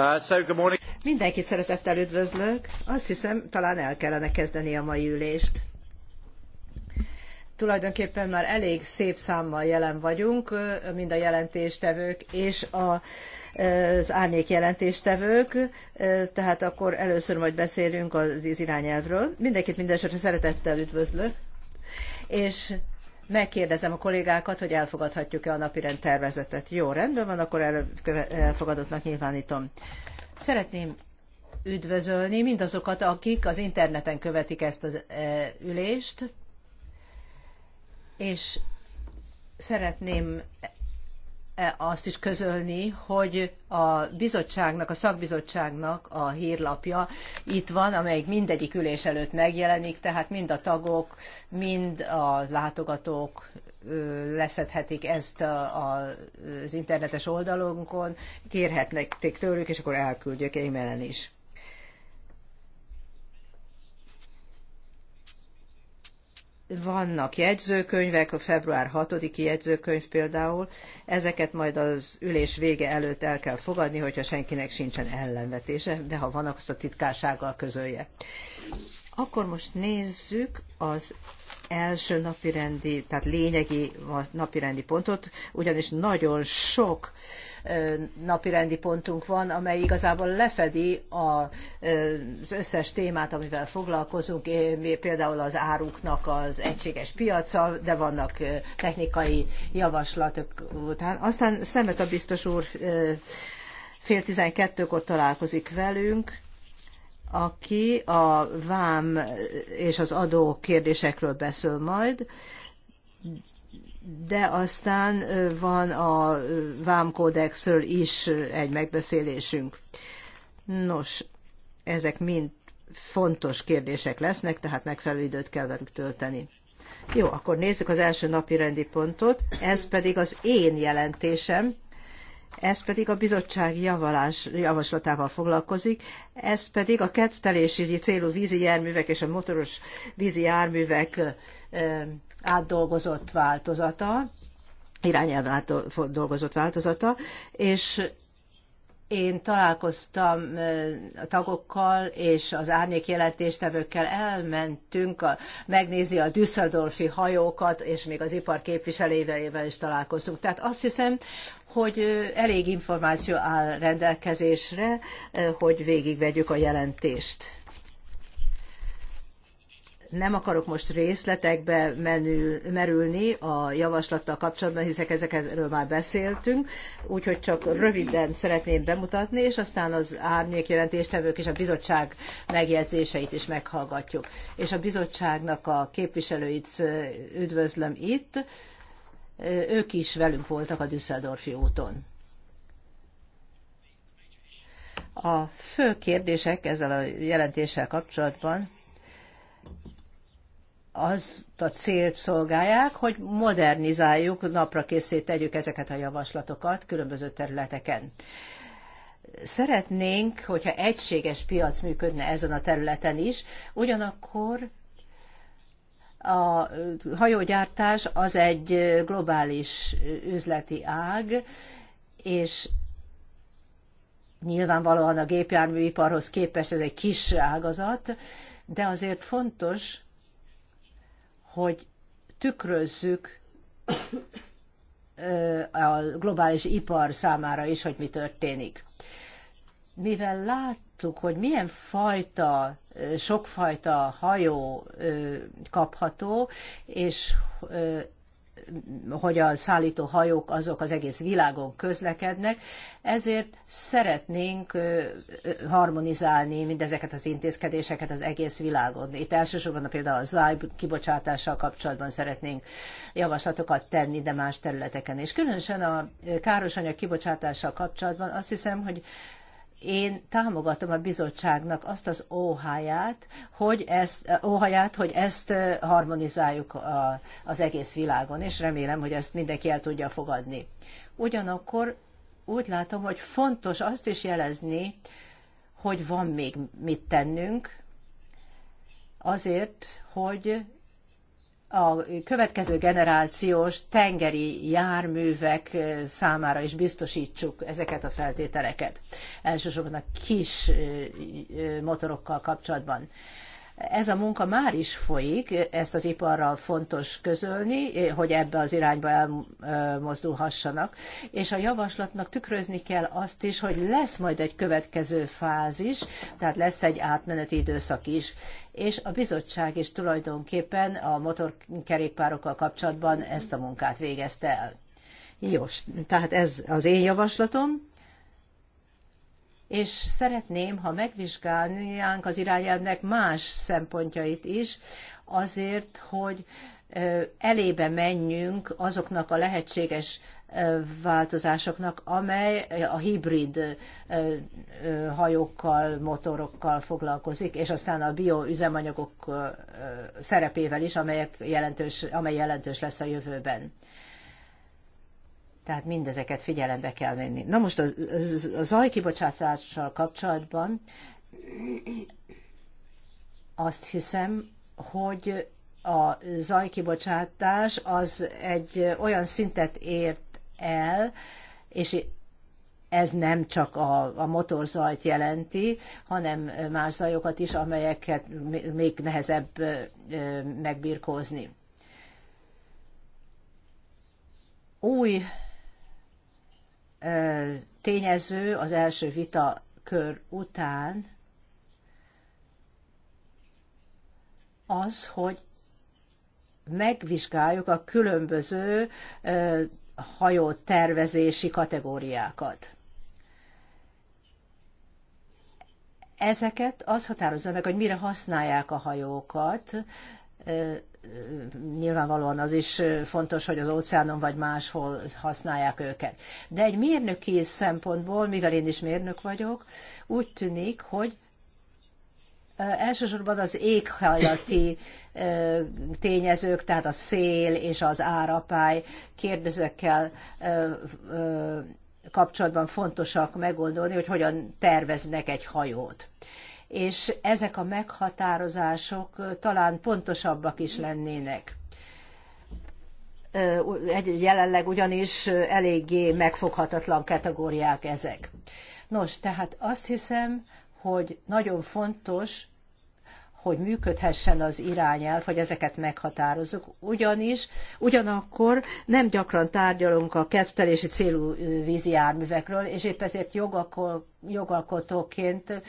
Uh, Mindenkit szeretettel üdvözlök. Azt hiszem, talán el kellene kezdeni a mai ülést. Tulajdonképpen már elég szép számmal jelen vagyunk, mind a jelentéstevők és a, az árnyék jelentéstevők, tehát akkor először majd beszélünk az irányelvről. Mindenkit mindenesetre szeretettel üdvözlök, és megkérdezem a kollégákat, hogy elfogadhatjuk-e a napirend tervezetet. Jó, rendben van, akkor elfogadottnak nyilvánítom. Szeretném üdvözölni mindazokat, akik az interneten követik ezt az e, ülést, és szeretném E, azt is közölni, hogy a bizottságnak, a szakbizottságnak a hírlapja itt van, amelyik mindegyik ülés előtt megjelenik, tehát mind a tagok, mind a látogatók leszedhetik ezt az internetes oldalunkon, kérhetnek tőlük, és akkor elküldjük e-mailen is. vannak jegyzőkönyvek, a február 6-i jegyzőkönyv például, ezeket majd az ülés vége előtt el kell fogadni, hogyha senkinek sincsen ellenvetése, de ha van, akkor azt a titkársággal közölje. Akkor most nézzük az első napirendi, tehát lényegi napirendi pontot, ugyanis nagyon sok napirendi pontunk van, amely igazából lefedi az összes témát, amivel foglalkozunk, például az áruknak az egységes piaca, de vannak technikai javaslatok után. Aztán Szemet a biztos úr fél tizenkettőkor találkozik velünk, aki a vám és az adó kérdésekről beszél majd, de aztán van a vámkódexről is egy megbeszélésünk. Nos, ezek mind fontos kérdések lesznek, tehát megfelelő időt kell velük tölteni. Jó, akkor nézzük az első napi rendi pontot. Ez pedig az én jelentésem, ez pedig a bizottság javalás, javaslatával foglalkozik, ez pedig a kettelési célú vízi járművek és a motoros vízi járművek átdolgozott változata, irányelv átdolgozott változata, és én találkoztam a tagokkal és az árnyék jelentéstevőkkel, elmentünk a, megnézni a Düsseldorfi hajókat, és még az ipar képviselőjével is találkoztunk. Tehát azt hiszem, hogy elég információ áll rendelkezésre, hogy végigvegyük a jelentést. Nem akarok most részletekbe menül, merülni a javaslattal kapcsolatban, hiszen ezekről már beszéltünk, úgyhogy csak röviden szeretném bemutatni, és aztán az árnyék jelentéstevők és a bizottság megjegyzéseit is meghallgatjuk. És a bizottságnak a képviselőit üdvözlöm itt ők is velünk voltak a Düsseldorfi úton. A fő kérdések ezzel a jelentéssel kapcsolatban azt a célt szolgálják, hogy modernizáljuk, napra készít tegyük ezeket a javaslatokat különböző területeken. Szeretnénk, hogyha egységes piac működne ezen a területen is, ugyanakkor a hajógyártás az egy globális üzleti ág, és nyilvánvalóan a gépjárműiparhoz képest ez egy kis ágazat, de azért fontos, hogy tükrözzük a globális ipar számára is, hogy mi történik. Mivel lát, láttuk, hogy milyen fajta, sokfajta hajó kapható, és hogy a szállító hajók azok az egész világon közlekednek, ezért szeretnénk harmonizálni mindezeket az intézkedéseket az egész világon. Itt elsősorban például a zaj kibocsátással kapcsolatban szeretnénk javaslatokat tenni, de más területeken. És különösen a káros anyag kibocsátással kapcsolatban azt hiszem, hogy én támogatom a bizottságnak azt az óháját, hogy ezt, óháját, hogy ezt harmonizáljuk a, az egész világon, és remélem, hogy ezt mindenki el tudja fogadni. Ugyanakkor úgy látom, hogy fontos azt is jelezni, hogy van még mit tennünk, azért, hogy a következő generációs tengeri járművek számára is biztosítsuk ezeket a feltételeket, elsősorban a kis motorokkal kapcsolatban. Ez a munka már is folyik, ezt az iparral fontos közölni, hogy ebbe az irányba elmozdulhassanak, és a javaslatnak tükrözni kell azt is, hogy lesz majd egy következő fázis, tehát lesz egy átmeneti időszak is, és a bizottság is tulajdonképpen a motorkerékpárokkal kapcsolatban ezt a munkát végezte el. Jó, tehát ez az én javaslatom és szeretném, ha megvizsgálnánk az irányelvnek más szempontjait is, azért, hogy elébe menjünk azoknak a lehetséges változásoknak, amely a hibrid hajókkal, motorokkal foglalkozik, és aztán a bioüzemanyagok szerepével is, amelyek jelentős, amely jelentős lesz a jövőben. Tehát mindezeket figyelembe kell venni. Na most a, a zajkibocsátással kapcsolatban azt hiszem, hogy a zajkibocsátás az egy olyan szintet ért el, és ez nem csak a, a motorzajt jelenti, hanem más zajokat is, amelyeket még nehezebb megbirkózni. Új tényező az első vita kör után az, hogy megvizsgáljuk a különböző hajó tervezési kategóriákat. Ezeket az határozza meg, hogy mire használják a hajókat, nyilvánvalóan az is fontos, hogy az óceánon vagy máshol használják őket. De egy mérnöki szempontból, mivel én is mérnök vagyok, úgy tűnik, hogy elsősorban az éghajlati tényezők, tehát a szél és az árapály kérdezőkkel kapcsolatban fontosak megoldani, hogy hogyan terveznek egy hajót és ezek a meghatározások talán pontosabbak is lennének. Jelenleg ugyanis eléggé megfoghatatlan kategóriák ezek. Nos, tehát azt hiszem, hogy nagyon fontos, hogy működhessen az irányelv, hogy ezeket meghatározzuk. Ugyanis, ugyanakkor nem gyakran tárgyalunk a kettelési célú vízi járművekről, és épp ezért jogalkotóként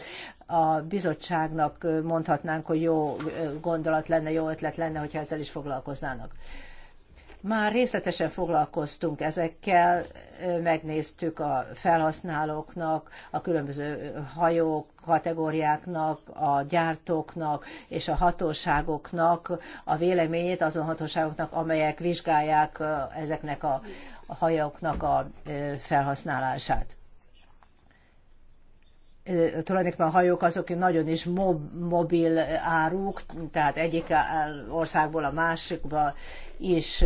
a bizottságnak mondhatnánk, hogy jó gondolat lenne, jó ötlet lenne, hogyha ezzel is foglalkoznának. Már részletesen foglalkoztunk ezekkel, megnéztük a felhasználóknak, a különböző hajók, kategóriáknak, a gyártóknak és a hatóságoknak a véleményét, azon hatóságoknak, amelyek vizsgálják ezeknek a hajóknak a felhasználását tulajdonképpen a hajók azok nagyon is mob, mobil áruk, tehát egyik országból a másikba is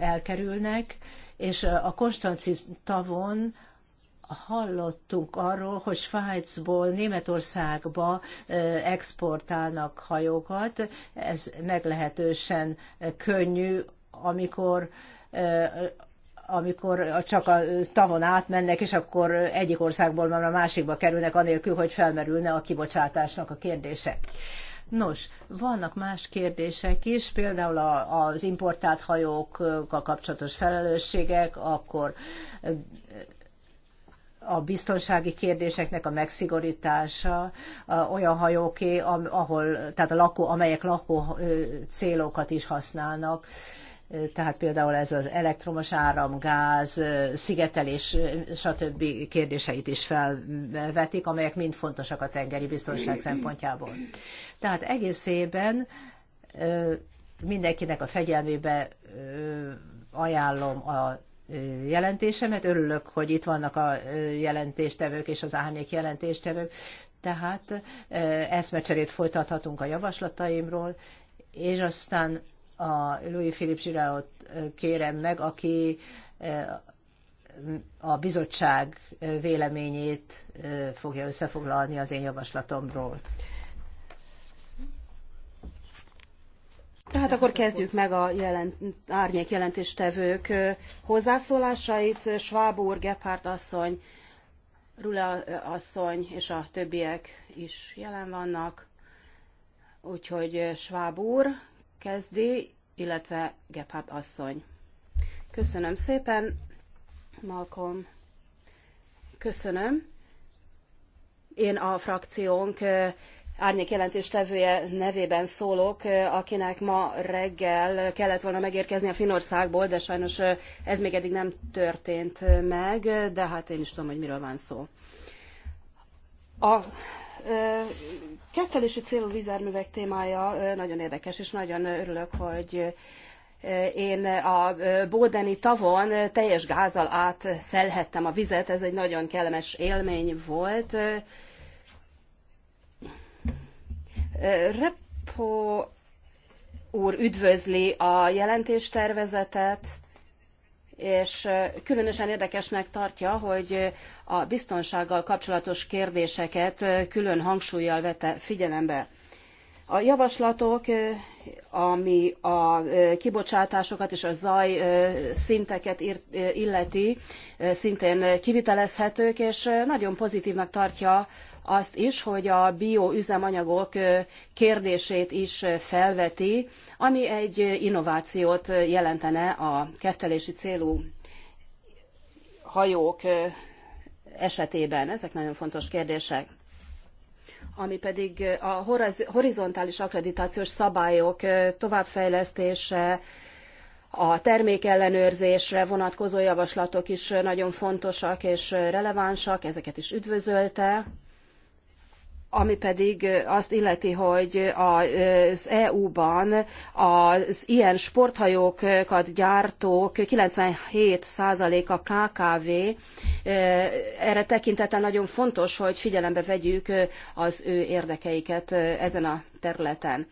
elkerülnek, és a Konstanci tavon hallottunk arról, hogy Svájcból Németországba exportálnak hajókat. Ez meglehetősen könnyű, amikor amikor csak a tavon átmennek, és akkor egyik országból már a másikba kerülnek, anélkül, hogy felmerülne a kibocsátásnak a kérdése. Nos, vannak más kérdések is, például a, az importált hajókkal kapcsolatos felelősségek, akkor eh, a biztonsági kérdéseknek a megszigorítása olyan hajóké, ahol, tehát a lakó, amelyek lakó eh, célokat is használnak tehát például ez az elektromos áram, gáz, szigetelés, stb. kérdéseit is felvetik, amelyek mind fontosak a tengeri biztonság szempontjából. Tehát egészében mindenkinek a fegyelmébe ajánlom a jelentésemet. Örülök, hogy itt vannak a jelentéstevők és az árnyék jelentéstevők, tehát eszmecserét folytathatunk a javaslataimról, és aztán a Louis Philippe Giraud kérem meg, aki a bizottság véleményét fogja összefoglalni az én javaslatomról. Tehát akkor kezdjük meg a jelent, árnyék jelentéstevők hozzászólásait. Schwab úr, Gephardt asszony, Rula asszony és a többiek is jelen vannak. Úgyhogy Schwab úr, kezdi, illetve Gephardt asszony. Köszönöm szépen, Malcolm. Köszönöm. Én a frakciónk árnyék jelentéstevője nevében szólok, akinek ma reggel kellett volna megérkezni a Finországból, de sajnos ez még eddig nem történt meg, de hát én is tudom, hogy miről van szó. A Kettelési célú vízerművek témája nagyon érdekes, és nagyon örülök, hogy én a Bódeni tavon teljes gázal át szelhettem a vizet, ez egy nagyon kellemes élmény volt. Repo úr üdvözli a jelentéstervezetet, és különösen érdekesnek tartja, hogy a biztonsággal kapcsolatos kérdéseket külön hangsúlyjal vette figyelembe. A javaslatok, ami a kibocsátásokat és a zaj szinteket illeti, szintén kivitelezhetők, és nagyon pozitívnak tartja azt is, hogy a bioüzemanyagok kérdését is felveti, ami egy innovációt jelentene a keftelési célú hajók esetében. Ezek nagyon fontos kérdések ami pedig a horizontális akkreditációs szabályok továbbfejlesztése, a termékellenőrzésre vonatkozó javaslatok is nagyon fontosak és relevánsak, ezeket is üdvözölte ami pedig azt illeti, hogy az EU-ban az ilyen sporthajókat gyártók 97%-a KKV, erre tekintettel nagyon fontos, hogy figyelembe vegyük az ő érdekeiket ezen a területen.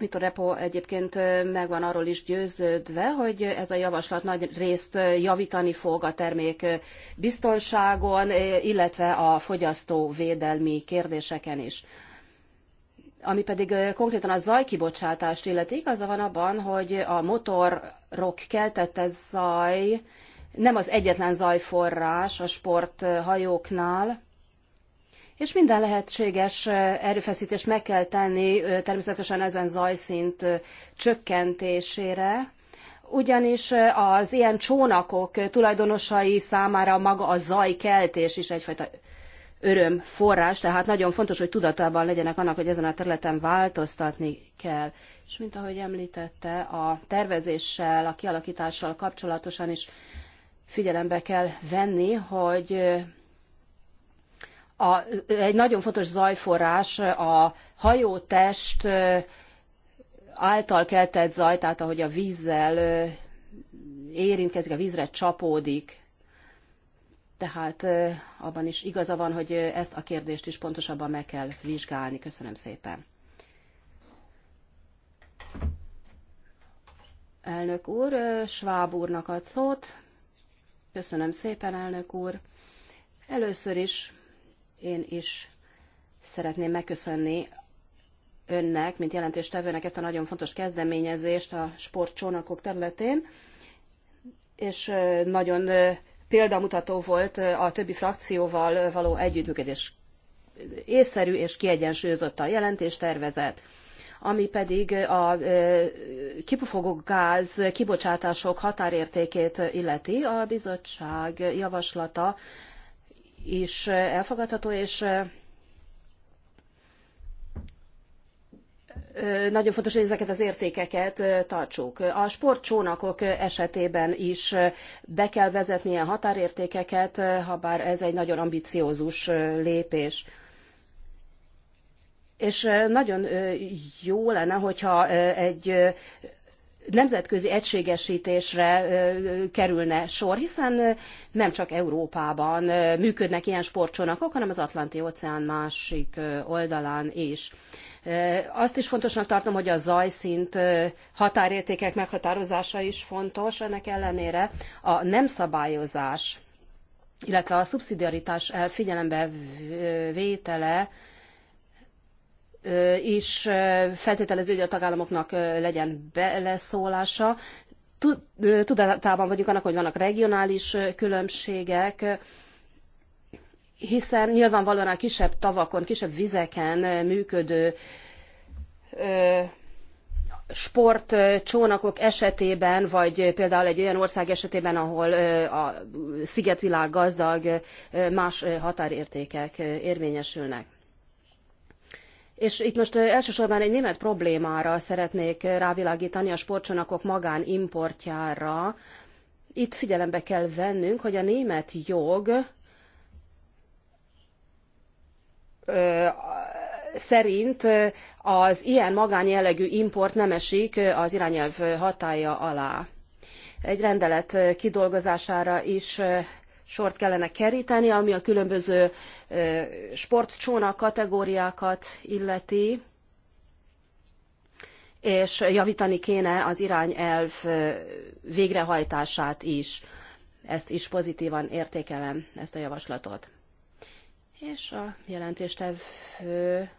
Itt a Repo egyébként megvan arról is győződve, hogy ez a javaslat nagy részt javítani fog a termék biztonságon, illetve a fogyasztó védelmi kérdéseken is. Ami pedig konkrétan a zajkibocsátást illeti, az van abban, hogy a motorok keltette zaj nem az egyetlen zajforrás a sporthajóknál, és minden lehetséges erőfeszítést meg kell tenni természetesen ezen zajszint csökkentésére, ugyanis az ilyen csónakok tulajdonosai számára maga a zajkeltés is egyfajta örömforrás, tehát nagyon fontos, hogy tudatában legyenek annak, hogy ezen a területen változtatni kell. És mint ahogy említette, a tervezéssel, a kialakítással kapcsolatosan is figyelembe kell venni, hogy a, egy nagyon fontos zajforrás a hajótest által keltett zaj, tehát ahogy a vízzel érintkezik, a vízre csapódik. Tehát abban is igaza van, hogy ezt a kérdést is pontosabban meg kell vizsgálni. Köszönöm szépen. Elnök úr, Schwab úrnak ad szót. Köszönöm szépen, elnök úr. Először is én is szeretném megköszönni önnek, mint jelentéstevőnek ezt a nagyon fontos kezdeményezést a sportcsónakok területén, és nagyon példamutató volt a többi frakcióval való együttműködés. Észszerű és kiegyensúlyozott a jelentéstervezet, ami pedig a kipufogó gáz kibocsátások határértékét illeti, a bizottság javaslata és elfogadható, és nagyon fontos, hogy ezeket az értékeket tartsuk. A sportcsónakok esetében is be kell vezetni ilyen határértékeket, ha bár ez egy nagyon ambiciózus lépés. És nagyon jó lenne, hogyha egy nemzetközi egységesítésre kerülne sor, hiszen nem csak Európában működnek ilyen sportcsónakok, hanem az Atlanti-óceán másik oldalán is. Azt is fontosnak tartom, hogy a zajszint határértékek meghatározása is fontos, ennek ellenére a nem szabályozás, illetve a szubszidiaritás figyelembe vétele is feltételező, hogy a tagállamoknak legyen beleszólása. Tudatában vagyunk annak, hogy vannak regionális különbségek, hiszen nyilvánvalóan a kisebb tavakon, kisebb vizeken működő sportcsónakok esetében, vagy például egy olyan ország esetében, ahol a szigetvilág gazdag, más határértékek érvényesülnek. És itt most elsősorban egy német problémára szeretnék rávilágítani, a sportcsónakok magánimportjára. Itt figyelembe kell vennünk, hogy a német jog szerint az ilyen magánjellegű import nem esik az irányelv hatálya alá. Egy rendelet kidolgozására is sort kellene keríteni, ami a különböző sportcsóna kategóriákat illeti, és javítani kéne az irányelv végrehajtását is. Ezt is pozitívan értékelem, ezt a javaslatot. És a jelentéstevő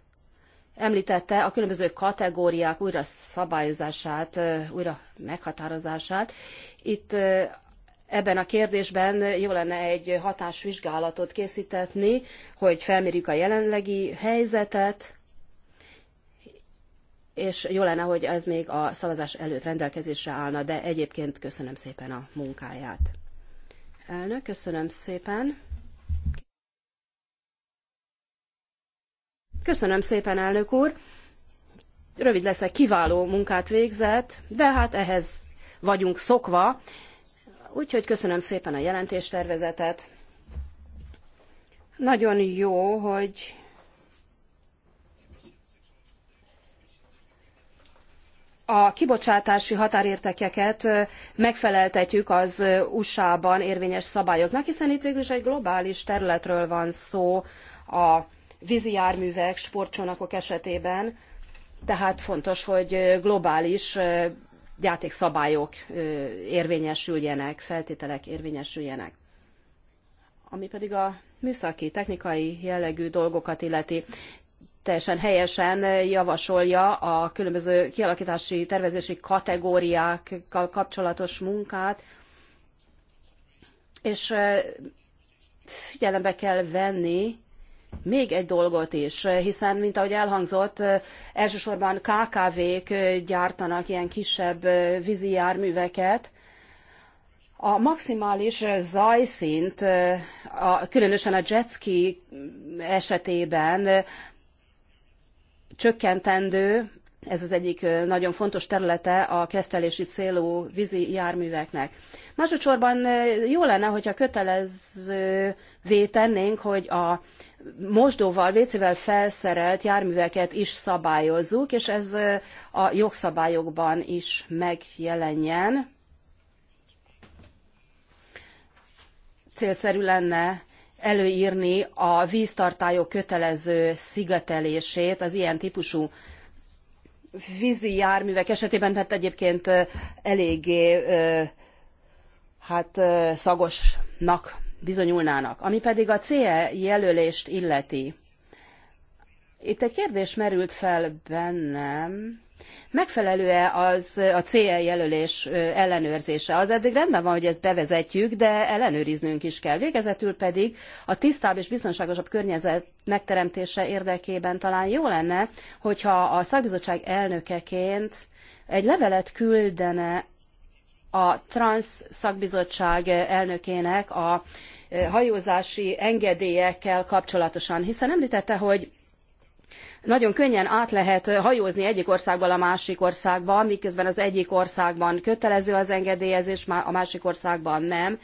említette a különböző kategóriák újra szabályozását, újra meghatározását. Itt ebben a kérdésben jó lenne egy hatásvizsgálatot készítetni, hogy felmérjük a jelenlegi helyzetet, és jó lenne, hogy ez még a szavazás előtt rendelkezésre állna, de egyébként köszönöm szépen a munkáját. Elnök, köszönöm szépen. Köszönöm szépen, elnök úr. Rövid leszek, kiváló munkát végzett, de hát ehhez vagyunk szokva. Úgyhogy köszönöm szépen a jelentéstervezetet. Nagyon jó, hogy a kibocsátási határértékeket megfeleltetjük az USA-ban érvényes szabályoknak, hiszen itt végül is egy globális területről van szó a vízi járművek, sportcsónakok esetében, tehát fontos, hogy globális játékszabályok érvényesüljenek, feltételek érvényesüljenek. Ami pedig a műszaki, technikai jellegű dolgokat illeti, teljesen helyesen javasolja a különböző kialakítási, tervezési kategóriákkal kapcsolatos munkát, és figyelembe kell venni még egy dolgot is, hiszen, mint ahogy elhangzott, elsősorban KKV-k gyártanak ilyen kisebb vízi járműveket. A maximális zajszint, a, különösen a jetski esetében csökkentendő, ez az egyik nagyon fontos területe a kettelési célú vízi járműveknek. Másodszorban jó lenne, hogyha kötelezővé tennénk, hogy a mosdóval, vécével felszerelt járműveket is szabályozzuk, és ez a jogszabályokban is megjelenjen. Célszerű lenne előírni a víztartályok kötelező szigetelését az ilyen típusú vízi járművek esetében hát egyébként eléggé hát szagosnak bizonyulnának. Ami pedig a CE jelölést illeti. Itt egy kérdés merült fel bennem, Megfelelő-e az a CL jelölés ellenőrzése? Az eddig rendben van, hogy ezt bevezetjük, de ellenőriznünk is kell. Végezetül pedig a tisztább és biztonságosabb környezet megteremtése érdekében talán jó lenne, hogyha a szakbizottság elnökeként egy levelet küldene a Trans szakbizottság elnökének a hajózási engedélyekkel kapcsolatosan, hiszen említette, hogy nagyon könnyen át lehet hajózni egyik országból a másik országba, miközben az egyik országban kötelező az engedélyezés, a másik országban nem.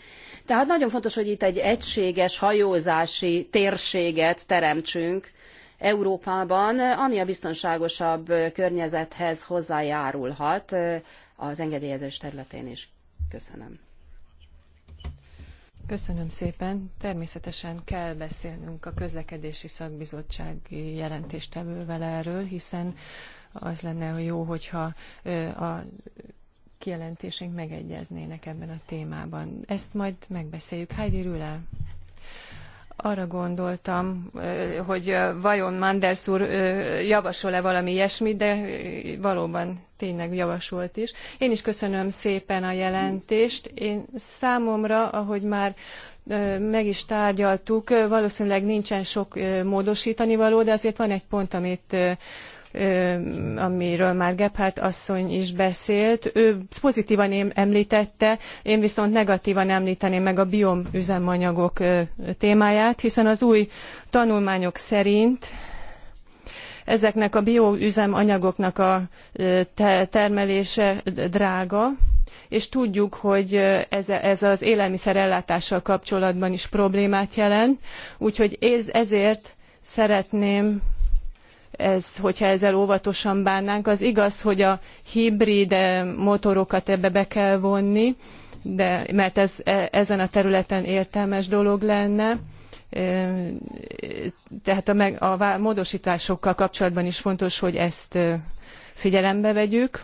Tehát nagyon fontos, hogy itt egy egységes hajózási térséget teremtsünk Európában, ami a biztonságosabb környezethez hozzájárulhat az engedélyezés területén is. Köszönöm. Köszönöm szépen. Természetesen kell beszélnünk a közlekedési szakbizottság jelentéstevővel erről, hiszen az lenne jó, hogyha a kijelentésénk megegyeznének ebben a témában. Ezt majd megbeszéljük. Heidi Rüle arra gondoltam, hogy vajon Manders úr javasol-e valami ilyesmit, de valóban tényleg javasolt is. Én is köszönöm szépen a jelentést. Én számomra, ahogy már meg is tárgyaltuk, valószínűleg nincsen sok módosítani való, de azért van egy pont, amit amiről már Gebhardt asszony is beszélt. Ő pozitívan említette, én viszont negatívan említeném meg a biom üzemanyagok témáját, hiszen az új tanulmányok szerint ezeknek a bioüzemanyagoknak a termelése drága, és tudjuk, hogy ez, ez az ellátással kapcsolatban is problémát jelent, úgyhogy ezért szeretném ez, hogyha ezzel óvatosan bánnánk. Az igaz, hogy a hibrid eh, motorokat ebbe be kell vonni, de, mert ez e, ezen a területen értelmes dolog lenne. Eh, tehát a, meg, a módosításokkal kapcsolatban is fontos, hogy ezt eh, figyelembe vegyük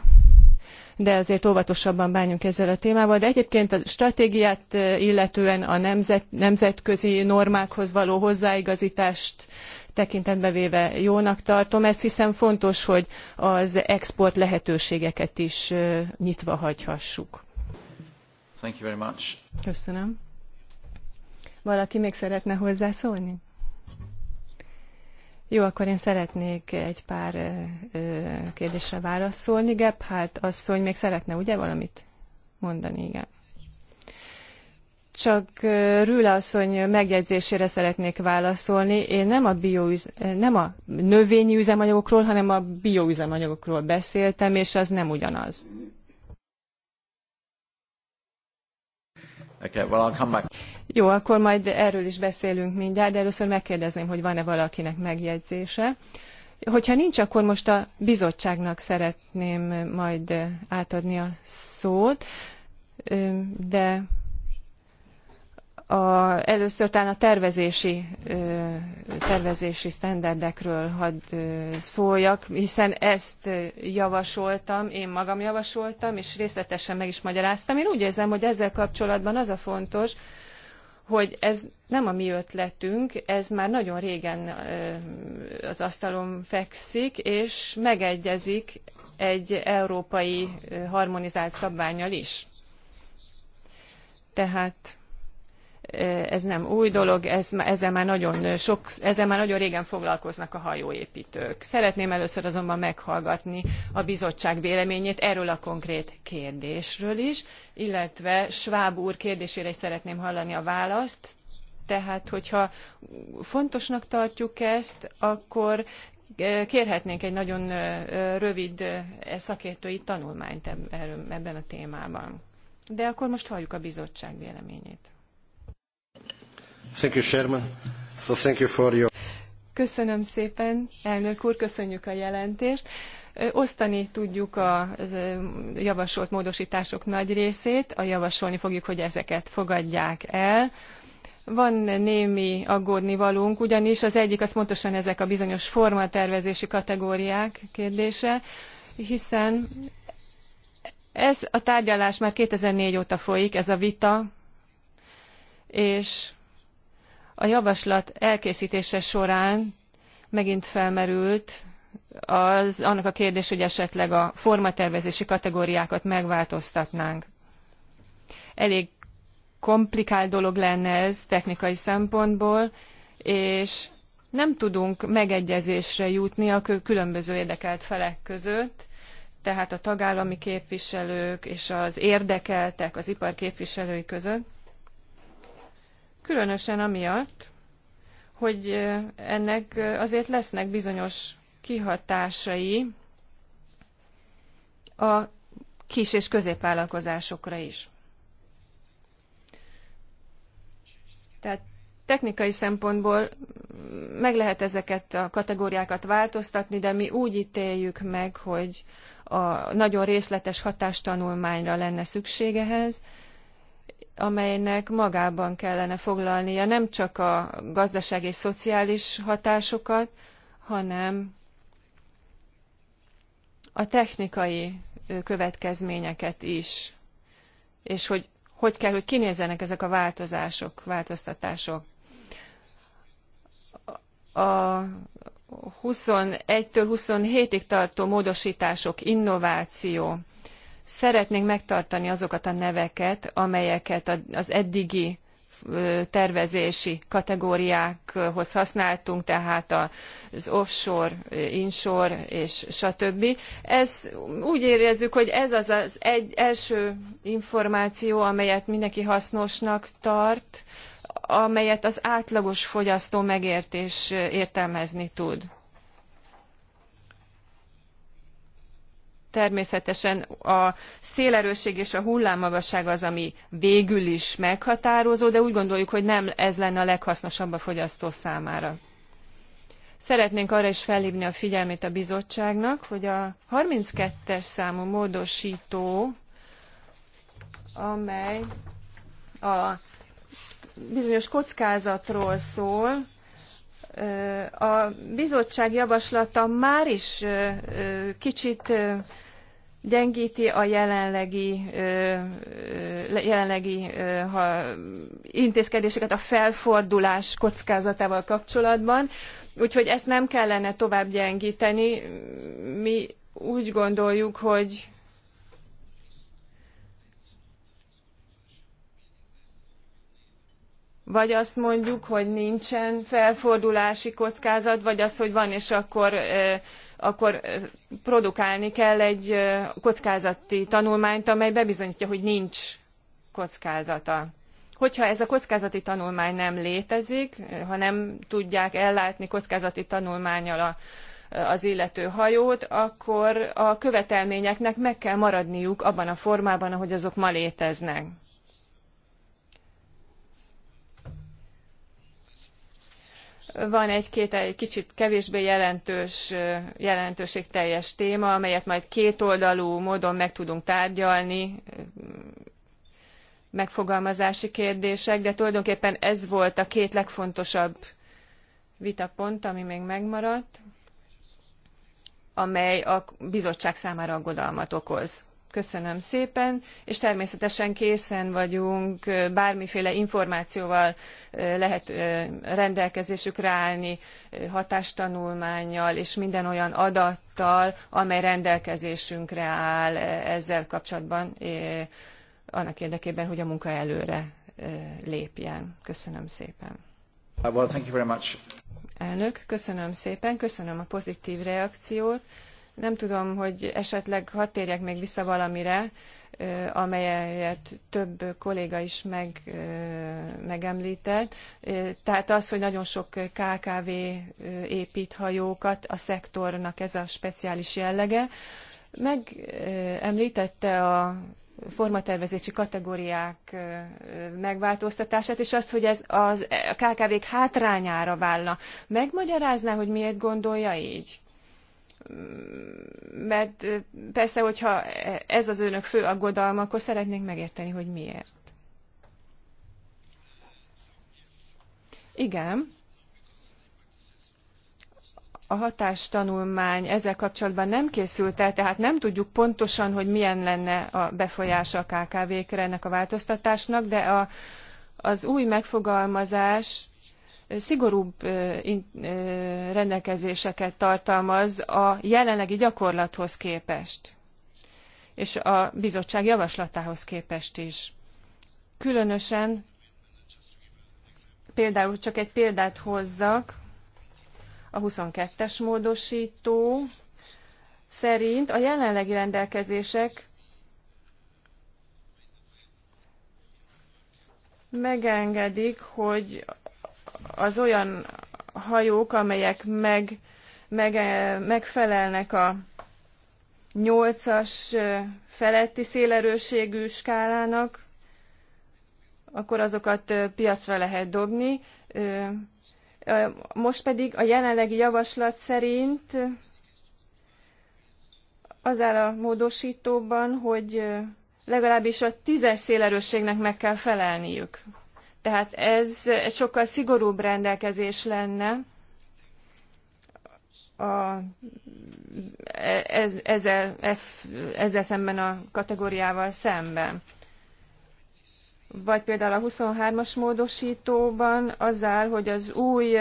de azért óvatosabban bánjunk ezzel a témával. De egyébként a stratégiát illetően a nemzet, nemzetközi normákhoz való hozzáigazítást tekintetbe véve jónak tartom ezt, hiszen fontos, hogy az export lehetőségeket is nyitva hagyhassuk. Thank you very much. Köszönöm. Valaki még szeretne hozzászólni? Jó, akkor én szeretnék egy pár kérdésre válaszolni. Gebhardt asszony még szeretne, ugye, valamit mondani? Igen csak Rüle asszony megjegyzésére szeretnék válaszolni. Én nem a, bio, nem a növényi üzemanyagokról, hanem a bioüzemanyagokról beszéltem, és az nem ugyanaz. Okay, well, Jó, akkor majd erről is beszélünk mindjárt, de először megkérdezném, hogy van-e valakinek megjegyzése. Hogyha nincs, akkor most a bizottságnak szeretném majd átadni a szót, de a, először talán a tervezési, tervezési sztenderdekről hadd szóljak, hiszen ezt javasoltam, én magam javasoltam, és részletesen meg is magyaráztam. Én úgy érzem, hogy ezzel kapcsolatban az a fontos, hogy ez nem a mi ötletünk, ez már nagyon régen az asztalon fekszik, és megegyezik egy európai harmonizált szabványal is. Tehát ez nem új dolog, ez, ezzel, már nagyon sok, ezzel már nagyon régen foglalkoznak a hajóépítők. Szeretném először azonban meghallgatni a bizottság véleményét erről a konkrét kérdésről is, illetve Schwab úr kérdésére is szeretném hallani a választ. Tehát, hogyha fontosnak tartjuk ezt, akkor e, kérhetnénk egy nagyon e, rövid e, szakértői tanulmányt ebben a témában. De akkor most halljuk a bizottság véleményét. Thank you, Sherman. So thank you for your... Köszönöm szépen, elnök úr, köszönjük a jelentést. Osztani tudjuk a javasolt módosítások nagy részét, a javasolni fogjuk, hogy ezeket fogadják el. Van némi aggódni valunk, ugyanis az egyik az pontosan ezek a bizonyos formatervezési kategóriák kérdése, hiszen ez a tárgyalás már 2004 óta folyik, ez a vita, és a javaslat elkészítése során megint felmerült az, annak a kérdés, hogy esetleg a formatervezési kategóriákat megváltoztatnánk. Elég komplikált dolog lenne ez technikai szempontból, és nem tudunk megegyezésre jutni a különböző érdekelt felek között, tehát a tagállami képviselők és az érdekeltek, az ipar képviselői között. Különösen amiatt, hogy ennek azért lesznek bizonyos kihatásai a kis és középvállalkozásokra is. Tehát technikai szempontból meg lehet ezeket a kategóriákat változtatni, de mi úgy ítéljük meg, hogy a nagyon részletes hatástanulmányra lenne ehhez, amelynek magában kellene foglalnia nem csak a gazdasági és szociális hatásokat, hanem a technikai következményeket is, és hogy hogy kell, hogy kinézzenek ezek a változások, változtatások. A 21-től 27-ig tartó módosítások, innováció, Szeretnénk megtartani azokat a neveket, amelyeket az eddigi tervezési kategóriákhoz használtunk, tehát az offshore, inshore és stb. Ez, úgy érezzük, hogy ez az az egy, első információ, amelyet mindenki hasznosnak tart, amelyet az átlagos fogyasztó megértés értelmezni tud. természetesen a szélerősség és a hullámmagasság az, ami végül is meghatározó, de úgy gondoljuk, hogy nem ez lenne a leghasznosabb a fogyasztó számára. Szeretnénk arra is felhívni a figyelmét a bizottságnak, hogy a 32-es számú módosító, amely a bizonyos kockázatról szól, a bizottság javaslata már is kicsit gyengíti a jelenlegi, jelenlegi intézkedéseket a felfordulás kockázatával kapcsolatban, úgyhogy ezt nem kellene tovább gyengíteni. Mi úgy gondoljuk, hogy vagy azt mondjuk, hogy nincsen felfordulási kockázat, vagy az, hogy van, és akkor, akkor produkálni kell egy kockázati tanulmányt, amely bebizonyítja, hogy nincs kockázata. Hogyha ez a kockázati tanulmány nem létezik, ha nem tudják ellátni kockázati tanulmányal a, az illető hajót, akkor a követelményeknek meg kell maradniuk abban a formában, ahogy azok ma léteznek van egy-két egy kicsit kevésbé jelentős, jelentőségteljes téma, amelyet majd kétoldalú módon meg tudunk tárgyalni, megfogalmazási kérdések, de tulajdonképpen ez volt a két legfontosabb vitapont, ami még megmaradt, amely a bizottság számára aggodalmat okoz. Köszönöm szépen, és természetesen készen vagyunk bármiféle információval lehet rendelkezésükre állni, hatástanulmányjal és minden olyan adattal, amely rendelkezésünkre áll ezzel kapcsolatban, annak érdekében, hogy a munka előre lépjen. Köszönöm szépen. Well, thank you very much. Elnök, köszönöm szépen, köszönöm a pozitív reakciót. Nem tudom, hogy esetleg hadd térjek még vissza valamire, amelyet több kolléga is meg, megemlített. Tehát az, hogy nagyon sok KKV épít hajókat, a szektornak ez a speciális jellege. Megemlítette a formatervezési kategóriák megváltoztatását, és azt, hogy ez az, a KKV-k hátrányára válna. Megmagyarázná, hogy miért gondolja így? mert persze, hogyha ez az önök fő aggodalma, akkor szeretnénk megérteni, hogy miért. Igen. A hatástanulmány ezzel kapcsolatban nem készült el, tehát nem tudjuk pontosan, hogy milyen lenne a befolyása a KKV-kre ennek a változtatásnak, de a, az új megfogalmazás szigorúbb rendelkezéseket tartalmaz a jelenlegi gyakorlathoz képest, és a bizottság javaslatához képest is. Különösen például csak egy példát hozzak, a 22-es módosító szerint a jelenlegi rendelkezések megengedik, hogy az olyan hajók, amelyek meg, meg, eh, megfelelnek a 8-as eh, feletti szélerőségű skálának, akkor azokat eh, piacra lehet dobni. Most pedig a jelenlegi javaslat szerint az áll a módosítóban, hogy legalábbis a tízes szélerősségnek meg kell felelniük. Tehát ez egy sokkal szigorúbb rendelkezés lenne, a, ez, ezzel, F, ezzel szemben a kategóriával szemben. Vagy például a 23-as módosítóban az áll, hogy az új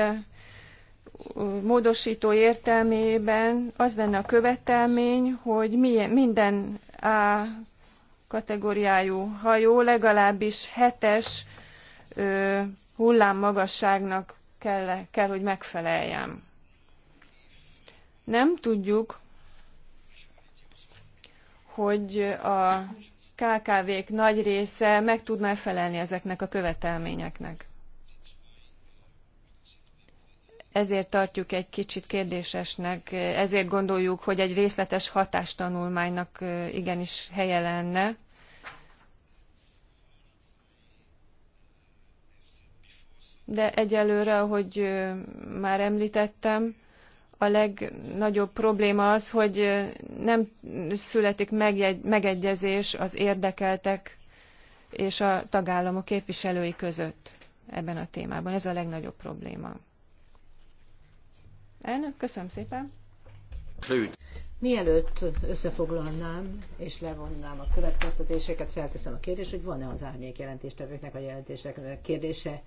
módosító értelmében az lenne a követelmény, hogy milyen, minden A kategóriájú hajó legalábbis hetes hullámmagasságnak kell, kell, hogy megfeleljem. Nem tudjuk, hogy a KKV-k nagy része meg tudná felelni ezeknek a követelményeknek. Ezért tartjuk egy kicsit kérdésesnek, ezért gondoljuk, hogy egy részletes hatástanulmánynak igenis helye lenne, de egyelőre, ahogy már említettem, a legnagyobb probléma az, hogy nem születik megegyezés az érdekeltek és a tagállamok képviselői között ebben a témában. Ez a legnagyobb probléma. Elnök, köszönöm szépen. Mielőtt összefoglalnám és levonnám a következtetéseket, felteszem a kérdést, hogy van-e az árnyék jelentéstevőknek a jelentéseknek a kérdése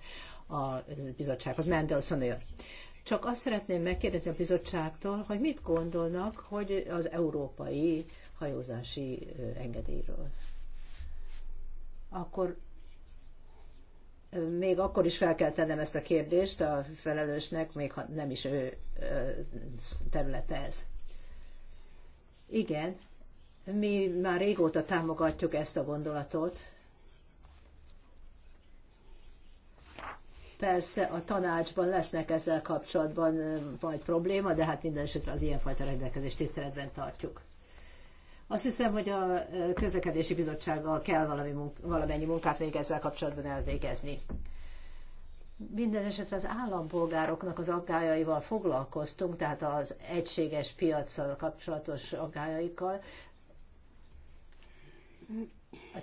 a bizottsághoz. Mendelssohn ő. Csak azt szeretném megkérdezni a bizottságtól, hogy mit gondolnak, hogy az európai hajózási engedélyről. Akkor még akkor is fel kell tennem ezt a kérdést a felelősnek, még ha nem is ő területe ez. Igen, mi már régóta támogatjuk ezt a gondolatot, Persze a tanácsban lesznek ezzel kapcsolatban majd probléma, de hát minden esetre az ilyenfajta rendelkezést tiszteletben tartjuk. Azt hiszem, hogy a közlekedési bizottsággal kell valami valamennyi munkát még ezzel kapcsolatban elvégezni. Minden esetre az állampolgároknak az aggájaival foglalkoztunk, tehát az egységes piacsal kapcsolatos aggájaikkal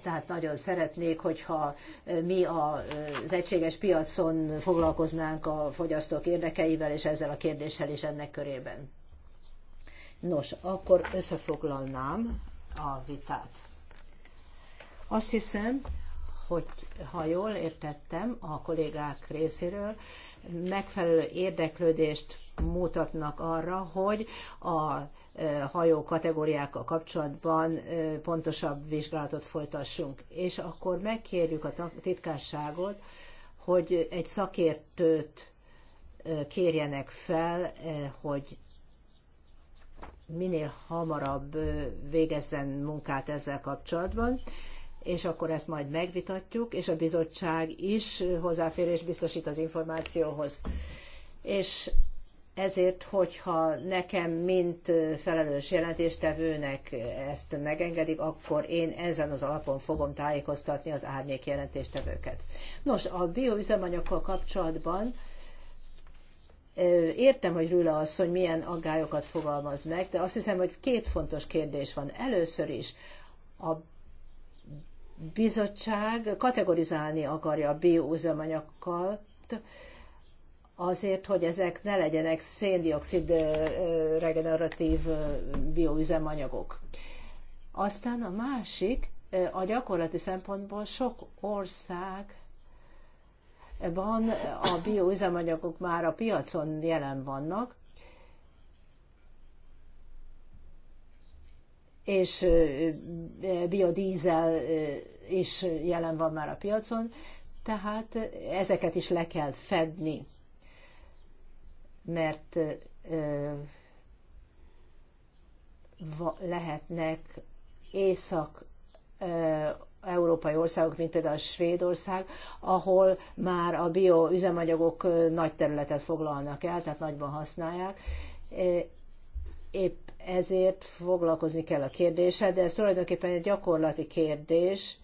tehát nagyon szeretnék, hogyha mi az egységes piacon foglalkoznánk a fogyasztók érdekeivel és ezzel a kérdéssel is ennek körében. Nos, akkor összefoglalnám a vitát. Azt hiszem, hogy ha jól értettem a kollégák részéről, megfelelő érdeklődést mutatnak arra, hogy a e, hajó kategóriákkal kapcsolatban e, pontosabb vizsgálatot folytassunk. És akkor megkérjük a titkárságot, hogy egy szakértőt e, kérjenek fel, hogy minél hamarabb végezzen munkát ezzel kapcsolatban, és akkor ezt majd megvitatjuk, és a bizottság is hozzáférés biztosít az információhoz. És ezért, hogyha nekem, mint felelős jelentéstevőnek ezt megengedik, akkor én ezen az alapon fogom tájékoztatni az árnyék jelentéstevőket. Nos, a bioüzemanyagokkal kapcsolatban értem, hogy Rüla asszony milyen aggályokat fogalmaz meg, de azt hiszem, hogy két fontos kérdés van. Először is a bizottság kategorizálni akarja a bioüzemanyagokat, azért, hogy ezek ne legyenek széndiokszid regeneratív bioüzemanyagok. Aztán a másik, a gyakorlati szempontból sok ország van, a bioüzemanyagok már a piacon jelen vannak, és biodízel is jelen van már a piacon, tehát ezeket is le kell fedni mert lehetnek észak európai országok, mint például Svédország, ahol már a bioüzemanyagok nagy területet foglalnak el, tehát nagyban használják. Épp ezért foglalkozni kell a kérdéssel, de ez tulajdonképpen egy gyakorlati kérdés,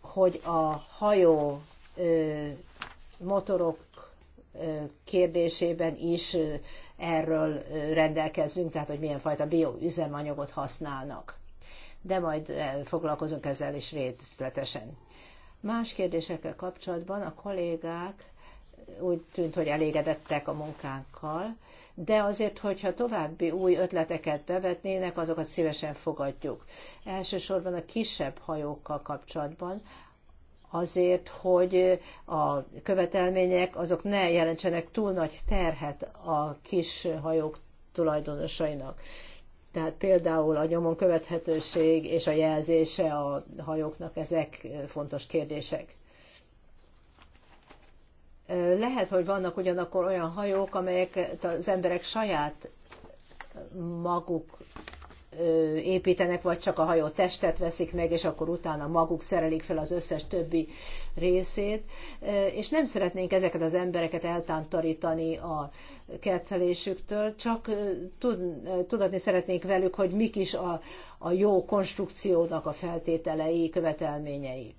hogy a hajó motorok kérdésében is erről rendelkezzünk, tehát hogy milyen fajta bioüzemanyagot használnak. De majd foglalkozunk ezzel is részletesen. Más kérdésekkel kapcsolatban a kollégák úgy tűnt, hogy elégedettek a munkánkkal, de azért, hogyha további új ötleteket bevetnének, azokat szívesen fogadjuk. Elsősorban a kisebb hajókkal kapcsolatban, azért, hogy a követelmények azok ne jelentsenek túl nagy terhet a kis hajók tulajdonosainak. Tehát például a nyomon követhetőség és a jelzése a hajóknak, ezek fontos kérdések. Lehet, hogy vannak ugyanakkor olyan hajók, amelyek az emberek saját maguk építenek, vagy csak a hajó testet veszik meg, és akkor utána maguk szerelik fel az összes többi részét. És nem szeretnénk ezeket az embereket eltántorítani a kettelésüktől, csak tud, tudatni szeretnénk velük, hogy mik is a, a jó konstrukciónak a feltételei, követelményei.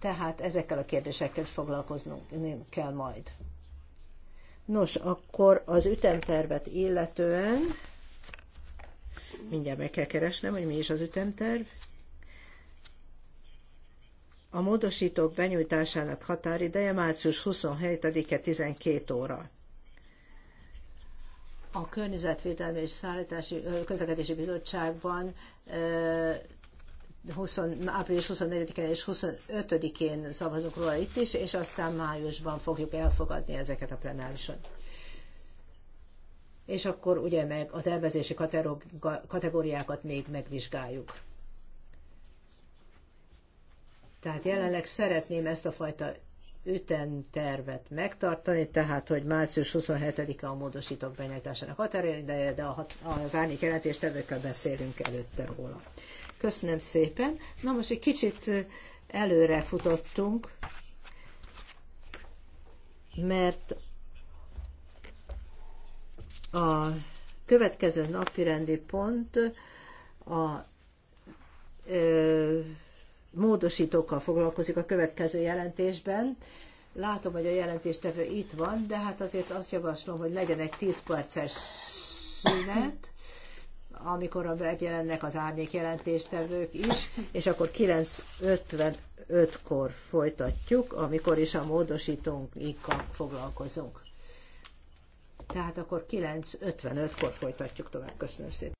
Tehát ezekkel a kérdésekkel foglalkoznunk kell majd. Nos, akkor az ütemtervet illetően, mindjárt meg kell keresnem, hogy mi is az ütemterv, a módosítók benyújtásának határideje március 27-e 12 óra. A Környezetvédelmi és Szállítási Közlekedési Bizottságban 20, április 24-én és 25-én szavazunk róla itt is, és aztán májusban fogjuk elfogadni ezeket a plenárison. És akkor ugye meg a tervezési kategóriákat még megvizsgáljuk. Tehát jelenleg szeretném ezt a fajta tervet megtartani, tehát hogy március 27-e a módosítók benyújtásának határideje, de az árnyék jelentéstevőkkel beszélünk előtte róla. Köszönöm szépen. Na most egy kicsit előre futottunk, mert a következő napirendi pont a ö, módosítókkal foglalkozik a következő jelentésben. Látom, hogy a jelentéstevő itt van, de hát azért azt javaslom, hogy legyen egy 10 perces szünet, amikor megjelennek az árnyék jelentéstevők is, és akkor 9.55-kor folytatjuk, amikor is a módosítónkkal foglalkozunk. Tehát akkor 9.55-kor folytatjuk tovább. Köszönöm szépen.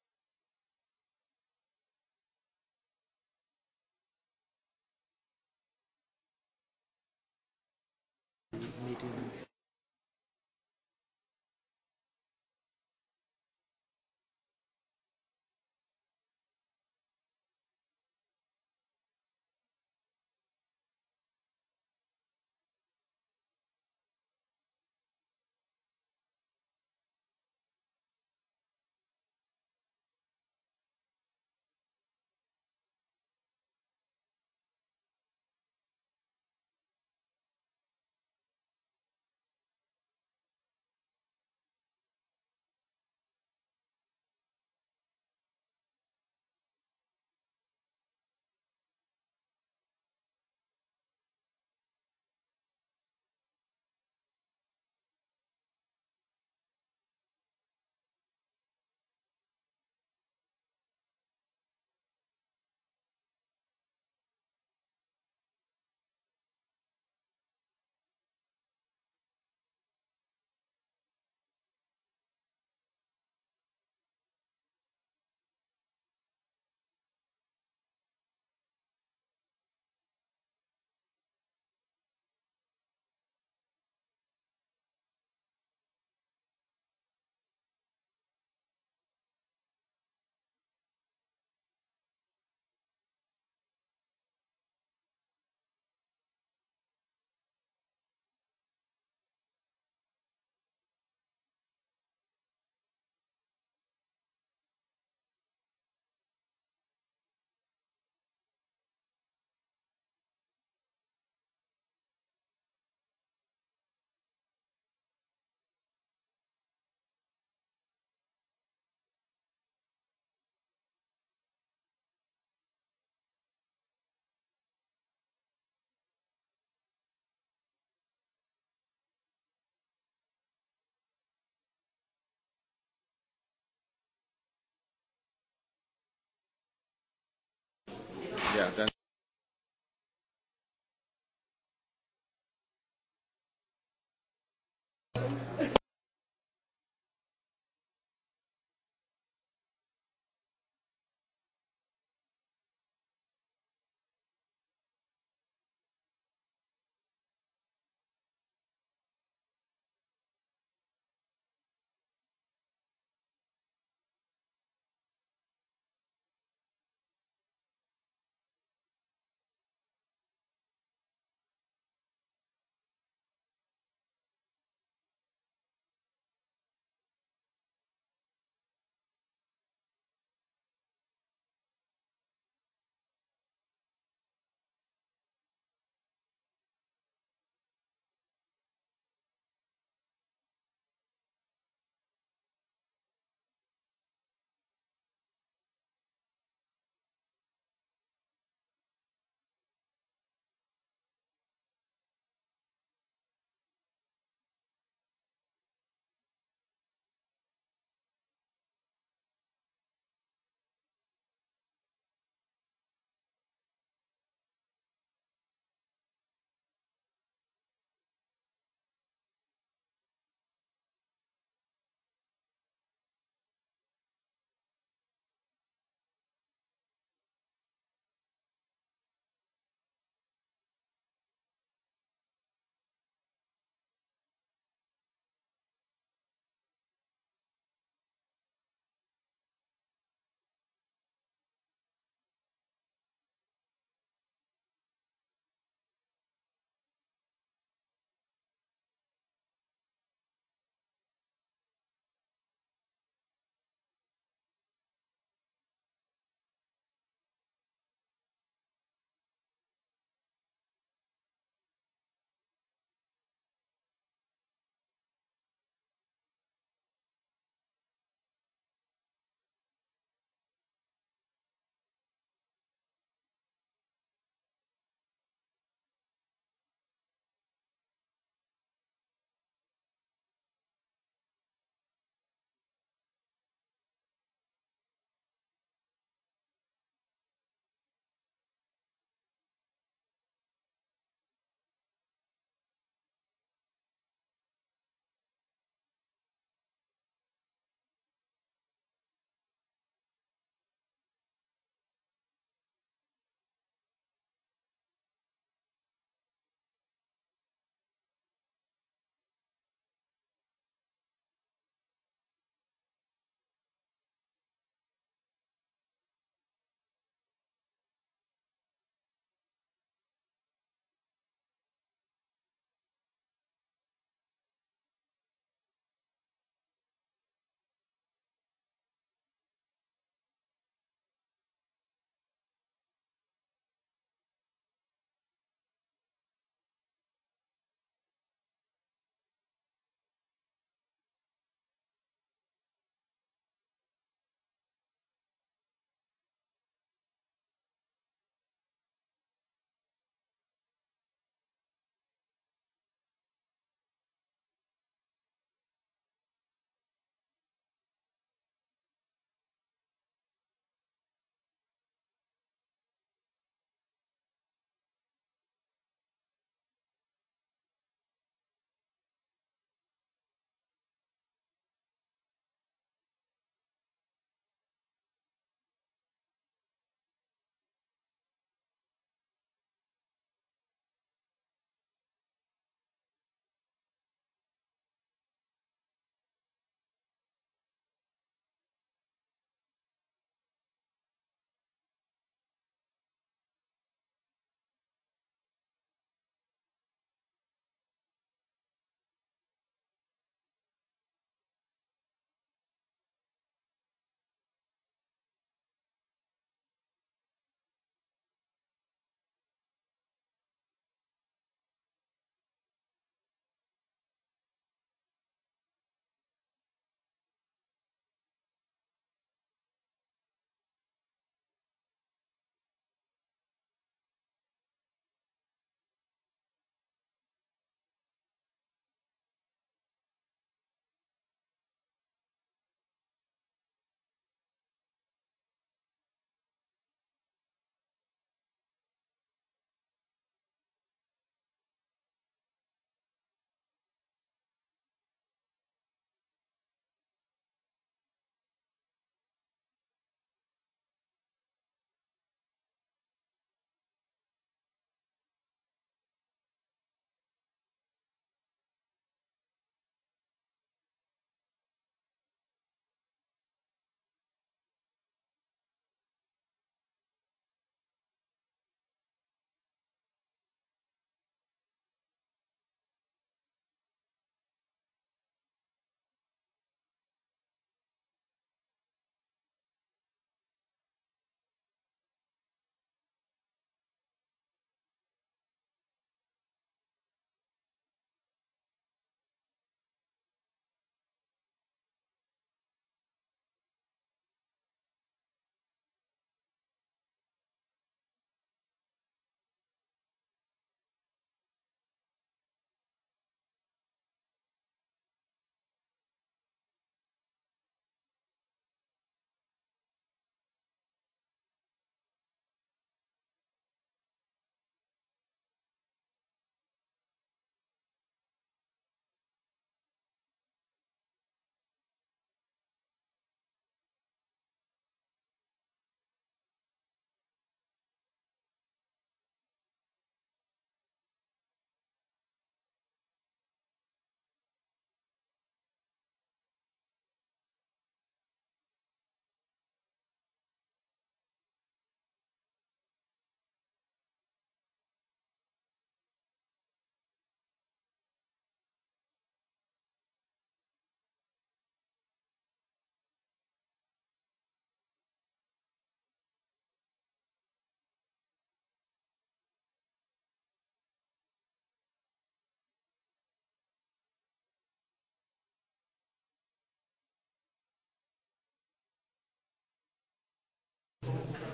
Yeah, then...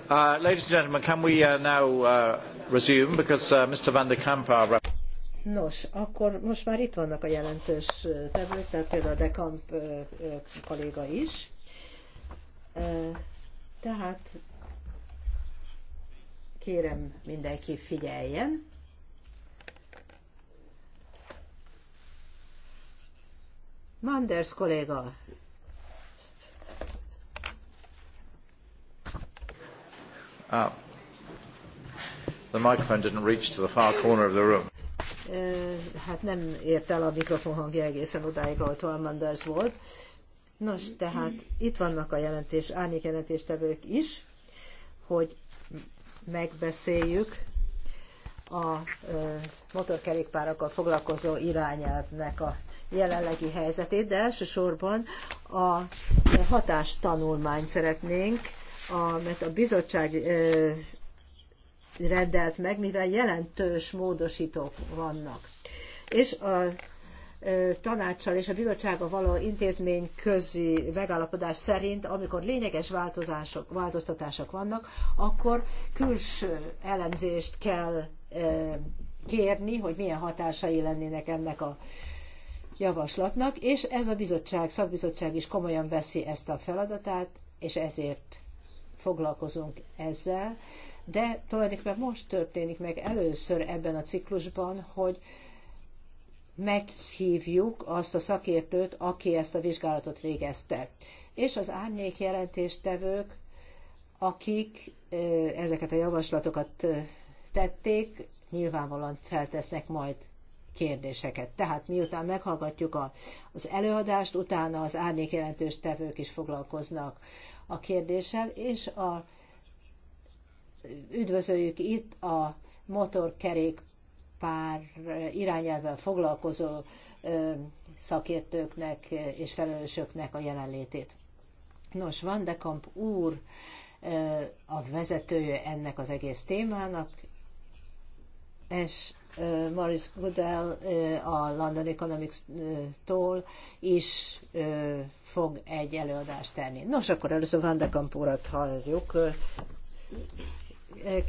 Uh, ladies and gentlemen, can we uh, now uh, resume because Mr. Van de Kamp our... Nos, akkor most már itt vannak a jelentős tevők, tehát például De Kamp kolléga is. Tehát kérem mindenki figyeljen. Manders kolléga, Ah. The microphone didn't reach to the far corner of the room. Hát nem ért el a mikrofon hangja egészen odáig, ahol Tolmanders volt. Nos, tehát itt vannak a jelentés, árnyék jelentéstevők is, hogy megbeszéljük a motorkerékpárokkal foglalkozó irányelvnek a jelenlegi helyzetét, de elsősorban a hatástanulmányt szeretnénk a, mert a bizottság rendelt meg, mivel jelentős módosítók vannak. És a tanácssal és a bizottsága való intézmény közi megállapodás szerint, amikor lényeges változások, változtatások vannak, akkor külső elemzést kell kérni, hogy milyen hatásai lennének ennek a javaslatnak, és ez a bizottság, szakbizottság is komolyan veszi ezt a feladatát, és ezért foglalkozunk ezzel, de tulajdonképpen most történik meg először ebben a ciklusban, hogy meghívjuk azt a szakértőt, aki ezt a vizsgálatot végezte. És az árnyék jelentéstevők, akik ezeket a javaslatokat tették, nyilvánvalóan feltesznek majd kérdéseket. Tehát miután meghallgatjuk az előadást, utána az árnyék jelentős tevők is foglalkoznak a kérdéssel, és a, üdvözöljük itt a motorkerékpár irányelvvel foglalkozó szakértőknek és felelősöknek a jelenlétét. Nos, Van de Kamp úr a vezetője ennek az egész témának, és Eh, Maurice Goodell eh, a London Economics-tól is eh, fog egy előadást tenni. Nos, akkor először Van de halljuk.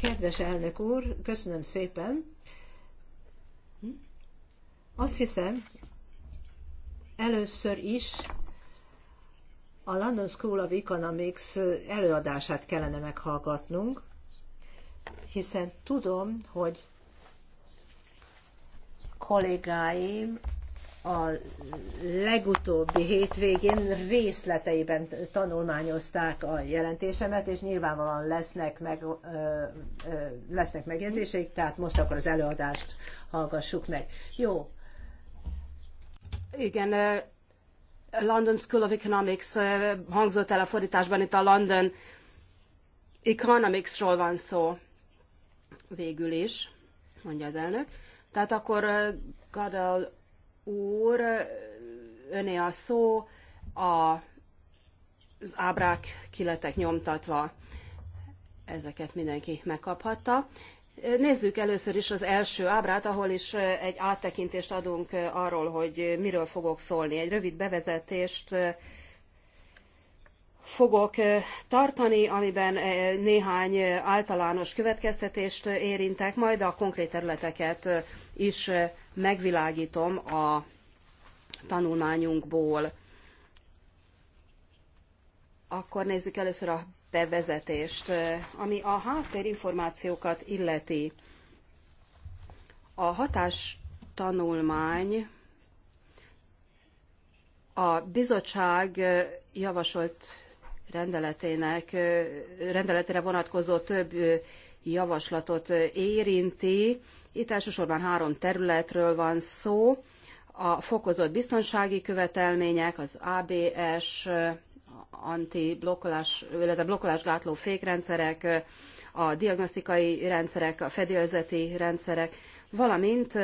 Kedves elnök úr, köszönöm szépen. Azt hiszem, először is a London School of Economics előadását kellene meghallgatnunk, hiszen tudom, hogy kollégáim a legutóbbi hétvégén részleteiben tanulmányozták a jelentésemet, és nyilvánvalóan lesznek, meg, ö, ö, lesznek megjegyzéseik, tehát most akkor az előadást hallgassuk meg. Jó. Igen, London School of Economics hangzott el a fordításban, itt a London Economicsról van szó végül is, mondja az elnök. Tehát akkor Gadal úr, öné a szó, a, az ábrák kiletek nyomtatva. Ezeket mindenki megkaphatta. Nézzük először is az első ábrát, ahol is egy áttekintést adunk arról, hogy miről fogok szólni. Egy rövid bevezetést fogok tartani, amiben néhány általános következtetést érintek, majd a konkrét területeket is megvilágítom a tanulmányunkból. Akkor nézzük először a bevezetést, ami a háttérinformációkat illeti. A hatástanulmány a bizottság javasolt rendeletének, rendeletére vonatkozó több javaslatot érinti. Itt elsősorban három területről van szó. A fokozott biztonsági követelmények, az ABS, anti-blokkolás, illetve gátló fékrendszerek, a diagnosztikai rendszerek, a fedélzeti rendszerek, valamint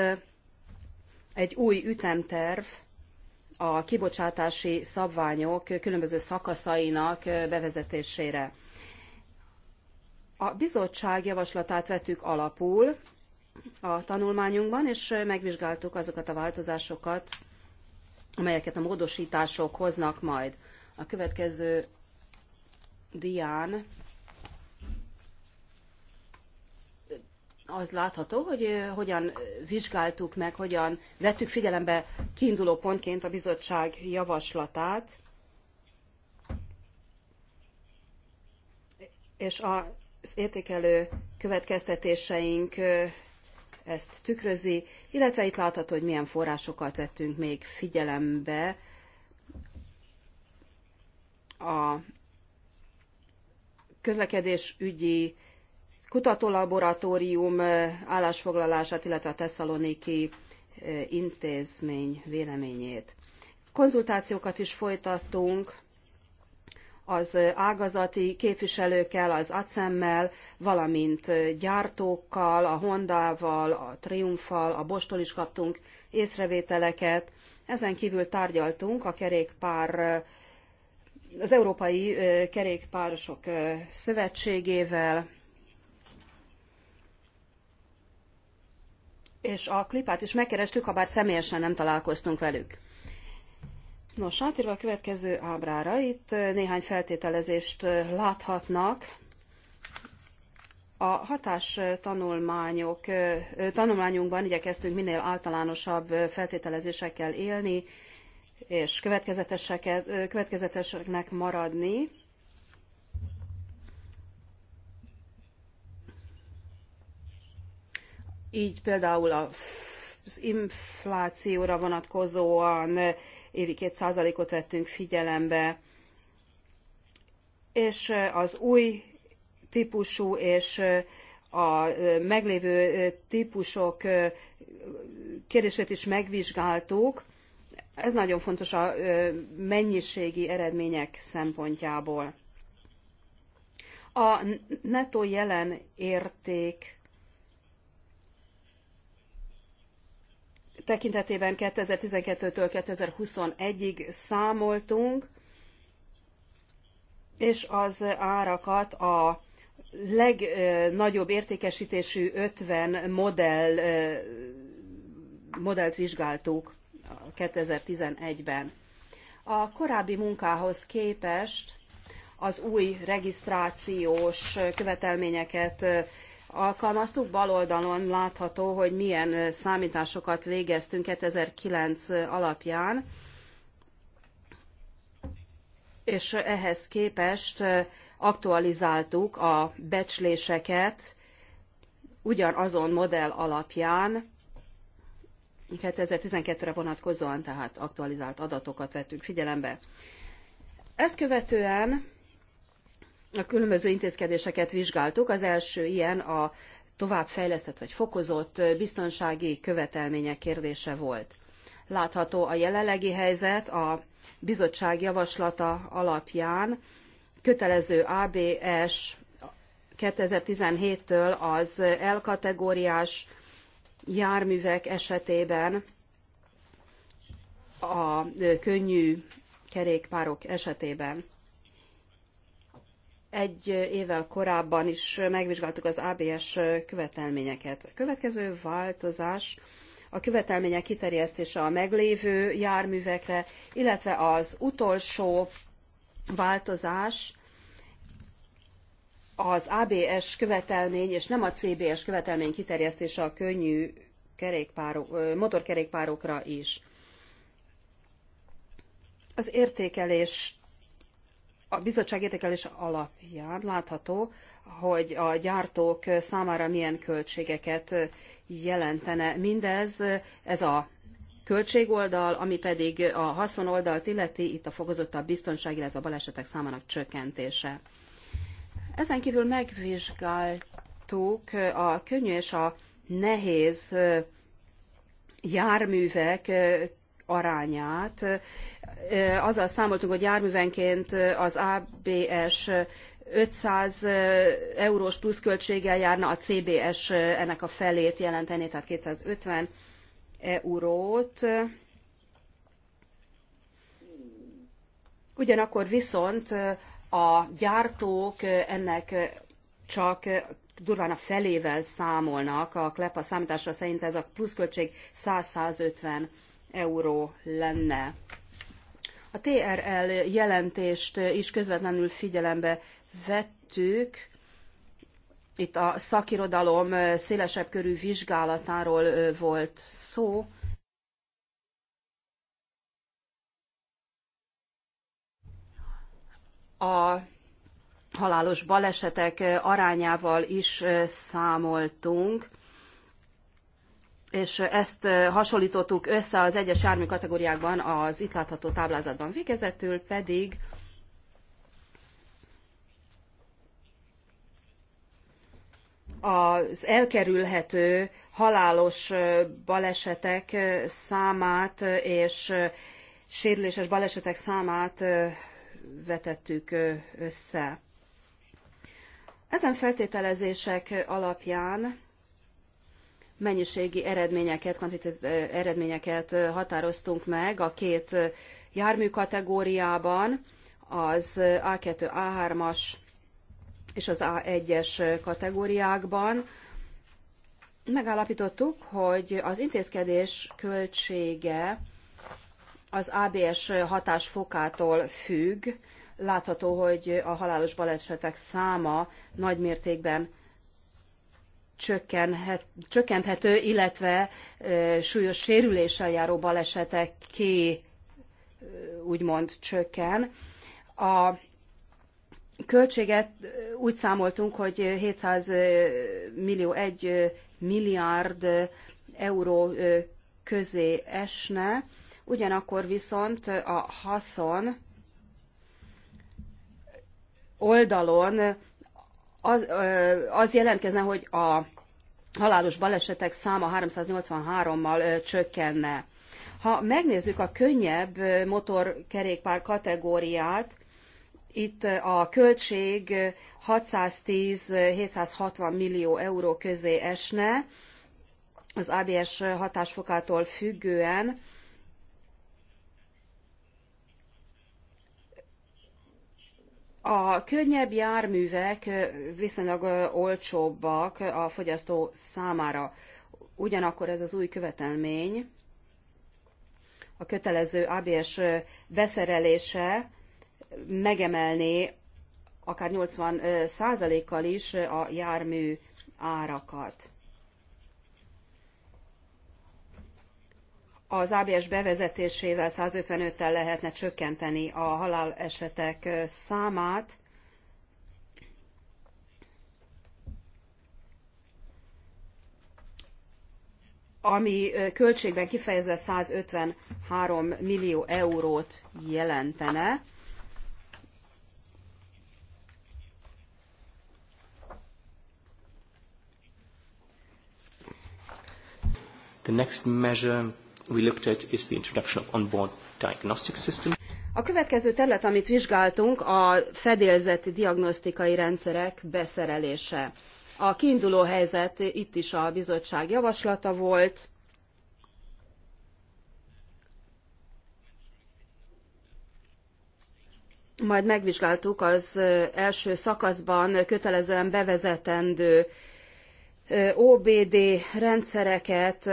egy új ütemterv a kibocsátási szabványok különböző szakaszainak bevezetésére. A bizottság javaslatát vettük alapul, a tanulmányunkban, és megvizsgáltuk azokat a változásokat, amelyeket a módosítások hoznak majd. A következő dián az látható, hogy hogyan vizsgáltuk meg, hogyan vettük figyelembe kiinduló pontként a bizottság javaslatát, és az értékelő következtetéseink ezt tükrözi, illetve itt látható, hogy milyen forrásokat vettünk még figyelembe a közlekedés ügyi kutatólaboratórium állásfoglalását, illetve a tesszaloniki intézmény véleményét. Konzultációkat is folytattunk az ágazati képviselőkkel, az ACEM-mel, valamint gyártókkal, a Hondával, a Triumfal, a Bostól is kaptunk észrevételeket. Ezen kívül tárgyaltunk a kerékpár az Európai Kerékpárosok Szövetségével, és a klipát is megkerestük, habár személyesen nem találkoztunk velük. Nos, átérve a következő ábrára, itt eh, néhány feltételezést eh, láthatnak. A hatás eh, tanulmányok, tanulmányunkban igyekeztünk minél általánosabb feltételezésekkel élni, és következeteseknek maradni. Így például az inflációra vonatkozóan évi 2%-ot vettünk figyelembe, és az új típusú és a meglévő típusok kérdését is megvizsgáltuk. Ez nagyon fontos a mennyiségi eredmények szempontjából. A nettó jelen érték tekintetében 2012-től 2021-ig számoltunk, és az árakat a legnagyobb értékesítésű 50 modell, modellt vizsgáltuk 2011-ben. A korábbi munkához képest az új regisztrációs követelményeket alkalmaztuk. Bal oldalon látható, hogy milyen számításokat végeztünk 2009 alapján, és ehhez képest aktualizáltuk a becsléseket ugyanazon modell alapján, 2012-re vonatkozóan, tehát aktualizált adatokat vettünk figyelembe. Ezt követően a különböző intézkedéseket vizsgáltuk. Az első ilyen a továbbfejlesztett vagy fokozott biztonsági követelmények kérdése volt. Látható a jelenlegi helyzet a bizottság javaslata alapján kötelező ABS 2017-től az L kategóriás járművek esetében a könnyű kerékpárok esetében egy évvel korábban is megvizsgáltuk az ABS követelményeket. A következő változás a követelmények kiterjesztése a meglévő járművekre, illetve az utolsó változás az ABS követelmény és nem a CBS követelmény kiterjesztése a könnyű kerékpárok, motorkerékpárokra is. Az értékelést a bizottság értékelés alapján látható, hogy a gyártók számára milyen költségeket jelentene mindez. Ez a költségoldal, ami pedig a haszonoldalt illeti, itt a fokozottabb biztonság, illetve a balesetek számának csökkentése. Ezen kívül megvizsgáltuk a könnyű és a nehéz járművek arányát. Azzal számoltunk, hogy járművenként az ABS 500 eurós pluszköltséggel járna, a CBS ennek a felét jelenteni, tehát 250 eurót. Ugyanakkor viszont a gyártók ennek csak durván a felével számolnak, a KLEPA számítása szerint ez a pluszköltség 100-150 euró lenne. A TRL jelentést is közvetlenül figyelembe vettük. Itt a szakirodalom szélesebb körű vizsgálatáról volt szó. A halálos balesetek arányával is számoltunk és ezt hasonlítottuk össze az egyes jármű kategóriákban az itt látható táblázatban. Végezetül pedig az elkerülhető halálos balesetek számát és sérüléses balesetek számát vetettük össze. Ezen feltételezések alapján mennyiségi eredményeket, kvantitatív eredményeket határoztunk meg a két jármű kategóriában, az A2, A3-as és az A1-es kategóriákban. Megállapítottuk, hogy az intézkedés költsége az ABS hatásfokától függ. Látható, hogy a halálos balesetek száma nagy mértékben csökkenhet, csökkenthető, illetve súlyos sérüléssel járó balesetek ki úgymond csökken. A költséget úgy számoltunk, hogy 700 millió 1 milliárd euró közé esne, ugyanakkor viszont a haszon oldalon az, az jelentkezne, hogy a halálos balesetek száma 383-mal csökkenne. Ha megnézzük a könnyebb motorkerékpár kategóriát, itt a költség 610-760 millió euró közé esne, az ABS hatásfokától függően, A könnyebb járművek viszonylag olcsóbbak a fogyasztó számára. Ugyanakkor ez az új követelmény, a kötelező ABS beszerelése megemelné akár 80 kal is a jármű árakat. az ABS bevezetésével 155-tel lehetne csökkenteni a halálesetek számát. ami költségben kifejezve 153 millió eurót jelentene. The next measure we looked at is the introduction of onboard diagnostic A következő terület, amit vizsgáltunk, a fedélzeti diagnosztikai rendszerek beszerelése. A kiinduló helyzet itt is a bizottság javaslata volt. Majd megvizsgáltuk az első szakaszban kötelezően bevezetendő OBD rendszereket,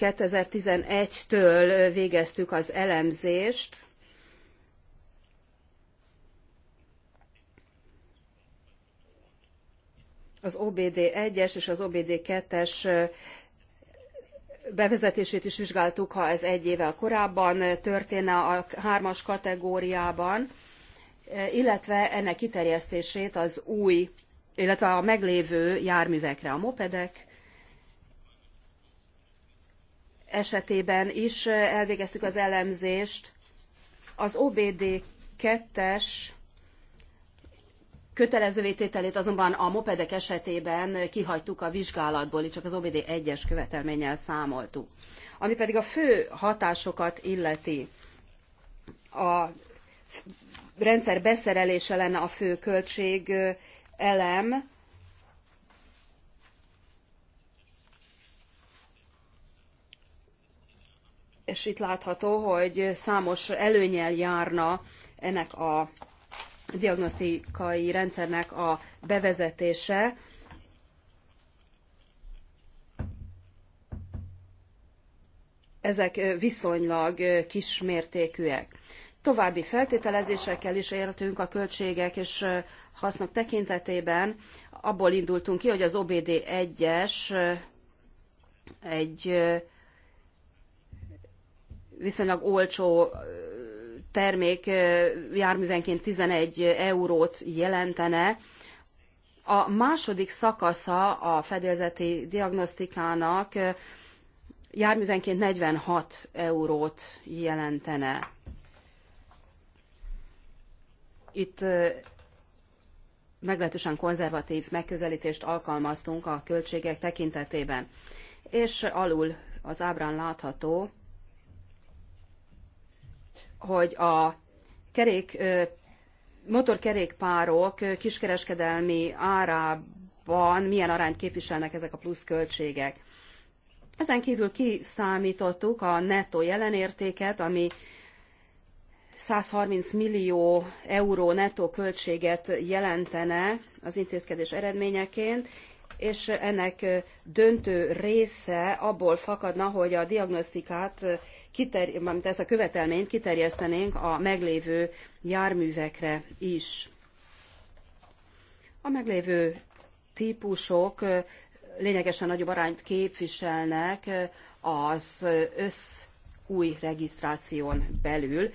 2011-től végeztük az elemzést, az OBD 1-es és az OBD 2-es bevezetését is vizsgáltuk, ha ez egy évvel korábban történne a hármas kategóriában, illetve ennek kiterjesztését az új, illetve a meglévő járművekre, a mopedek, esetében is elvégeztük az elemzést. Az OBD 2-es kötelezővé tételét azonban a mopedek esetében kihagytuk a vizsgálatból, csak az OBD 1-es követelménnyel számoltuk. Ami pedig a fő hatásokat illeti, a rendszer beszerelése lenne a fő költség elem, és itt látható, hogy számos előnyel járna ennek a diagnosztikai rendszernek a bevezetése. Ezek viszonylag kismértékűek. További feltételezésekkel is értünk a költségek és hasznok tekintetében. Abból indultunk ki, hogy az OBD 1-es egy viszonylag olcsó termék járművenként 11 eurót jelentene. A második szakasza a fedélzeti diagnosztikának járművenként 46 eurót jelentene. Itt meglehetősen konzervatív megközelítést alkalmaztunk a költségek tekintetében. És alul az ábrán látható, hogy a kerék, motorkerékpárok kiskereskedelmi árában milyen arányt képviselnek ezek a pluszköltségek. Ezen kívül kiszámítottuk a nettó jelenértéket, ami 130 millió euró nettó költséget jelentene az intézkedés eredményeként, és ennek döntő része abból fakadna, hogy a diagnosztikát, kiterj- ezt a követelményt kiterjesztenénk a meglévő járművekre is. A meglévő típusok lényegesen nagyobb arányt képviselnek az össz új regisztráción belül.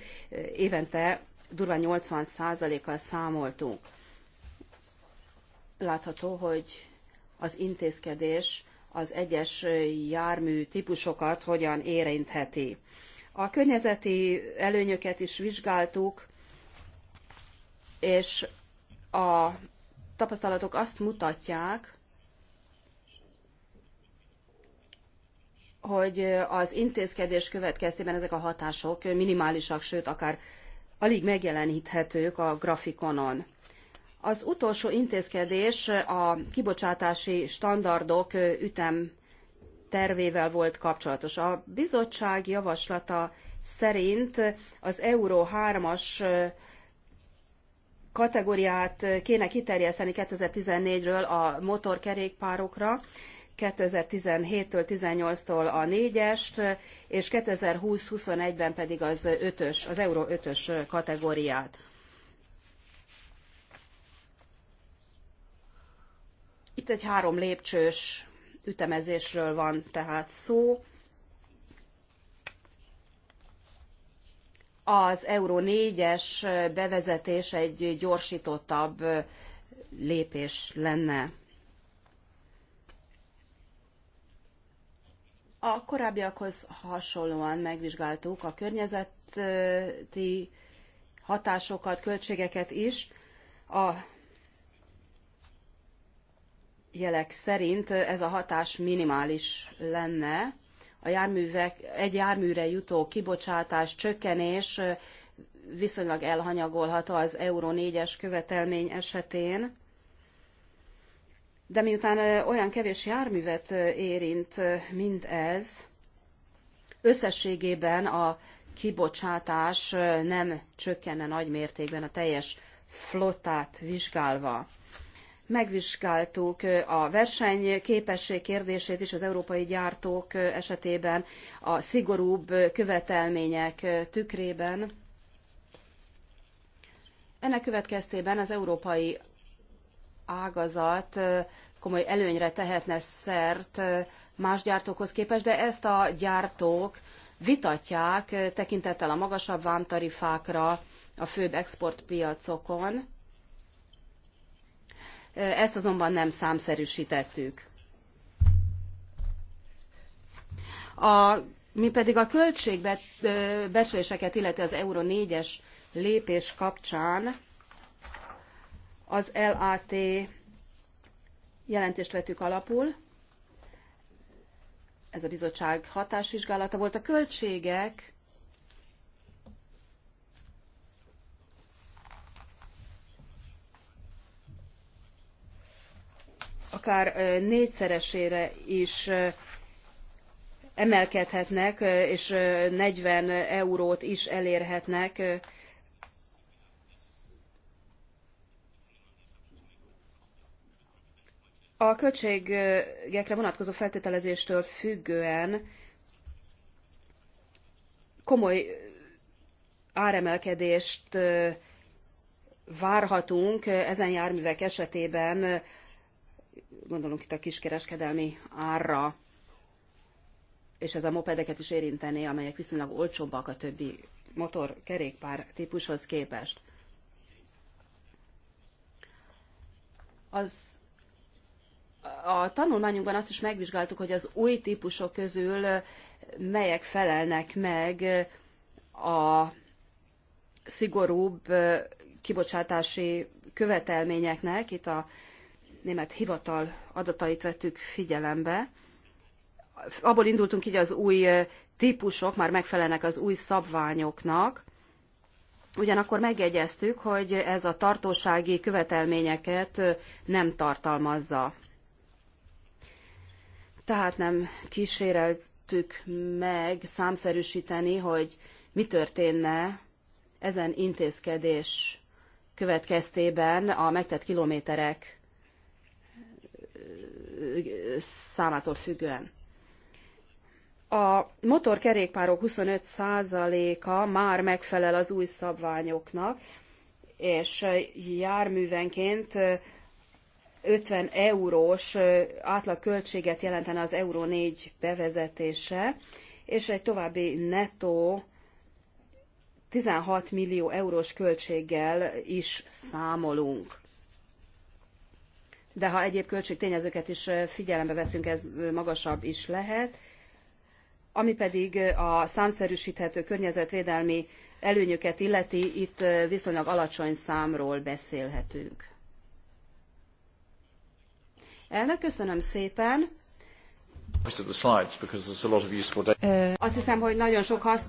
Évente durván 80%-kal számoltunk. Látható, hogy az intézkedés az egyes jármű típusokat hogyan érintheti. A környezeti előnyöket is vizsgáltuk, és a tapasztalatok azt mutatják, hogy az intézkedés következtében ezek a hatások minimálisak, sőt, akár alig megjeleníthetők a grafikonon. Az utolsó intézkedés a kibocsátási standardok ütem tervével volt kapcsolatos. A bizottság javaslata szerint az Euró 3-as kategóriát kéne kiterjeszteni 2014-ről a motorkerékpárokra, 2017-től 18-tól a 4-est, és 2020-21-ben pedig az ötös, az Euró 5-ös kategóriát. Itt egy három lépcsős ütemezésről van tehát szó. Az Euró 4-es bevezetés egy gyorsítottabb lépés lenne. A korábbiakhoz hasonlóan megvizsgáltuk a környezeti hatásokat, költségeket is. A jelek szerint ez a hatás minimális lenne. A járművek, egy járműre jutó kibocsátás csökkenés viszonylag elhanyagolható az Euró 4-es követelmény esetén. De miután olyan kevés járművet érint ez összességében a kibocsátás nem csökkenne nagy mértékben a teljes flottát vizsgálva megvizsgáltuk a versenyképesség kérdését is az európai gyártók esetében a szigorúbb követelmények tükrében. Ennek következtében az európai ágazat komoly előnyre tehetne szert más gyártókhoz képest, de ezt a gyártók vitatják tekintettel a magasabb vámtarifákra a főbb exportpiacokon ezt azonban nem számszerűsítettük. A, mi pedig a költségbecsléseket, illeti az Euró 4-es lépés kapcsán az LAT jelentést vettük alapul. Ez a bizottság hatásvizsgálata volt. A költségek akár négyszeresére is emelkedhetnek, és 40 eurót is elérhetnek. A költségekre vonatkozó feltételezéstől függően komoly áremelkedést várhatunk ezen járművek esetében gondolunk itt a kiskereskedelmi árra, és ez a mopedeket is érinteni, amelyek viszonylag olcsóbbak a többi motorkerékpár típushoz képest. Az a tanulmányunkban azt is megvizsgáltuk, hogy az új típusok közül melyek felelnek meg a szigorúbb kibocsátási követelményeknek. Itt a német hivatal adatait vettük figyelembe. Abból indultunk így az új típusok már megfelelnek az új szabványoknak, Ugyanakkor megjegyeztük, hogy ez a tartósági követelményeket nem tartalmazza. Tehát nem kíséreltük meg számszerűsíteni, hogy mi történne ezen intézkedés következtében a megtett kilométerek számától függően. A motorkerékpárok 25%-a már megfelel az új szabványoknak, és járművenként 50 eurós átlagköltséget jelentene az Euró 4 bevezetése, és egy további nettó 16 millió eurós költséggel is számolunk de ha egyéb költségtényezőket is figyelembe veszünk, ez magasabb is lehet. Ami pedig a számszerűsíthető környezetvédelmi előnyöket illeti, itt viszonylag alacsony számról beszélhetünk. Elnök, köszönöm szépen. Azt hiszem, hogy nagyon sok hasz...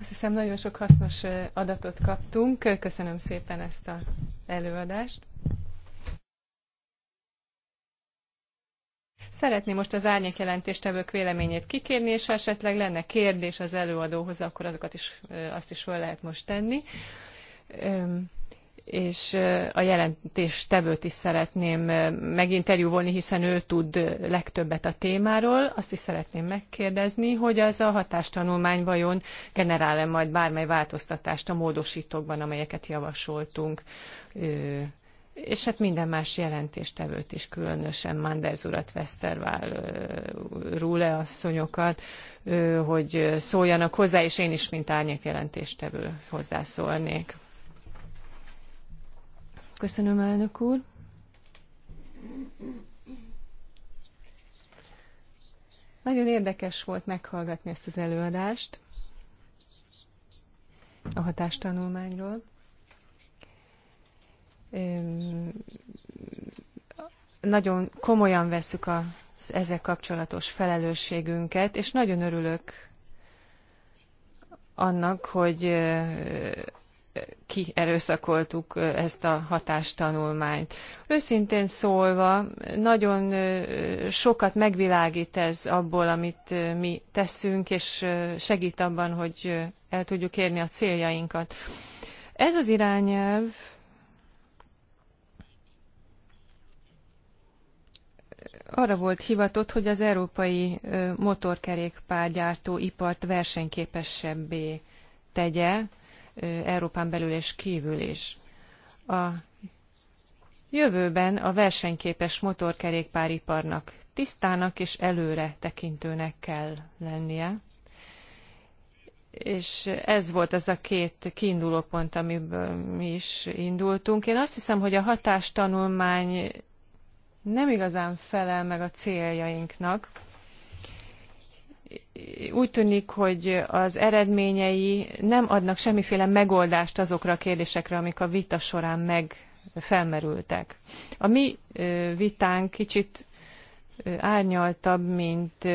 Azt hiszem, nagyon sok hasznos adatot kaptunk. Köszönöm szépen ezt az előadást. Szeretném most az árnyék jelentéstevők véleményét kikérni, és ha esetleg lenne kérdés az előadóhoz, akkor azokat is, azt is fel lehet most tenni. És a jelentéstevőt is szeretném meginterjúvolni, hiszen ő tud legtöbbet a témáról. Azt is szeretném megkérdezni, hogy az a hatástanulmány vajon generál-e majd bármely változtatást a módosítókban, amelyeket javasoltunk és hát minden más jelentéstevőt is, különösen Manders urat, Westervál, Rúle asszonyokat, hogy szóljanak hozzá, és én is, mint árnyék jelentéstevő hozzászólnék. Köszönöm, elnök úr. Nagyon érdekes volt meghallgatni ezt az előadást a hatástanulmányról nagyon komolyan vesszük az ezzel kapcsolatos felelősségünket, és nagyon örülök annak, hogy kierőszakoltuk ezt a hatástanulmányt. Őszintén szólva, nagyon sokat megvilágít ez abból, amit mi teszünk, és segít abban, hogy el tudjuk érni a céljainkat. Ez az irányelv arra volt hivatott, hogy az európai motorkerékpárgyártó ipart versenyképesebbé tegye Európán belül és kívül is. A jövőben a versenyképes motorkerékpáriparnak tisztának és előre tekintőnek kell lennie. És ez volt az a két kiinduló pont, amiből mi is indultunk. Én azt hiszem, hogy a hatástanulmány nem igazán felel meg a céljainknak. Úgy tűnik, hogy az eredményei nem adnak semmiféle megoldást azokra a kérdésekre, amik a vita során meg felmerültek. A mi vitánk kicsit árnyaltabb, mint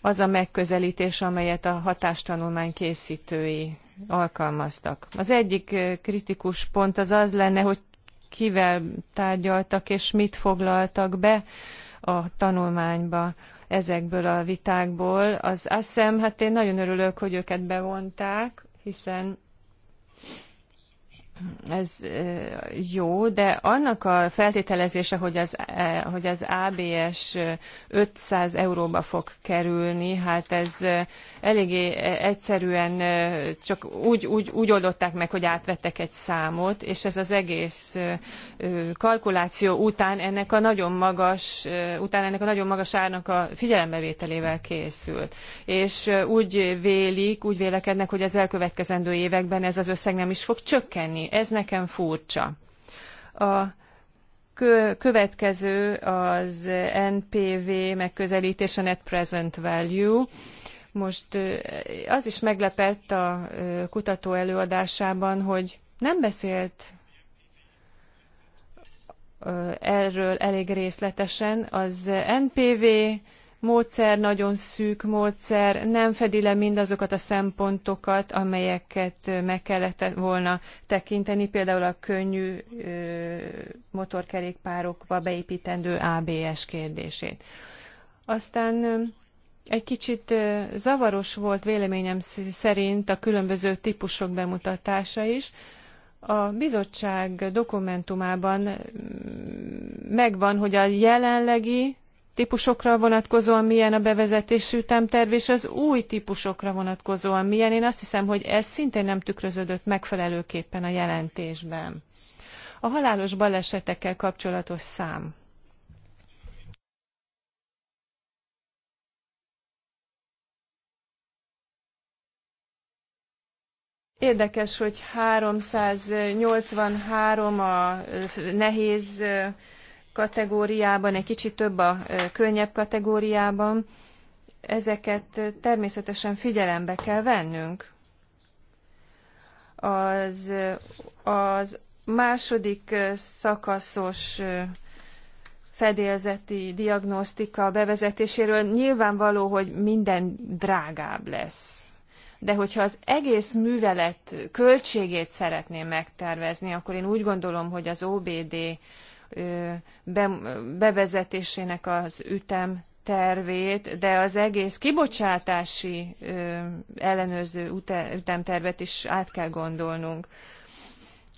az a megközelítés, amelyet a hatástanulmány készítői alkalmaztak. Az egyik kritikus pont az az lenne, hogy kivel tárgyaltak és mit foglaltak be a tanulmányba ezekből a vitákból. Az ASZEM, hát én nagyon örülök, hogy őket bevonták, hiszen ez jó, de annak a feltételezése, hogy az, e, hogy az ABS 500 euróba fog kerülni, hát ez eléggé e, egyszerűen csak úgy, úgy, úgy oldották meg, hogy átvettek egy számot, és ez az egész kalkuláció után ennek a nagyon magas, után ennek a nagyon magas árnak a figyelembevételével készült. És úgy vélik, úgy vélekednek, hogy az elkövetkezendő években ez az összeg nem is fog csökkenni, ez nekem furcsa. A következő az NPV megközelítés, a Net Present Value. Most az is meglepett a kutató előadásában, hogy nem beszélt erről elég részletesen. Az NPV módszer nagyon szűk módszer, nem fedi le mindazokat a szempontokat, amelyeket meg kellett volna tekinteni, például a könnyű motorkerékpárokba beépítendő ABS kérdését. Aztán egy kicsit zavaros volt véleményem szerint a különböző típusok bemutatása is, a bizottság dokumentumában megvan, hogy a jelenlegi típusokra vonatkozóan milyen a bevezetésű ütemterv, és az új típusokra vonatkozóan milyen. Én azt hiszem, hogy ez szintén nem tükröződött megfelelőképpen a jelentésben. A halálos balesetekkel kapcsolatos szám. Érdekes, hogy 383 a nehéz kategóriában, egy kicsit több a könnyebb kategóriában. Ezeket természetesen figyelembe kell vennünk. Az, az második szakaszos fedélzeti diagnosztika bevezetéséről nyilvánvaló, hogy minden drágább lesz. De hogyha az egész művelet költségét szeretném megtervezni, akkor én úgy gondolom, hogy az OBD bevezetésének az ütem tervét, de az egész kibocsátási ellenőrző ütemtervet is át kell gondolnunk.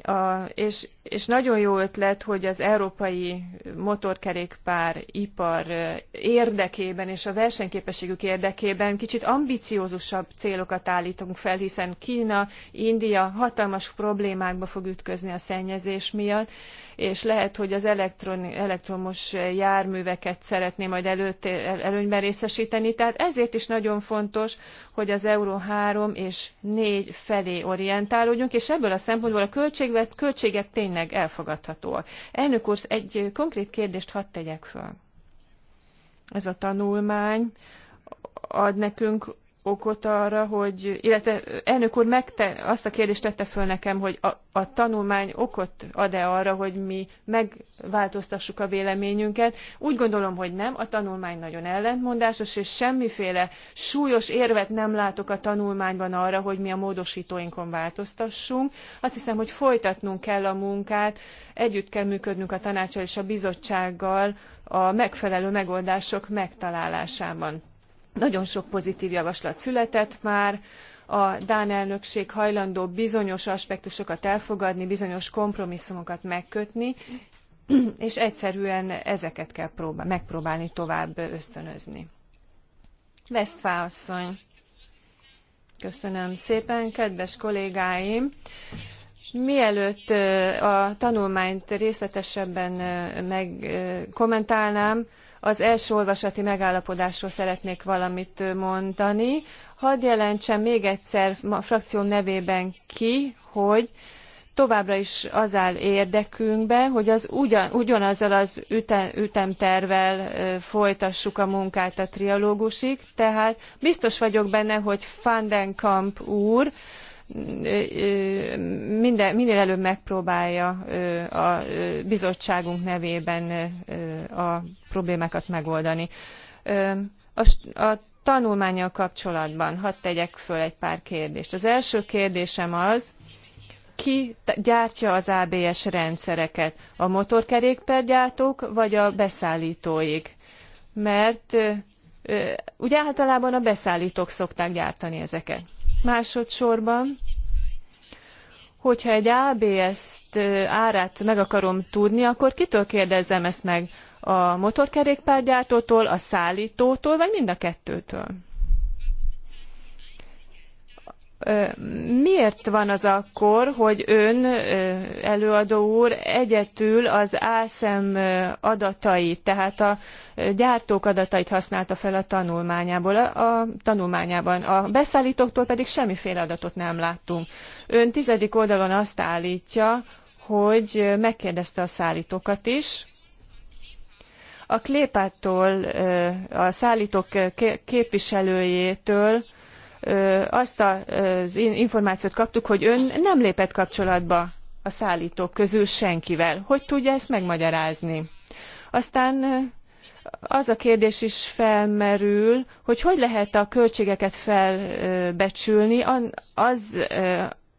A, és, és nagyon jó ötlet, hogy az európai motorkerékpár ipar érdekében és a versenyképességük érdekében kicsit ambiciózusabb célokat állítunk fel, hiszen Kína, India hatalmas problémákba fog ütközni a szennyezés miatt, és lehet, hogy az elektron, elektromos járműveket szeretné majd előtt, előnyben részesíteni. Tehát ezért is nagyon fontos, hogy az Euró 3 és 4 felé orientálódjunk, és ebből a szempontból a költségvet, költségek tényleg elfogadhatóak. Elnök úr, egy konkrét kérdést hadd tegyek föl. Ez a tanulmány ad nekünk okot arra, hogy, illetve elnök úr megte, azt a kérdést tette föl nekem, hogy a, a tanulmány okot ad-e arra, hogy mi megváltoztassuk a véleményünket. Úgy gondolom, hogy nem, a tanulmány nagyon ellentmondásos, és semmiféle súlyos érvet nem látok a tanulmányban arra, hogy mi a módosítóinkon változtassunk. Azt hiszem, hogy folytatnunk kell a munkát, együtt kell működnünk a tanácsal és a bizottsággal a megfelelő megoldások megtalálásában nagyon sok pozitív javaslat született már, a Dán elnökség hajlandó bizonyos aspektusokat elfogadni, bizonyos kompromisszumokat megkötni, és egyszerűen ezeket kell próbál, megpróbálni tovább ösztönözni. Westphal asszony. Köszönöm szépen, kedves kollégáim! Mielőtt a tanulmányt részletesebben kommentálnám az első olvasati megállapodásról szeretnék valamit mondani. Hadd jelentsem még egyszer a frakcióm nevében ki, hogy továbbra is az áll érdekünkben, hogy az ugyan, ugyanazzal az ütem, ütemtervel folytassuk a munkát a trialógusig, tehát biztos vagyok benne, hogy Fandenkamp úr minden, minél előbb megpróbálja a bizottságunk nevében a problémákat megoldani. A, a tanulmányjal kapcsolatban hadd tegyek föl egy pár kérdést. Az első kérdésem az, ki gyártja az ABS rendszereket? A motorkerékpergyártók vagy a beszállítóik? Mert ugye általában a beszállítók szokták gyártani ezeket másodsorban, hogyha egy ABS-t árát meg akarom tudni, akkor kitől kérdezzem ezt meg? A motorkerékpárgyártótól, a szállítótól, vagy mind a kettőtől? miért van az akkor, hogy ön, előadó úr, egyetül az ASZEM adatait, tehát a gyártók adatait használta fel a tanulmányából, a, a tanulmányában. A beszállítóktól pedig semmiféle adatot nem láttunk. Ön tizedik oldalon azt állítja, hogy megkérdezte a szállítókat is, a Klépától, a szállítók képviselőjétől, azt az információt kaptuk, hogy ön nem lépett kapcsolatba a szállítók közül senkivel. Hogy tudja ezt megmagyarázni? Aztán az a kérdés is felmerül, hogy hogy lehet a költségeket felbecsülni az,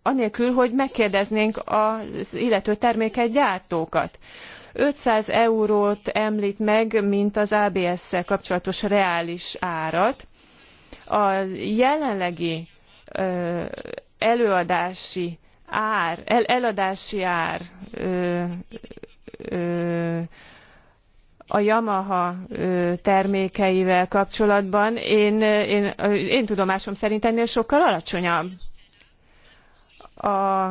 anélkül, hogy megkérdeznénk az illető terméket gyártókat. 500 eurót említ meg, mint az ABS-szel kapcsolatos reális árat a jelenlegi előadási ár, el, eladási ár ö, ö, a Yamaha termékeivel kapcsolatban, én, én, én tudomásom szerint ennél sokkal alacsonyabb. A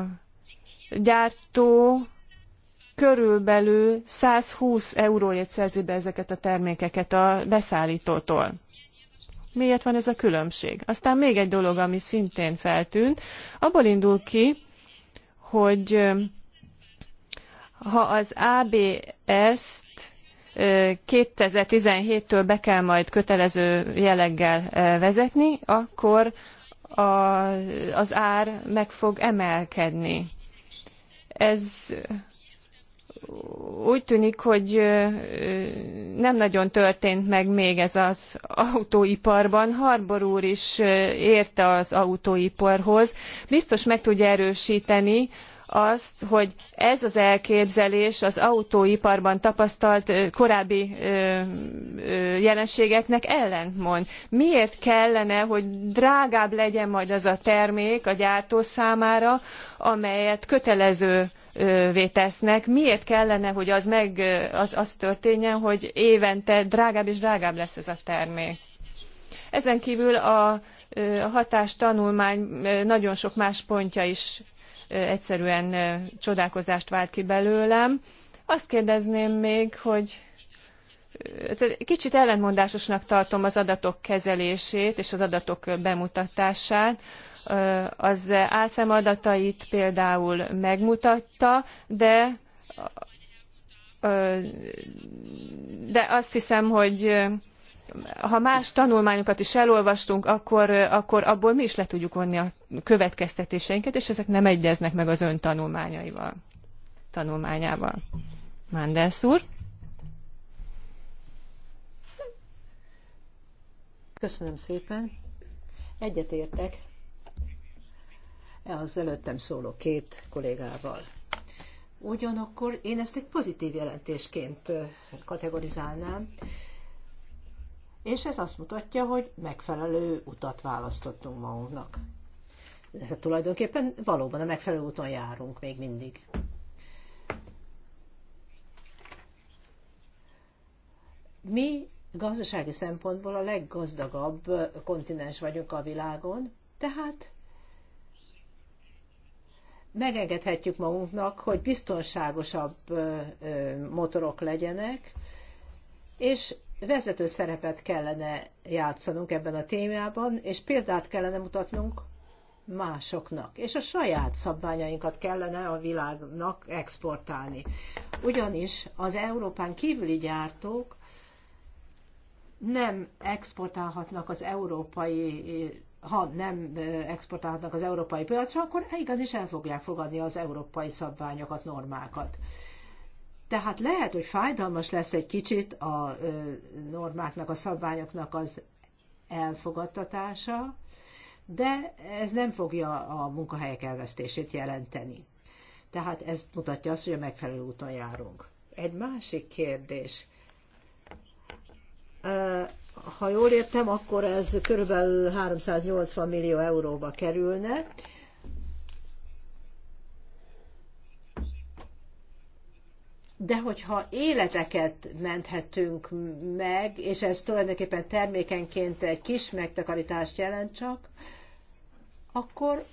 gyártó körülbelül 120 euróért szerzi be ezeket a termékeket a beszállítótól. Miért van ez a különbség? Aztán még egy dolog, ami szintén feltűnt, abból indul ki, hogy ha az ABS-t 2017-től be kell majd kötelező jelleggel vezetni, akkor a, az ár meg fog emelkedni. Ez úgy tűnik, hogy nem nagyon történt meg még ez az autóiparban. Harbor úr is érte az autóiparhoz. Biztos meg tudja erősíteni, azt, hogy ez az elképzelés az autóiparban tapasztalt korábbi jelenségeknek ellentmond. Miért kellene, hogy drágább legyen majd az a termék a gyártó számára, amelyet kötelező tesznek. Miért kellene, hogy az, meg, az, az történjen, hogy évente drágább és drágább lesz ez a termék? Ezen kívül a, a hatástanulmány nagyon sok más pontja is egyszerűen csodálkozást vált ki belőlem. Azt kérdezném még, hogy kicsit ellentmondásosnak tartom az adatok kezelését és az adatok bemutatását. Az álszem adatait például megmutatta, de de azt hiszem, hogy ha más tanulmányokat is elolvastunk, akkor, akkor abból mi is le tudjuk vonni a következtetéseinket, és ezek nem egyeznek meg az ön tanulmányaival, tanulmányával. Mandelsz úr? Köszönöm szépen. Egyetértek az előttem szóló két kollégával. Ugyanakkor én ezt egy pozitív jelentésként kategorizálnám, és ez azt mutatja, hogy megfelelő utat választottunk magunknak. Tehát tulajdonképpen valóban a megfelelő úton járunk még mindig. Mi gazdasági szempontból a leggazdagabb kontinens vagyunk a világon, tehát megengedhetjük magunknak, hogy biztonságosabb motorok legyenek, és vezető szerepet kellene játszanunk ebben a témában, és példát kellene mutatnunk másoknak, és a saját szabványainkat kellene a világnak exportálni. Ugyanis az Európán kívüli gyártók nem exportálhatnak az európai ha nem exportálhatnak az európai piacra, akkor igenis el fogják fogadni az európai szabványokat, normákat. Tehát lehet, hogy fájdalmas lesz egy kicsit a normáknak, a szabványoknak az elfogadtatása, de ez nem fogja a munkahelyek elvesztését jelenteni. Tehát ez mutatja azt, hogy a megfelelő úton járunk. Egy másik kérdés. Ha jól értem, akkor ez körülbelül 380 millió euróba kerülne, de hogyha életeket menthetünk meg, és ez tulajdonképpen termékenként egy kis megtakarítást jelent csak, akkor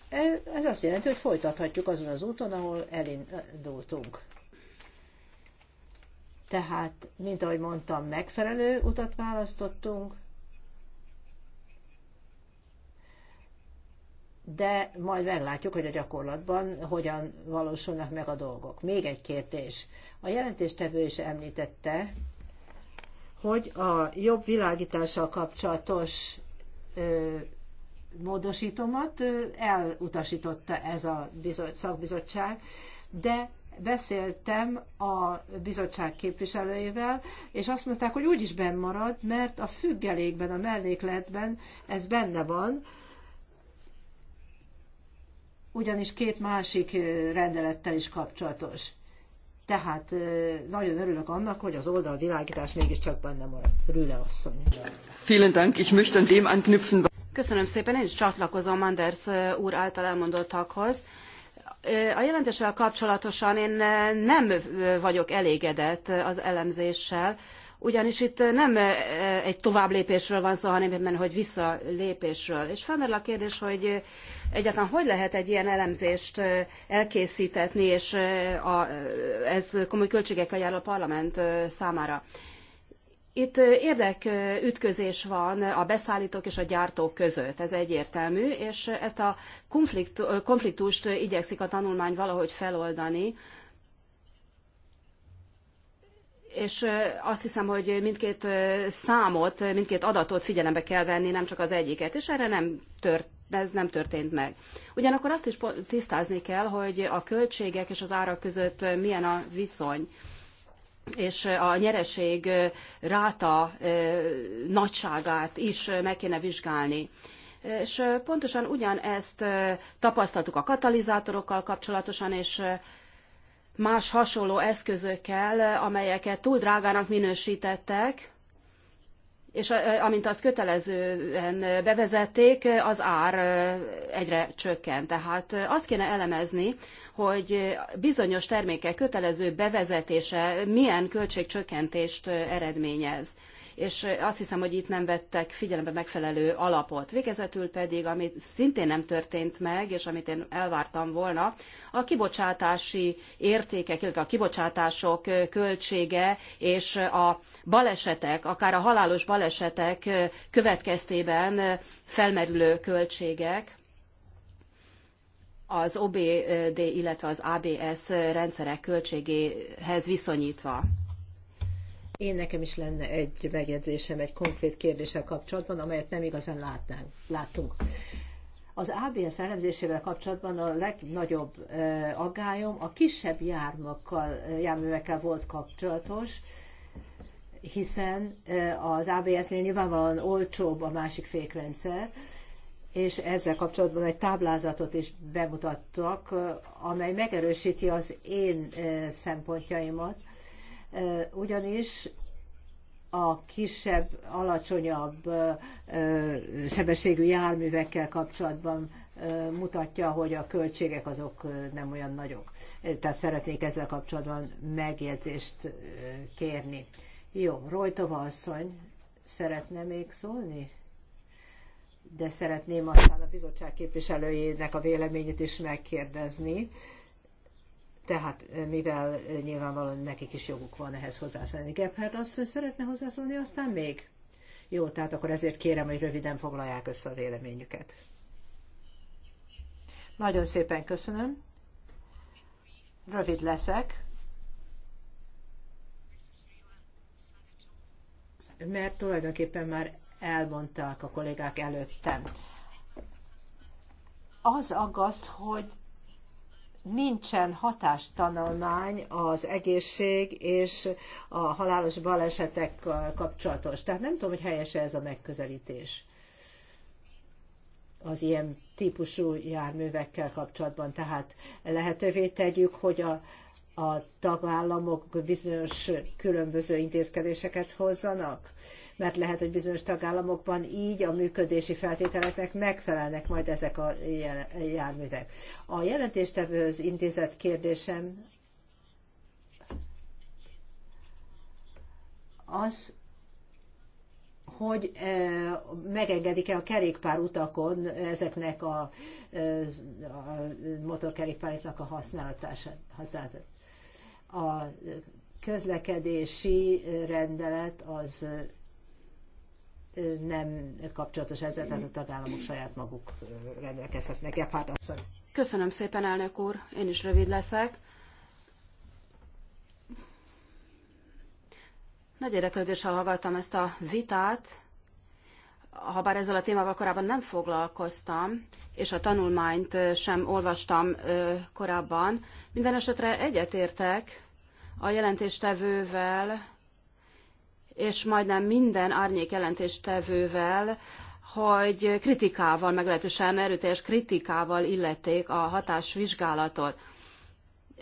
ez azt jelenti, hogy folytathatjuk azon az úton, ahol elindultunk. Tehát, mint ahogy mondtam, megfelelő utat választottunk, de majd meglátjuk, hogy a gyakorlatban hogyan valósulnak meg a dolgok. Még egy kérdés. A jelentéstevő is említette, hogy a jobb világítással kapcsolatos ö, módosítomat ö, elutasította ez a bizot, szakbizottság, de beszéltem a bizottság képviselőivel, és azt mondták, hogy úgyis benn marad, mert a függelékben, a mellékletben ez benne van, ugyanis két másik rendelettel is kapcsolatos. Tehát nagyon örülök annak, hogy az oldalvilágítás mégiscsak benne maradt. Rüle asszony. Vielen Dank, ich möchte an dem anknüpfen. Köszönöm szépen, én is csatlakozom Manders úr által elmondottakhoz. A jelentéssel kapcsolatosan én nem vagyok elégedett az elemzéssel, ugyanis itt nem e, egy továbblépésről van szó, hanem éppen, hogy visszalépésről. És felmerül a kérdés, hogy egyáltalán hogy lehet egy ilyen elemzést e, elkészítetni, és e, a, ez komoly költségekkel jár a parlament számára. Itt érdekütközés van a beszállítók és a gyártók között, ez egyértelmű, és ezt a konfliktust igyekszik a tanulmány valahogy feloldani, és azt hiszem, hogy mindkét számot, mindkét adatot figyelembe kell venni, nem csak az egyiket, és erre nem tört, ez nem történt meg. Ugyanakkor azt is tisztázni kell, hogy a költségek és az árak között milyen a viszony és a nyereség ráta nagyságát is meg kéne vizsgálni. És pontosan ugyanezt tapasztaltuk a katalizátorokkal kapcsolatosan, és más hasonló eszközökkel, amelyeket túl drágának minősítettek, és amint azt kötelezően bevezették, az ár egyre csökkent. Tehát azt kéne elemezni, hogy bizonyos termékek kötelező bevezetése milyen költségcsökkentést eredményez és azt hiszem, hogy itt nem vettek figyelembe megfelelő alapot. Végezetül pedig, ami szintén nem történt meg, és amit én elvártam volna, a kibocsátási értékek, illetve a kibocsátások költsége és a balesetek, akár a halálos balesetek következtében felmerülő költségek, az OBD, illetve az ABS rendszerek költségéhez viszonyítva. Én nekem is lenne egy megjegyzésem egy konkrét kérdéssel kapcsolatban, amelyet nem igazán látnánk, láttunk. Az ABS elemzésével kapcsolatban a legnagyobb aggályom a kisebb jármokkal, járművekkel volt kapcsolatos, hiszen az ABS-nél nyilvánvalóan olcsóbb a másik fékrendszer, és ezzel kapcsolatban egy táblázatot is bemutattak, amely megerősíti az én szempontjaimat, ugyanis a kisebb, alacsonyabb sebességű járművekkel kapcsolatban mutatja, hogy a költségek azok nem olyan nagyok. Tehát szeretnék ezzel kapcsolatban megjegyzést kérni. Jó, Rojtova asszony szeretne még szólni? De szeretném aztán a bizottság képviselőjének a véleményét is megkérdezni tehát eh, mivel eh, nyilvánvalóan nekik is joguk van ehhez hozzászólni. Gebhard azt szeretne hozzászólni, aztán még? Jó, tehát akkor ezért kérem, hogy röviden foglalják össze a véleményüket. Nagyon szépen köszönöm. Rövid leszek. Mert tulajdonképpen már elmondták a kollégák előttem. Az aggaszt, hogy nincsen hatástanulmány az egészség és a halálos balesetek kapcsolatos. Tehát nem tudom, hogy helyes -e ez a megközelítés az ilyen típusú járművekkel kapcsolatban. Tehát lehetővé tegyük, hogy a a tagállamok bizonyos különböző intézkedéseket hozzanak? Mert lehet, hogy bizonyos tagállamokban így a működési feltételeknek megfelelnek majd ezek a járművek. A jelentéstevőhöz intézett kérdésem az, hogy e, megengedik-e a utakon ezeknek a, e, a motorkerékpáriknak a használatát a közlekedési rendelet az nem kapcsolatos ezzel, tehát a tagállamok saját maguk rendelkezhetnek. Gephardt Köszönöm szépen, elnök úr. Én is rövid leszek. Nagy érdeklődéssel hallgattam ezt a vitát, ha bár ezzel a témával korábban nem foglalkoztam, és a tanulmányt sem olvastam korábban, minden esetre egyetértek a jelentéstevővel, és majdnem minden árnyék jelentéstevővel, hogy kritikával, meglehetősen erőteljes kritikával illették a hatásvizsgálatot.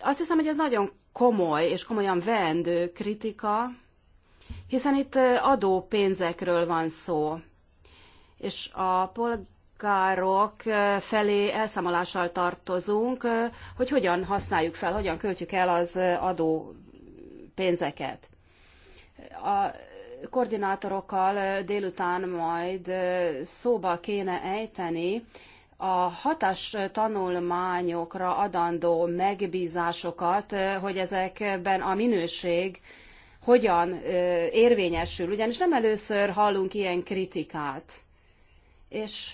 Azt hiszem, hogy ez nagyon komoly és komolyan veendő kritika, hiszen itt adó pénzekről van szó és a polgárok felé elszámolással tartozunk, hogy hogyan használjuk fel, hogyan költjük el az adó pénzeket. A koordinátorokkal délután majd szóba kéne ejteni a hatás tanulmányokra adandó megbízásokat, hogy ezekben a minőség hogyan érvényesül. Ugyanis nem először hallunk ilyen kritikát és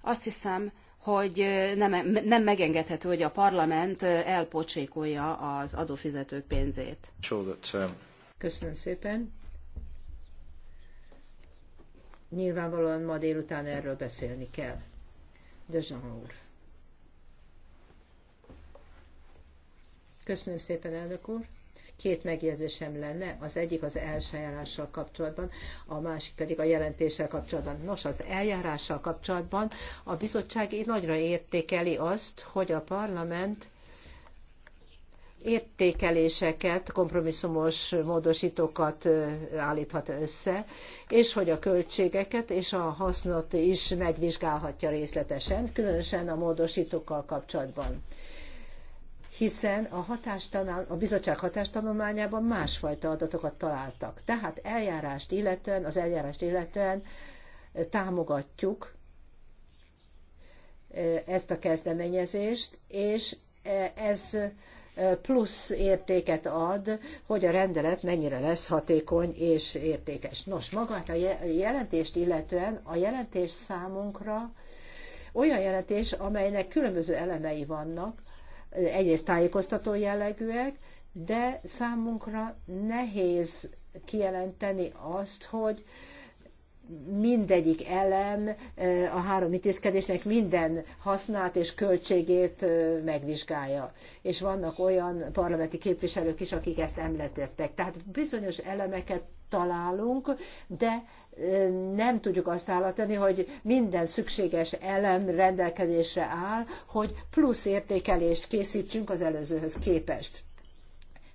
azt hiszem, hogy nem, nem megengedhető, hogy a parlament elpocsékolja az adófizetők pénzét. Um, Köszönöm szépen. Nyilvánvalóan ma délután erről beszélni kell. Dezsan úr. Köszönöm szépen, elnök úr. Két megjegyzésem lenne, az egyik az elsajárással kapcsolatban, a másik pedig a jelentéssel kapcsolatban. Nos, az eljárással kapcsolatban a bizottság nagyra értékeli azt, hogy a parlament értékeléseket, kompromisszumos módosítókat állíthat össze, és hogy a költségeket és a hasznot is megvizsgálhatja részletesen, különösen a módosítókkal kapcsolatban hiszen a, hatástanál, a bizottság hatástanulmányában másfajta adatokat találtak. Tehát eljárást illetően, az eljárást illetően eh, támogatjuk eh, ezt a kezdeményezést, és eh, ez plusz értéket ad, hogy a rendelet mennyire lesz hatékony és értékes. Nos, magát a jelentést illetően a jelentés számunkra olyan jelentés, amelynek különböző elemei vannak, egyrészt tájékoztató jellegűek, de számunkra nehéz kijelenteni azt, hogy mindegyik elem a három intézkedésnek minden hasznát és költségét megvizsgálja. És vannak olyan parlamenti képviselők is, akik ezt emletettek. Tehát bizonyos elemeket találunk, de nem tudjuk azt állatani, hogy minden szükséges elem rendelkezésre áll, hogy plusz értékelést készítsünk az előzőhöz képest.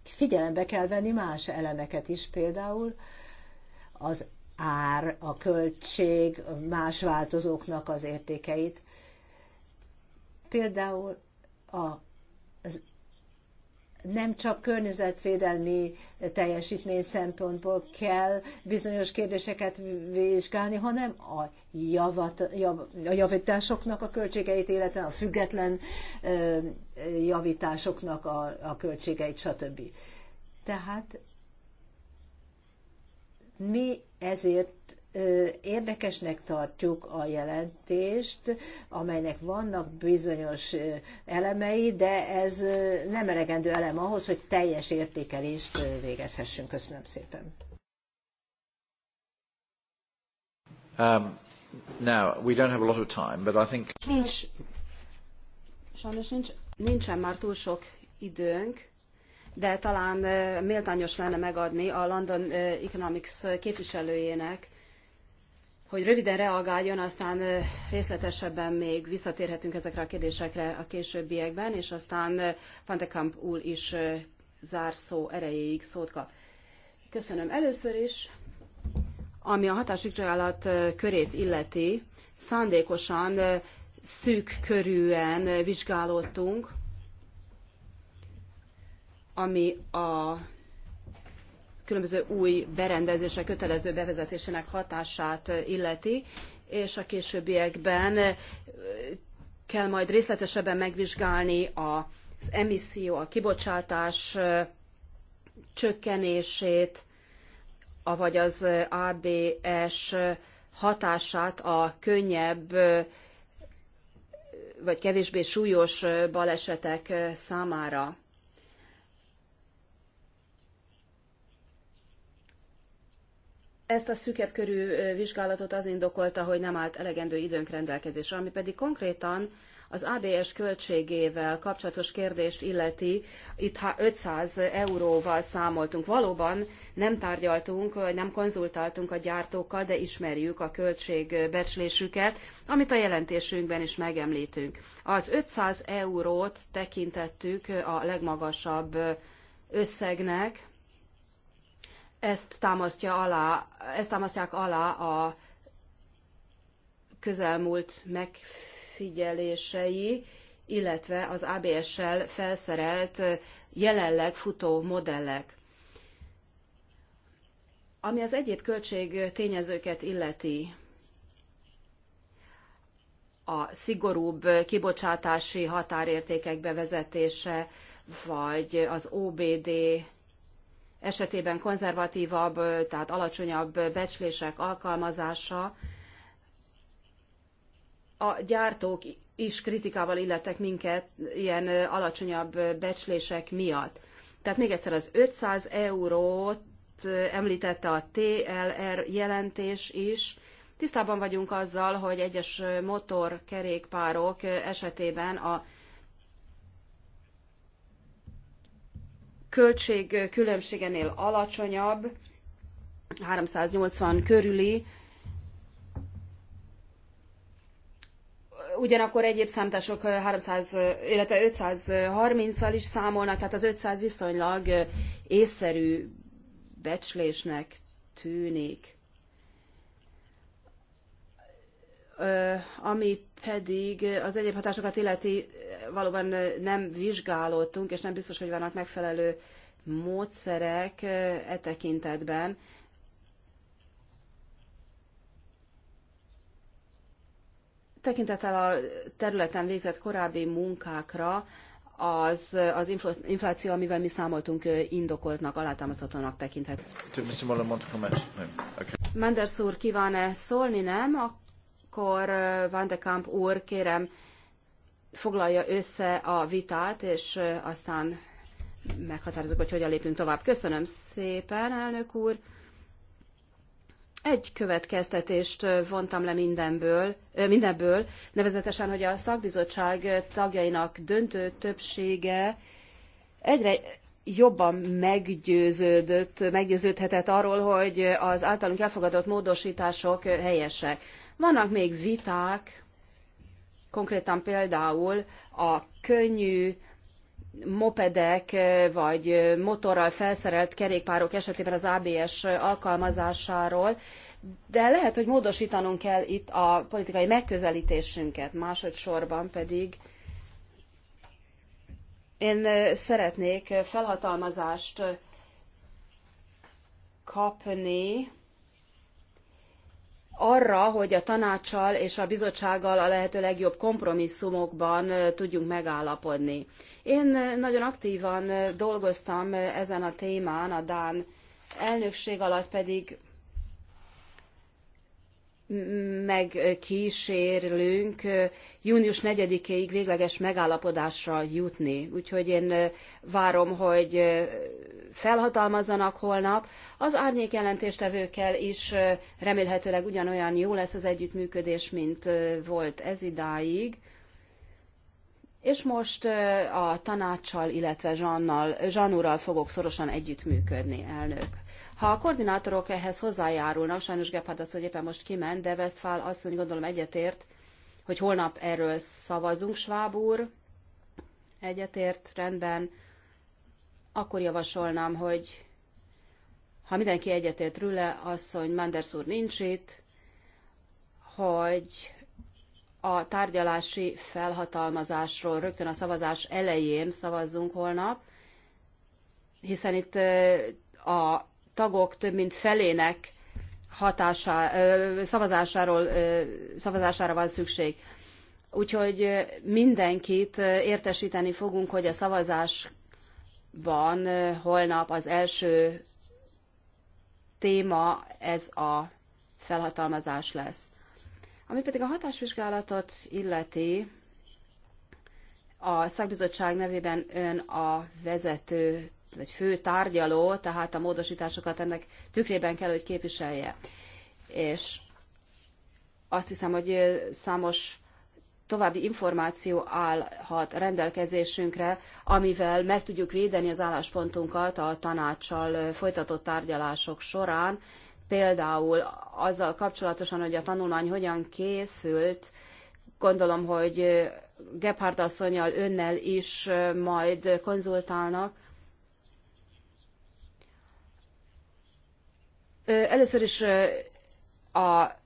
Figyelembe kell venni más elemeket is, például az ár, a költség, más változóknak az értékeit. Például a, az nem csak környezetvédelmi teljesítmény szempontból kell bizonyos kérdéseket vizsgálni, hanem a, javat, jav, a javításoknak a költségeit, illetve a független ö, javításoknak a, a költségeit, stb. Tehát mi ezért érdekesnek tartjuk a jelentést, amelynek vannak bizonyos elemei, de ez nem elegendő elem ahhoz, hogy teljes értékelést végezhessünk. Köszönöm szépen. Um, now, we don't have a lot of time, but I think... Nincs, sajnos nincs, nincsen már túl sok időnk, de talán méltányos lenne megadni a London Economics képviselőjének, hogy röviden reagáljon, aztán részletesebben még visszatérhetünk ezekre a kérdésekre a későbbiekben, és aztán Van de úr is zárszó erejéig szót kap. Köszönöm először is. Ami a hatásvizsgálat körét illeti, szándékosan szűk körűen vizsgálódtunk, ami a különböző új berendezések kötelező bevezetésének hatását illeti, és a későbbiekben kell majd részletesebben megvizsgálni az emisszió, a kibocsátás csökkenését, avagy az ABS hatását a könnyebb vagy kevésbé súlyos balesetek számára. Ezt a szükebb körű vizsgálatot az indokolta, hogy nem állt elegendő időnk rendelkezésre, ami pedig konkrétan az ABS költségével kapcsolatos kérdést illeti, itt 500 euróval számoltunk. Valóban nem tárgyaltunk, nem konzultáltunk a gyártókkal, de ismerjük a költségbecslésüket, amit a jelentésünkben is megemlítünk. Az 500 eurót tekintettük a legmagasabb összegnek, ezt, támasztja alá, ezt támasztják alá a közelmúlt megfigyelései, illetve az ABS-sel felszerelt jelenleg futó modellek. Ami az egyéb költség tényezőket illeti, a szigorúbb kibocsátási határértékek bevezetése, vagy az OBD esetében konzervatívabb, tehát alacsonyabb becslések alkalmazása. A gyártók is kritikával illettek minket ilyen alacsonyabb becslések miatt. Tehát még egyszer az 500 eurót említette a TLR jelentés is. Tisztában vagyunk azzal, hogy egyes motorkerékpárok esetében a költség különbségenél alacsonyabb, 380 körüli, ugyanakkor egyéb számtások 300, illetve 530-al is számolnak, tehát az 500 viszonylag észszerű becslésnek tűnik. ami pedig az egyéb hatásokat illeti valóban nem vizsgálódtunk, és nem biztos, hogy vannak megfelelő módszerek e tekintetben. Tekintettel a területen végzett korábbi munkákra, az, az infláció, amivel mi számoltunk, indokoltnak, alátámasztatónak tekinthet. Menders úr kíván-e szólni, nem? akkor Van de Kamp úr, kérem, foglalja össze a vitát, és aztán meghatározok, hogy hogyan lépünk tovább. Köszönöm szépen, elnök úr. Egy következtetést vontam le mindenből, mindenből, nevezetesen, hogy a szakbizottság tagjainak döntő többsége egyre jobban meggyőződött, meggyőződhetett arról, hogy az általunk elfogadott módosítások helyesek. Vannak még viták, konkrétan például a könnyű mopedek eh, vagy eh, motorral felszerelt kerékpárok esetében az ABS alkalmazásáról, de lehet, hogy módosítanunk kell itt a politikai megközelítésünket, másodszorban pedig én eh, szeretnék felhatalmazást kapni arra, hogy a tanácssal és a bizottsággal a lehető legjobb kompromisszumokban tudjunk megállapodni. Én nagyon aktívan dolgoztam ezen a témán, a Dán elnökség alatt pedig megkísérlünk június 4-ig végleges megállapodásra jutni. Úgyhogy én várom, hogy felhatalmazzanak holnap. Az árnyék jelentéstevőkkel is remélhetőleg ugyanolyan jó lesz az együttműködés, mint volt ez idáig. És most a tanácssal, illetve Zsannal, Zsanúrral fogok szorosan együttműködni, elnök. Ha a koordinátorok ehhez hozzájárulnak, sajnos Gephardt asszony éppen most kiment, de Westphal asszony gondolom egyetért, hogy holnap erről szavazunk, Schwab úr. Egyetért, rendben akkor javasolnám, hogy ha mindenki egyetért Rüle, hogy Manders úr nincs itt, hogy a tárgyalási felhatalmazásról rögtön a szavazás elején szavazzunk holnap, hiszen itt a tagok több mint felének hatása, szavazásáról, szavazására van szükség. Úgyhogy mindenkit értesíteni fogunk, hogy a szavazás Ban holnap az első téma ez a felhatalmazás lesz. Ami pedig a hatásvizsgálatot illeti, a szakbizottság nevében ön a vezető, vagy fő tárgyaló, tehát a módosításokat ennek tükrében kell, hogy képviselje. És azt hiszem, hogy számos további információ állhat rendelkezésünkre, amivel meg tudjuk védeni az álláspontunkat a tanácssal folytatott tárgyalások során, például azzal kapcsolatosan, hogy a tanulmány hogyan készült, gondolom, hogy Gebhardt asszonyjal önnel is majd konzultálnak. Először is a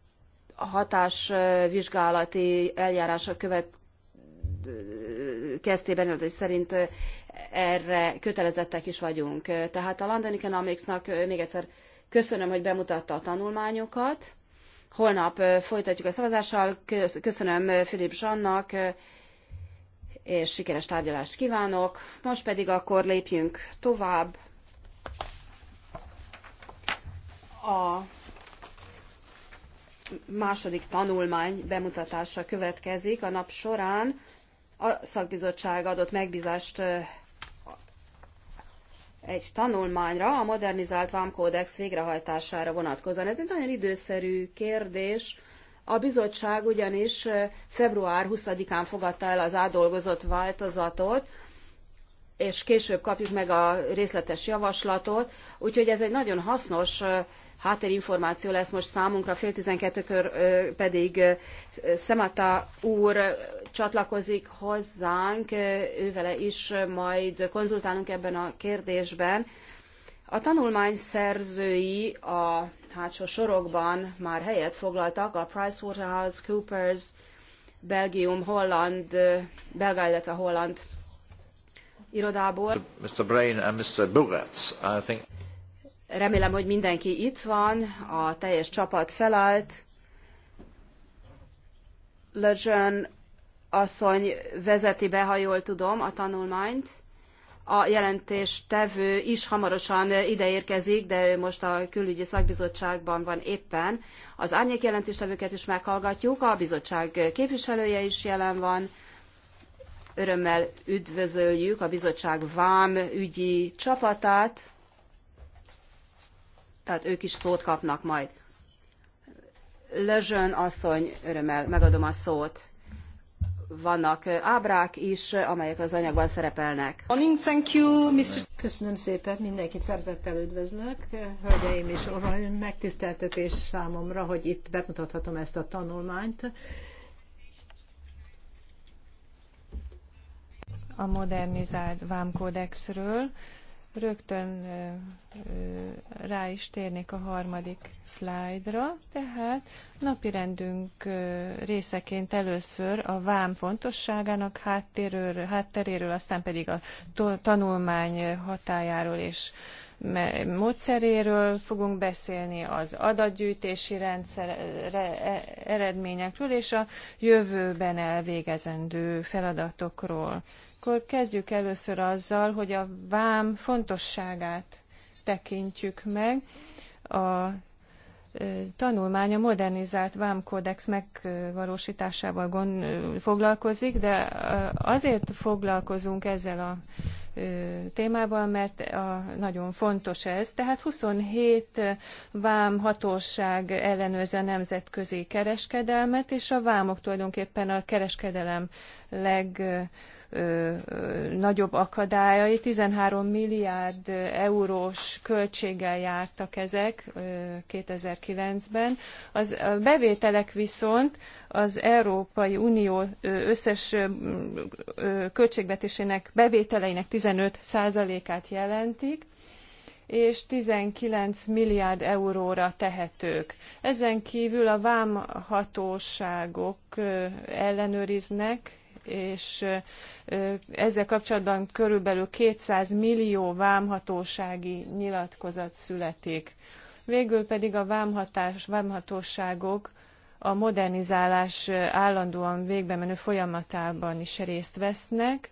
hatásvizsgálati eljárások követ kezdtében, és szerint erre kötelezettek is vagyunk. Tehát a London Economics-nak még egyszer köszönöm, hogy bemutatta a tanulmányokat. Holnap folytatjuk a szavazással. Köszönöm Filip Zsannak, és sikeres tárgyalást kívánok. Most pedig akkor lépjünk tovább. A második tanulmány bemutatása következik a nap során. A szakbizottság adott megbízást egy tanulmányra a modernizált vámkódex végrehajtására vonatkozóan. Ez egy nagyon időszerű kérdés. A bizottság ugyanis február 20-án fogadta el az átdolgozott változatot, és később kapjuk meg a részletes javaslatot, úgyhogy ez egy nagyon hasznos háttérinformáció lesz most számunkra, fél tizenkettőkör pedig Szemata úr csatlakozik hozzánk, ővele is majd konzultálunk ebben a kérdésben. A tanulmány szerzői a hátsó sorokban már helyet foglaltak, a PricewaterhouseCoopers, Belgium, Holland, Belga, illetve Holland irodából. Remélem, hogy mindenki itt van, a teljes csapat felállt. Lejeune asszony vezeti be, ha jól tudom, a tanulmányt. A jelentés tevő is hamarosan ideérkezik, de ő most a külügyi szakbizottságban van éppen. Az árnyék jelentéstevőket is meghallgatjuk, a bizottság képviselője is jelen van Örömmel üdvözöljük a bizottság vám ügyi csapatát, tehát ők is szót kapnak majd. Lezsön asszony, örömmel megadom a szót. Vannak ábrák is, amelyek az anyagban szerepelnek. Morning, thank you, Mr. Köszönöm szépen, mindenkit szeretettel üdvözlök. Hölgyeim és uraim, megtiszteltetés számomra, hogy itt bemutathatom ezt a tanulmányt a modernizált vámkódexről. Rögtön rá is térnék a harmadik szlájdra, tehát napirendünk részeként először a vám fontosságának háttéről, hátteréről, aztán pedig a tanulmány hatájáról és módszeréről fogunk beszélni, az adatgyűjtési rendszer e-, eredményekről és a jövőben elvégezendő feladatokról akkor kezdjük először azzal, hogy a vám fontosságát tekintjük meg. A tanulmány a modernizált vámkódex megvalósításával gond, foglalkozik, de azért foglalkozunk ezzel a témával, mert a, nagyon fontos ez. Tehát 27 vám hatóság ellenőrzi a nemzetközi kereskedelmet, és a vámok tulajdonképpen a kereskedelem leg nagyobb akadályai. 13 milliárd eurós költséggel jártak ezek 2009-ben. Az, a bevételek viszont az Európai Unió összes költségvetésének bevételeinek 15%-át jelentik és 19 milliárd euróra tehetők. Ezen kívül a vámhatóságok ellenőriznek és ezzel kapcsolatban körülbelül 200 millió vámhatósági nyilatkozat születik. Végül pedig a vámhatás, vámhatóságok a modernizálás állandóan végbe menő folyamatában is részt vesznek.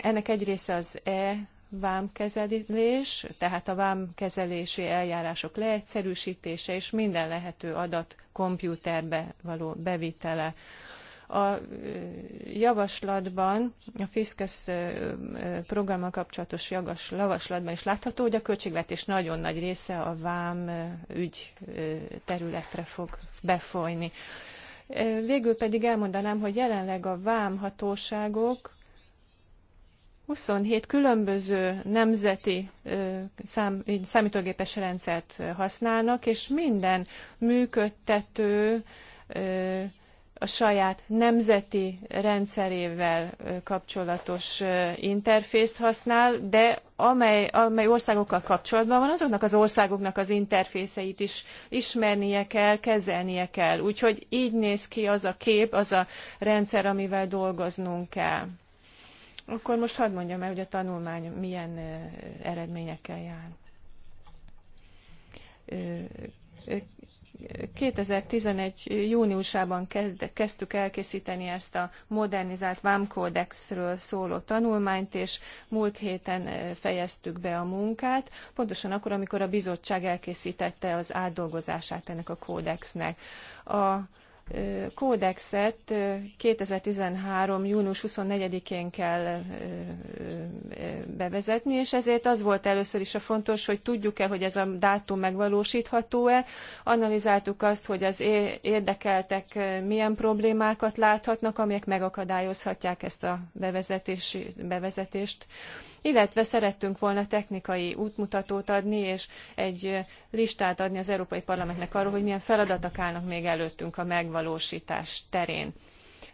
Ennek egy része az e vámkezelés, tehát a vámkezelési eljárások leegyszerűsítése és minden lehető adat kompjúterbe való bevitele. A javaslatban, a Fiskes programmal kapcsolatos javaslatban is látható, hogy a költségvetés nagyon nagy része a vám ügy területre fog befolyni. Végül pedig elmondanám, hogy jelenleg a vámhatóságok 27 különböző nemzeti szám, számítógépes rendszert használnak, és minden működtető a saját nemzeti rendszerével kapcsolatos interfészt használ, de amely, amely országokkal kapcsolatban van, azoknak az országoknak az interfészeit is ismernie kell, kezelnie kell. Úgyhogy így néz ki az a kép, az a rendszer, amivel dolgoznunk kell. Akkor most hadd mondjam el, hogy a tanulmány milyen eredményekkel jár 2011. júniusában kezd, kezdtük elkészíteni ezt a modernizált vámkódexről szóló tanulmányt, és múlt héten fejeztük be a munkát, pontosan akkor, amikor a bizottság elkészítette az átdolgozását ennek a kódexnek. A kódexet 2013. június 24-én kell bevezetni, és ezért az volt először is a fontos, hogy tudjuk-e, hogy ez a dátum megvalósítható-e. Analizáltuk azt, hogy az érdekeltek milyen problémákat láthatnak, amelyek megakadályozhatják ezt a bevezetést illetve szerettünk volna technikai útmutatót adni, és egy listát adni az Európai Parlamentnek arról, hogy milyen feladatok állnak még előttünk a megvalósítás terén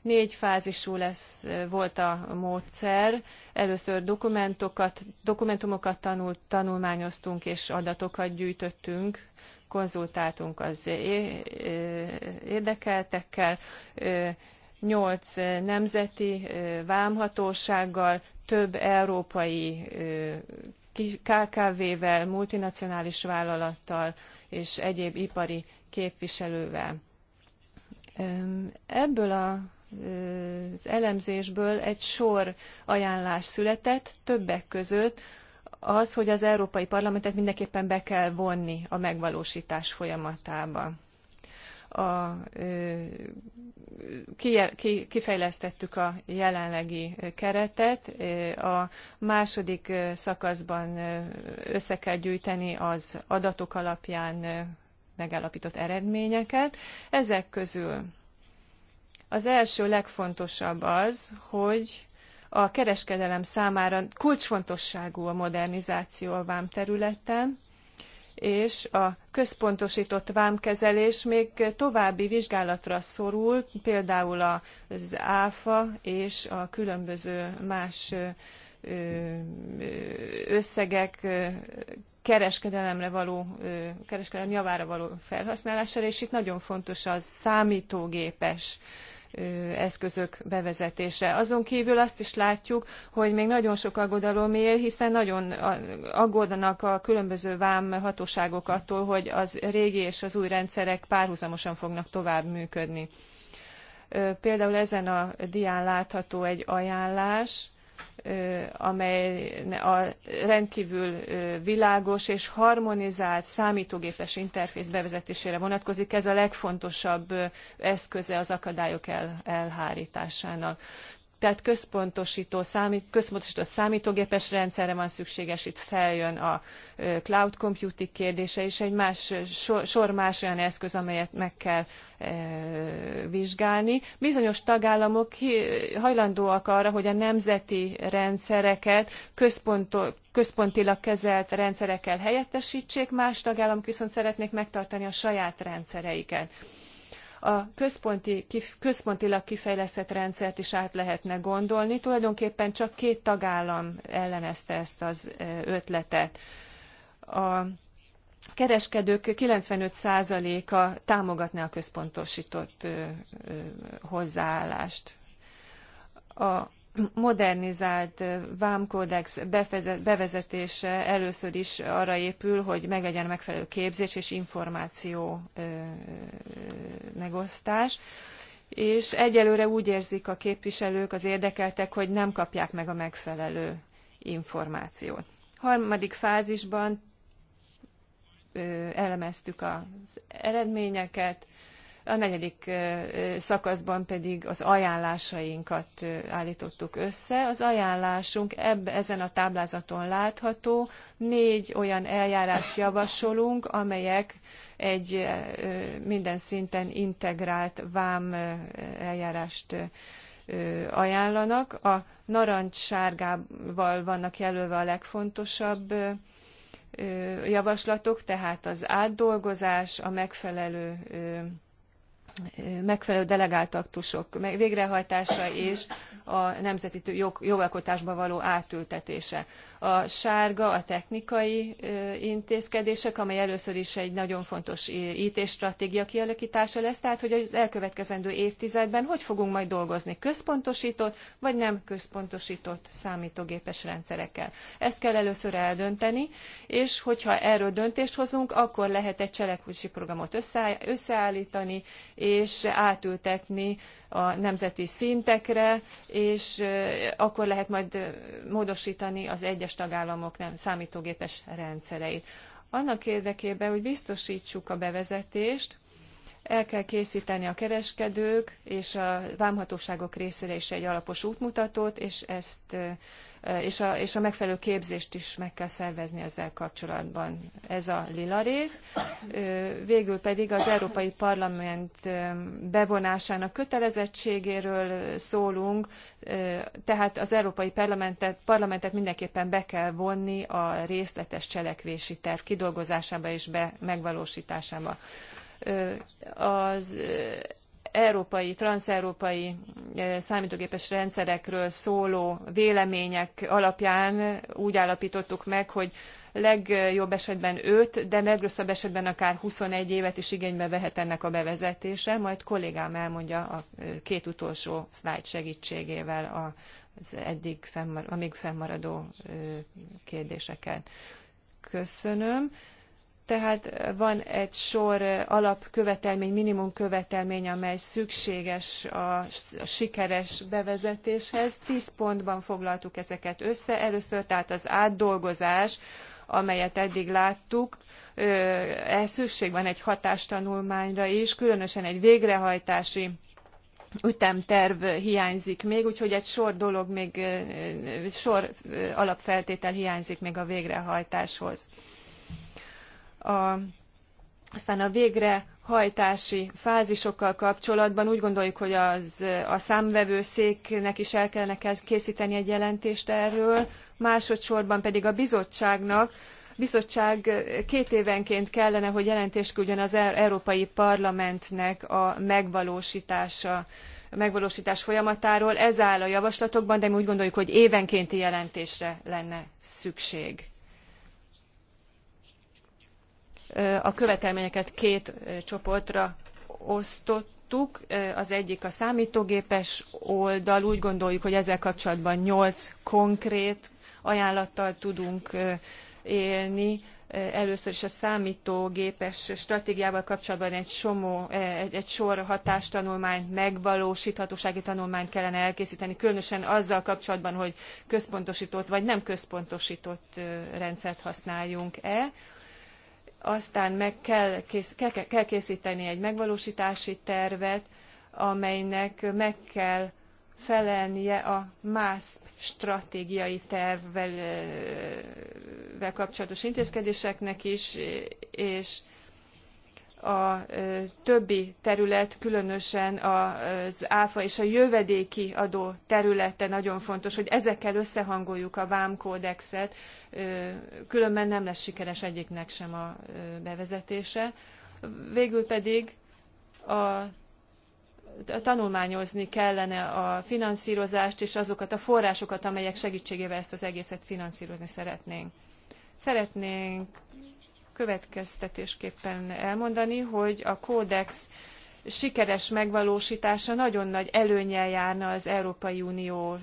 négy fázisú lesz, volt a módszer. Először dokumentokat, dokumentumokat tanult, tanulmányoztunk és adatokat gyűjtöttünk, konzultáltunk az érdekeltekkel, nyolc nemzeti vámhatósággal, több európai KKV-vel, multinacionális vállalattal és egyéb ipari képviselővel. Ebből a az elemzésből egy sor ajánlás született, többek között az, hogy az Európai Parlamentet mindenképpen be kell vonni a megvalósítás folyamatába a, ki, kifejlesztettük a jelenlegi keretet. A második szakaszban össze kell gyűjteni az adatok alapján megállapított eredményeket. Ezek közül az első legfontosabb az, hogy a kereskedelem számára kulcsfontosságú a modernizáció a vámterületen, és a központosított vámkezelés még további vizsgálatra szorul, például az ÁFA és a különböző más összegek kereskedelemre való, kereskedelem javára való felhasználására, és itt nagyon fontos az számítógépes eszközök bevezetése. Azon kívül azt is látjuk, hogy még nagyon sok aggodalom él, hiszen nagyon aggódanak a különböző vám hatóságok attól, hogy az régi és az új rendszerek párhuzamosan fognak tovább működni. Például ezen a dián látható egy ajánlás, amely a rendkívül világos és harmonizált számítógépes interfész bevezetésére vonatkozik. Ez a legfontosabb eszköze az akadályok elhárításának tehát központosító, számít, központosított számítógépes rendszerre van szükséges, itt feljön a cloud computing kérdése, és egy más, sor, sor más olyan eszköz, amelyet meg kell vizsgálni. Bizonyos tagállamok hajlandóak arra, hogy a nemzeti rendszereket központilag kezelt rendszerekkel helyettesítsék, más tagállamok viszont szeretnék megtartani a saját rendszereiket a központi, kif, központilag kifejlesztett rendszert is át lehetne gondolni. Tulajdonképpen csak két tagállam ellenezte ezt az ötletet. A kereskedők 95%-a támogatná a központosított hozzáállást. A modernizált vámkódex bevezetése először is arra épül, hogy meglegyen megfelelő képzés és információ megosztás és egyelőre úgy érzik a képviselők, az érdekeltek, hogy nem kapják meg a megfelelő információt. Harmadik fázisban elemeztük az eredményeket, a negyedik szakaszban pedig az ajánlásainkat állítottuk össze. Az ajánlásunk ebb, ezen a táblázaton látható. Négy olyan eljárás javasolunk, amelyek egy minden szinten integrált vám eljárást ajánlanak. A narancssárgával vannak jelölve a legfontosabb javaslatok, tehát az átdolgozás, a megfelelő megfelelő delegált aktusok végrehajtása és a nemzeti jog, jogalkotásba való átültetése. A sárga a technikai intézkedések, amely először is egy nagyon fontos IT stratégia kialakítása lesz, tehát hogy az elkövetkezendő évtizedben hogy fogunk majd dolgozni központosított vagy nem központosított számítógépes rendszerekkel. Ezt kell először eldönteni, és hogyha erről döntést hozunk, akkor lehet egy cselekvési programot összeállítani, és átültetni a nemzeti szintekre, és akkor lehet majd módostani az egyes tagállamok nem, számítógépes rendszereit. Annak érdekében, hogy biztostsuk a bevezetést, el kell készíteni a kereskedők és a vámhatóságok részére is egy alapos útmutatót, és, ezt, és, a, és a megfelelő képzést is meg kell szervezni ezzel kapcsolatban. Ez a lila rész. Végül pedig az Európai Parlament bevonásának kötelezettségéről szólunk, tehát az Európai Parlamentet, parlamentet mindenképpen be kell vonni a részletes cselekvési terv kidolgozásába és be megvalósításába az európai, transzeurópai számítógépes rendszerekről szóló vélemények alapján úgy állapítottuk meg, hogy legjobb esetben 5, de legrosszabb esetben akár 21 évet is igénybe vehet ennek a bevezetése, majd kollégám elmondja a két utolsó szlájd segítségével az eddig fennmar- még fennmaradó kérdéseket. Köszönöm. Tehát van egy sor alapkövetelmény, minimumkövetelmény, amely szükséges a sikeres bevezetéshez. Tíz pontban foglaltuk ezeket össze. Először tehát az átdolgozás, amelyet eddig láttuk, ehhez szükség van egy hatástanulmányra is, különösen egy végrehajtási ütemterv hiányzik még, úgyhogy egy sor dolog még, sor alapfeltétel hiányzik még a végrehajtáshoz. A, aztán a végrehajtási fázisokkal kapcsolatban úgy gondoljuk, hogy az, a számvevőszéknek is el kellene készíteni egy jelentést erről, másodszorban pedig a bizottságnak, bizottság két évenként kellene, hogy jelentést küldjön az e- Európai Parlamentnek a megvalósítása megvalósítás folyamatáról. Ez áll a javaslatokban, de mi úgy gondoljuk, hogy évenkénti jelentésre lenne szükség a követelményeket két csoportra osztottuk. Az egyik a számítógépes oldal. Úgy gondoljuk, hogy ezzel kapcsolatban nyolc konkrét ajánlattal tudunk élni. Először is a számítógépes stratégiával kapcsolatban egy, somó, egy, egy sor hatástanulmányt, megvalósíthatósági tanulmányt kellene elkészíteni, különösen azzal kapcsolatban, hogy központosított vagy nem központosított rendszert használjunk-e aztán meg kell, kész, kell, kell készíteni egy megvalósítási tervet, amelynek meg kell felelnie a más stratégiai tervvel kapcsolatos intézkedéseknek is, és a többi terület, különösen az áfa és a jövedéki adó területe nagyon fontos, hogy ezekkel összehangoljuk a vámkódexet, különben nem lesz sikeres egyiknek sem a bevezetése. Végül pedig a tanulmányozni kellene a finanszírozást és azokat a forrásokat, amelyek segítségével ezt az egészet finanszírozni szeretnénk. Szeretnénk következtetésképpen elmondani, hogy a kódex sikeres megvalósítása nagyon nagy előnyel járna az Európai Unió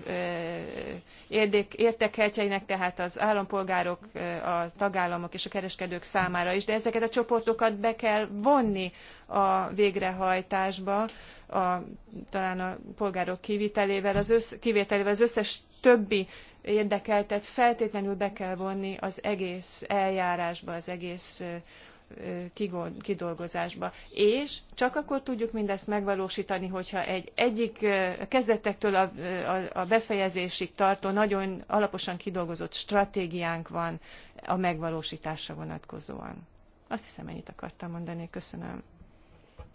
érdekeltjeinek, tehát az állampolgárok, a tagállamok és a kereskedők számára is, de ezeket a csoportokat be kell vonni a végrehajtásba, a, talán a polgárok kivitelével, az össz, kivételével az összes többi érdekeltet feltétlenül be kell vonni az egész eljárásba, az egész kidolgozásba. És csak akkor tudjuk mindezt megvalósítani, hogyha egy egyik kezdetektől a, a, a befejezésig tartó, nagyon alaposan kidolgozott stratégiánk van a megvalósításra vonatkozóan. Azt hiszem, ennyit akartam mondani. Köszönöm.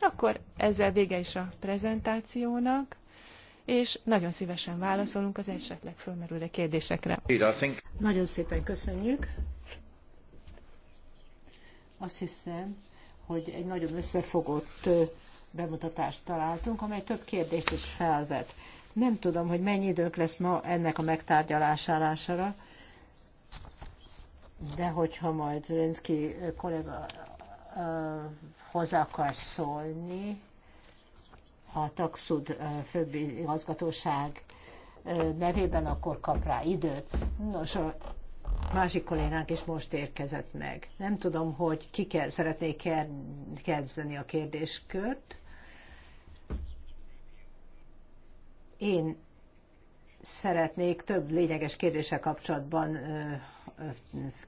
Akkor ezzel vége is a prezentációnak és nagyon szívesen válaszolunk az esetleg fölmerülő kérdésekre. Nagyon szépen köszönjük. Azt hiszem, hogy egy nagyon összefogott bemutatást találtunk, amely több kérdést is felvet. Nem tudom, hogy mennyi időnk lesz ma ennek a megtárgyalására, de hogyha majd Zrinszki kollega hozzá akar szólni, a Taxud főbb igazgatóság nevében, akkor kap rá időt. Nos, a másik kollégánk is most érkezett meg. Nem tudom, hogy ki kell, szeretnék kezdeni a kérdéskört. Én szeretnék több lényeges kérdéssel kapcsolatban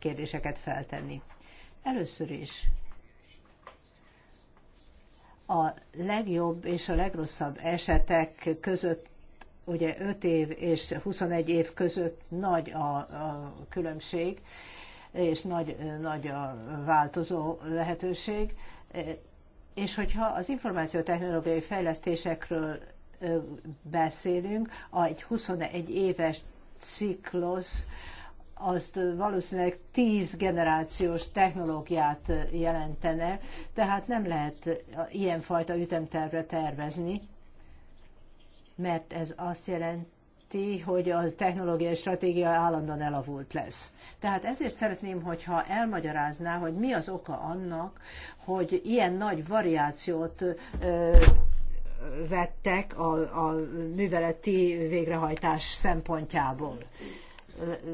kérdéseket feltenni. Először is a legjobb és a legrosszabb esetek között ugye 5 év és 21 év között nagy a, a különbség, és nagy, nagy a változó lehetőség. És hogyha az információtechnológiai fejlesztésekről beszélünk, egy 21 éves ciklus azt valószínűleg tíz generációs technológiát jelentene, tehát nem lehet ilyenfajta ütemtervre tervezni, mert ez azt jelenti, hogy a technológiai stratégia állandóan elavult lesz. Tehát ezért szeretném, hogyha elmagyarázná, hogy mi az oka annak, hogy ilyen nagy variációt ö, vettek a, a műveleti végrehajtás szempontjából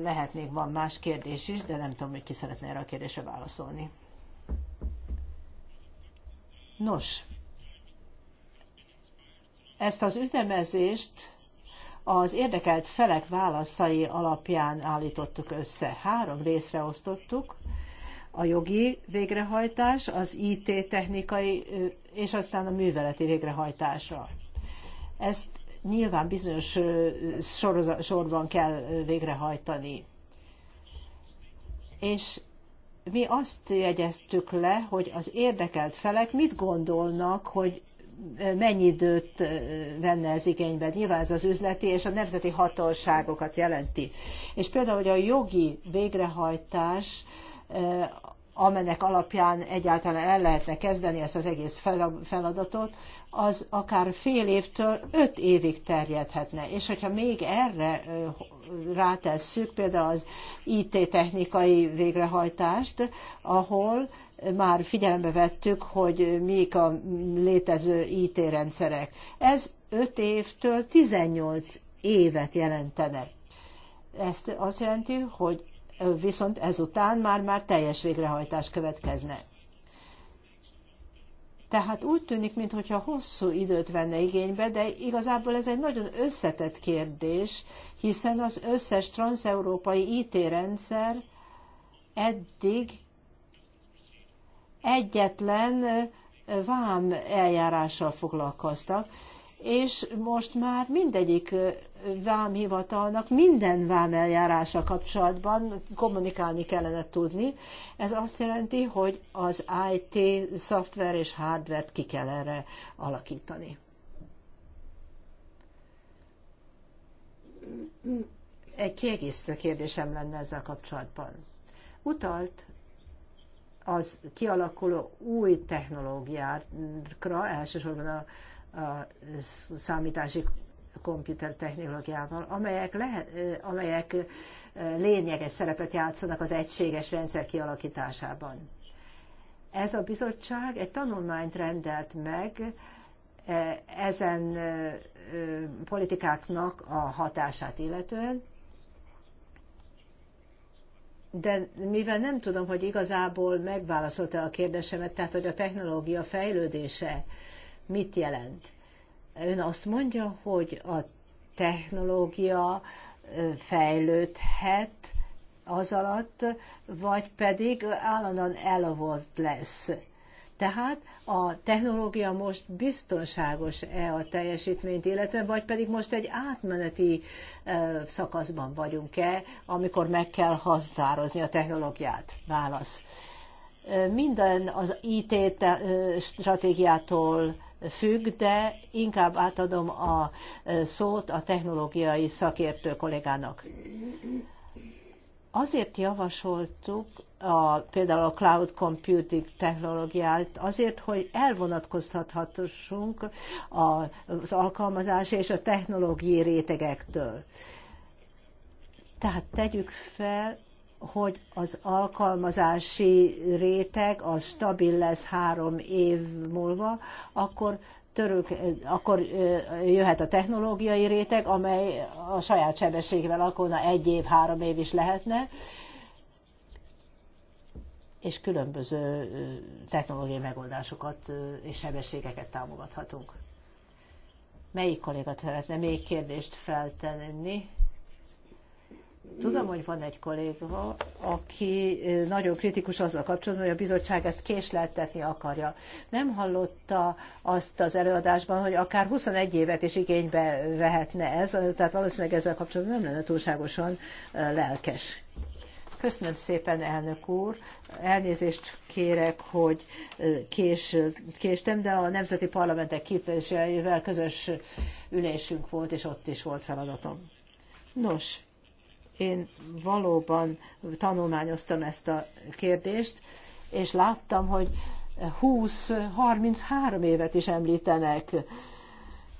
lehet még van más kérdés is, de nem tudom, hogy ki szeretne erre a kérdésre válaszolni. Nos, ezt az ütemezést az érdekelt felek válaszai alapján állítottuk össze. Három részre osztottuk, a jogi végrehajtás, az IT technikai, és aztán a műveleti végrehajtásra. Ezt nyilván bizonyos sorban kell végrehajtani. És mi azt jegyeztük le, hogy az érdekelt felek mit gondolnak, hogy mennyi időt venne ez igénybe. Nyilván ez az üzleti és a nemzeti hatóságokat jelenti. És például, hogy a jogi végrehajtás amennek alapján egyáltalán el lehetne kezdeni ezt az egész feladatot, az akár fél évtől öt évig terjedhetne. És hogyha még erre rátesszük például az IT technikai végrehajtást, ahol már figyelembe vettük, hogy mik a létező IT rendszerek. Ez 5 évtől 18 évet jelentene. Ezt azt jelenti, hogy viszont ezután már-már teljes végrehajtás következne. Tehát úgy tűnik, mintha hosszú időt venne igénybe, de igazából ez egy nagyon összetett kérdés, hiszen az összes transeurópai IT-rendszer eddig egyetlen vám eljárással foglalkoztak, és most már mindegyik vámhivatalnak minden vámeljárása kapcsolatban kommunikálni kellene tudni. Ez azt jelenti, hogy az IT, szoftver és hardware ki kell erre alakítani. Egy kiegészítő kérdésem lenne ezzel kapcsolatban. Utalt az kialakuló új technológiákra, elsősorban a a számítási technológiával, amelyek, lehet, amelyek lényeges szerepet játszanak az egységes rendszer kialakításában. Ez a bizottság egy tanulmányt rendelt meg ezen politikáknak a hatását illetően, de mivel nem tudom, hogy igazából megválaszolta a kérdésemet, tehát hogy a technológia fejlődése mit jelent. Ön azt mondja, hogy a technológia fejlődhet az alatt, vagy pedig állandóan elavult lesz. Tehát a technológia most biztonságos-e a teljesítményt illetve vagy pedig most egy átmeneti szakaszban vagyunk-e, amikor meg kell határozni a technológiát? Válasz. Minden az IT stratégiától függ, de inkább átadom a e, szót a technológiai szakértő kollégának. Azért javasoltuk a, például a cloud computing technológiát, azért, hogy elvonatkoztathassunk az alkalmazás és a technológiai rétegektől. Tehát tegyük fel, hogy az alkalmazási réteg az stabil lesz három év múlva, akkor török, akkor jöhet a technológiai réteg, amely a saját sebességvel alkolna egy év, három év is lehetne, és különböző technológiai megoldásokat és sebességeket támogathatunk. Melyik kollégát szeretne még kérdést feltenni? Tudom, hogy van egy kolléga, aki nagyon kritikus azzal kapcsolatban, hogy a bizottság ezt késleltetni akarja. Nem hallotta azt az előadásban, hogy akár 21 évet is igénybe vehetne ez, tehát valószínűleg ezzel kapcsolatban nem lenne túlságosan lelkes. Köszönöm szépen, elnök úr. Elnézést kérek, hogy kés, késtem, de a Nemzeti Parlamentek képviselőivel közös ülésünk volt, és ott is volt feladatom. Nos, én valóban tanulmányoztam ezt a kérdést, és láttam, hogy 20-33 évet is említenek,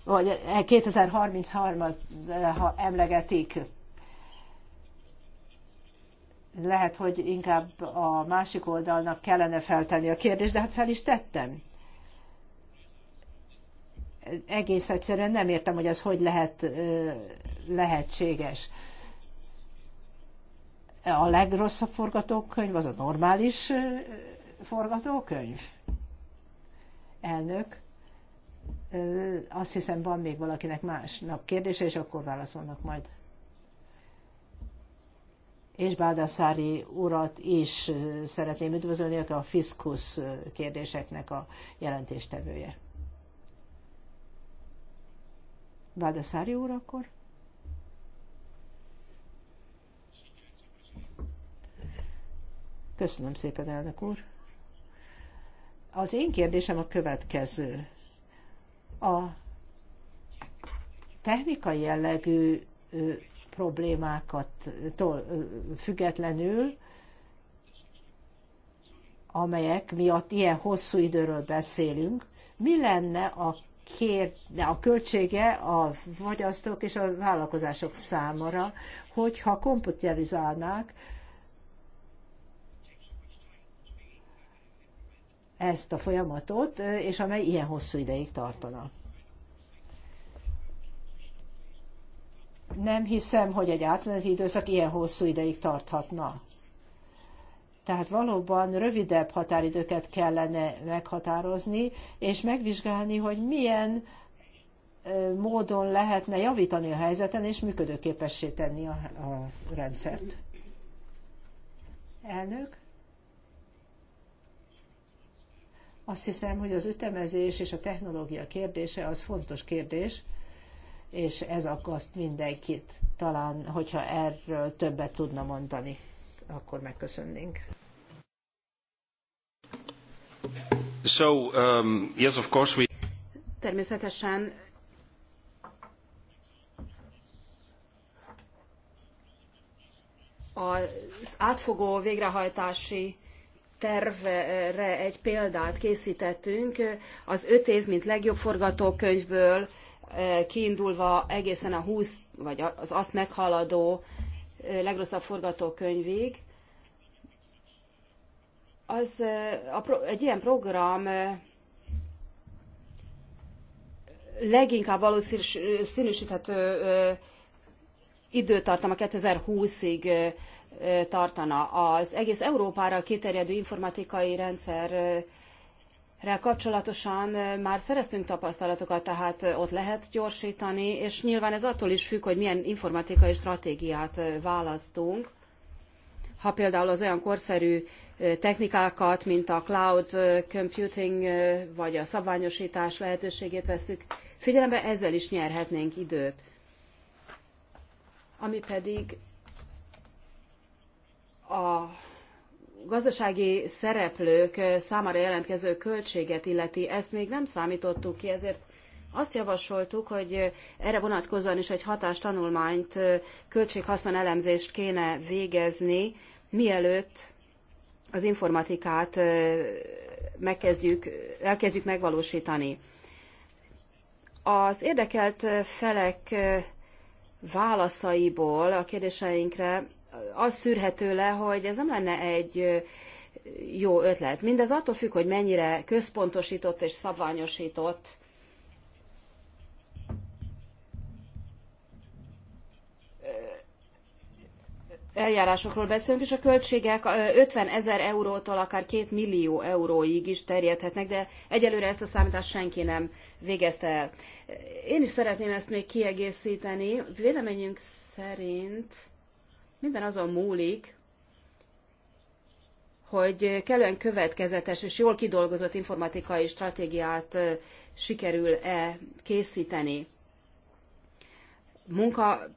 vagy 2033-at e, e, emlegetik. Lehet, hogy inkább a másik oldalnak kellene feltenni a kérdést, de hát fel is tettem egész egyszerűen nem értem, hogy ez hogy lehet e, lehetséges. A legrosszabb forgatókönyv az a normális forgatókönyv. Elnök, azt hiszem van még valakinek másnak kérdése, és akkor válaszolnak majd. És Báldászári urat is szeretném üdvözölni, aki a fiskus kérdéseknek a jelentéstevője. Báldaszári úr akkor? Köszönöm szépen, elnök úr. Az én kérdésem a következő. A technikai jellegű problémákat függetlenül, amelyek miatt ilyen hosszú időről beszélünk, mi lenne a, kér, a költsége a fogyasztók és a vállalkozások számára, hogyha komputerizálnák ezt a folyamatot, és amely ilyen hosszú ideig tartana. Nem hiszem, hogy egy átmeneti időszak ilyen hosszú ideig tarthatna. Tehát valóban rövidebb határidőket kellene meghatározni, és megvizsgálni, hogy milyen módon lehetne javítani a helyzeten, és működőképessé tenni a, a rendszert. Elnök? Azt hiszem, hogy az ütemezés és a technológia kérdése az fontos kérdés, és ez aggaszt mindenkit. Talán, hogyha erről többet tudna mondani, akkor megköszönnénk. So, um, yes, of course we... Természetesen az átfogó végrehajtási tervre egy példát készítettünk az öt év, mint legjobb forgatókönyvből eh, kiindulva egészen a 20, vagy az azt meghaladó eh, legrosszabb forgatókönyvig. Az, eh, a, egy ilyen program leginkább valószínűsíthető időtartama 2020-ig tartana. Az egész Európára kiterjedő informatikai rendszer kapcsolatosan már szereztünk tapasztalatokat, tehát ott lehet gyorsítani, és nyilván ez attól is függ, hogy milyen informatikai stratégiát választunk. Ha például az olyan korszerű eh, technikákat, mint a cloud eh, computing eh, vagy a szabványosítás lehetőségét veszük figyelembe, ezzel is nyerhetnénk időt. Ami pedig a gazdasági szereplők számára jelentkező költséget illeti, ezt még nem számítottuk ki, ezért azt javasoltuk, hogy erre vonatkozóan is egy hatástanulmányt, költséghaszon elemzést kéne végezni, mielőtt az informatikát megkezdjük, elkezdjük megvalósítani. Az érdekelt felek válaszaiból a kérdéseinkre az szűrhető le, hogy ez nem lenne egy jó ötlet. Mindez attól függ, hogy mennyire központosított és szabványosított eljárásokról beszélünk, és a költségek 50 ezer eurótól akár 2 millió euróig is terjedhetnek, de egyelőre ezt a számítást senki nem végezte el. Én is szeretném ezt még kiegészíteni. Véleményünk szerint minden azon múlik, hogy kellően következetes és jól kidolgozott informatikai stratégiát sikerül-e készíteni. Munka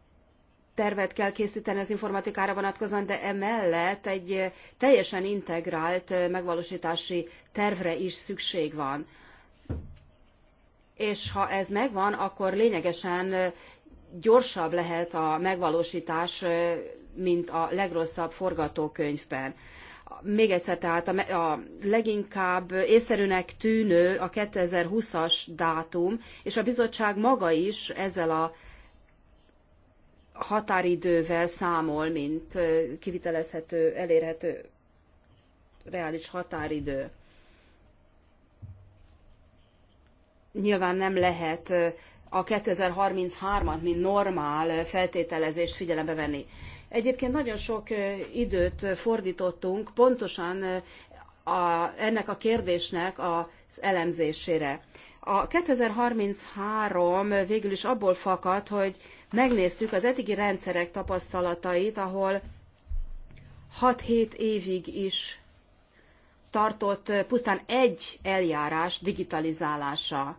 tervet kell készíteni az informatikára vonatkozóan, de emellett egy teljesen integrált megvalósítási tervre is szükség van. És ha ez megvan, akkor lényegesen gyorsabb lehet a megvalósítás mint a legrosszabb forgatókönyvben. Még egyszer, tehát a, leginkább észszerűnek tűnő a 2020-as dátum, és a bizottság maga is ezzel a határidővel számol, mint kivitelezhető, elérhető reális határidő. Nyilván nem lehet a 2033-at, mint normál feltételezést figyelembe venni. Egyébként nagyon sok időt fordítottunk pontosan a, ennek a kérdésnek az elemzésére. A 2033 végül is abból fakad, hogy megnéztük az eddigi rendszerek tapasztalatait, ahol 6-7 évig is tartott pusztán egy eljárás digitalizálása.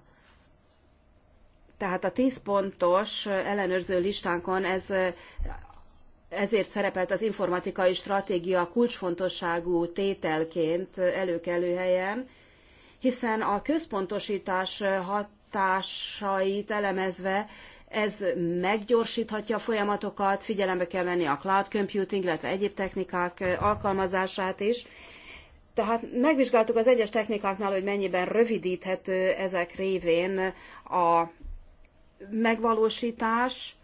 Tehát a 10 pontos ellenőrző listánkon ez ezért szerepelt az informatikai stratégia kulcsfontosságú tételként előkelő helyen, hiszen a központosítás hatásait elemezve ez meggyorsíthatja a folyamatokat, figyelembe kell venni a cloud computing, illetve egyéb technikák alkalmazását is. Tehát megvizsgáltuk az egyes technikáknál, hogy mennyiben rövidíthető ezek révén a megvalósítás,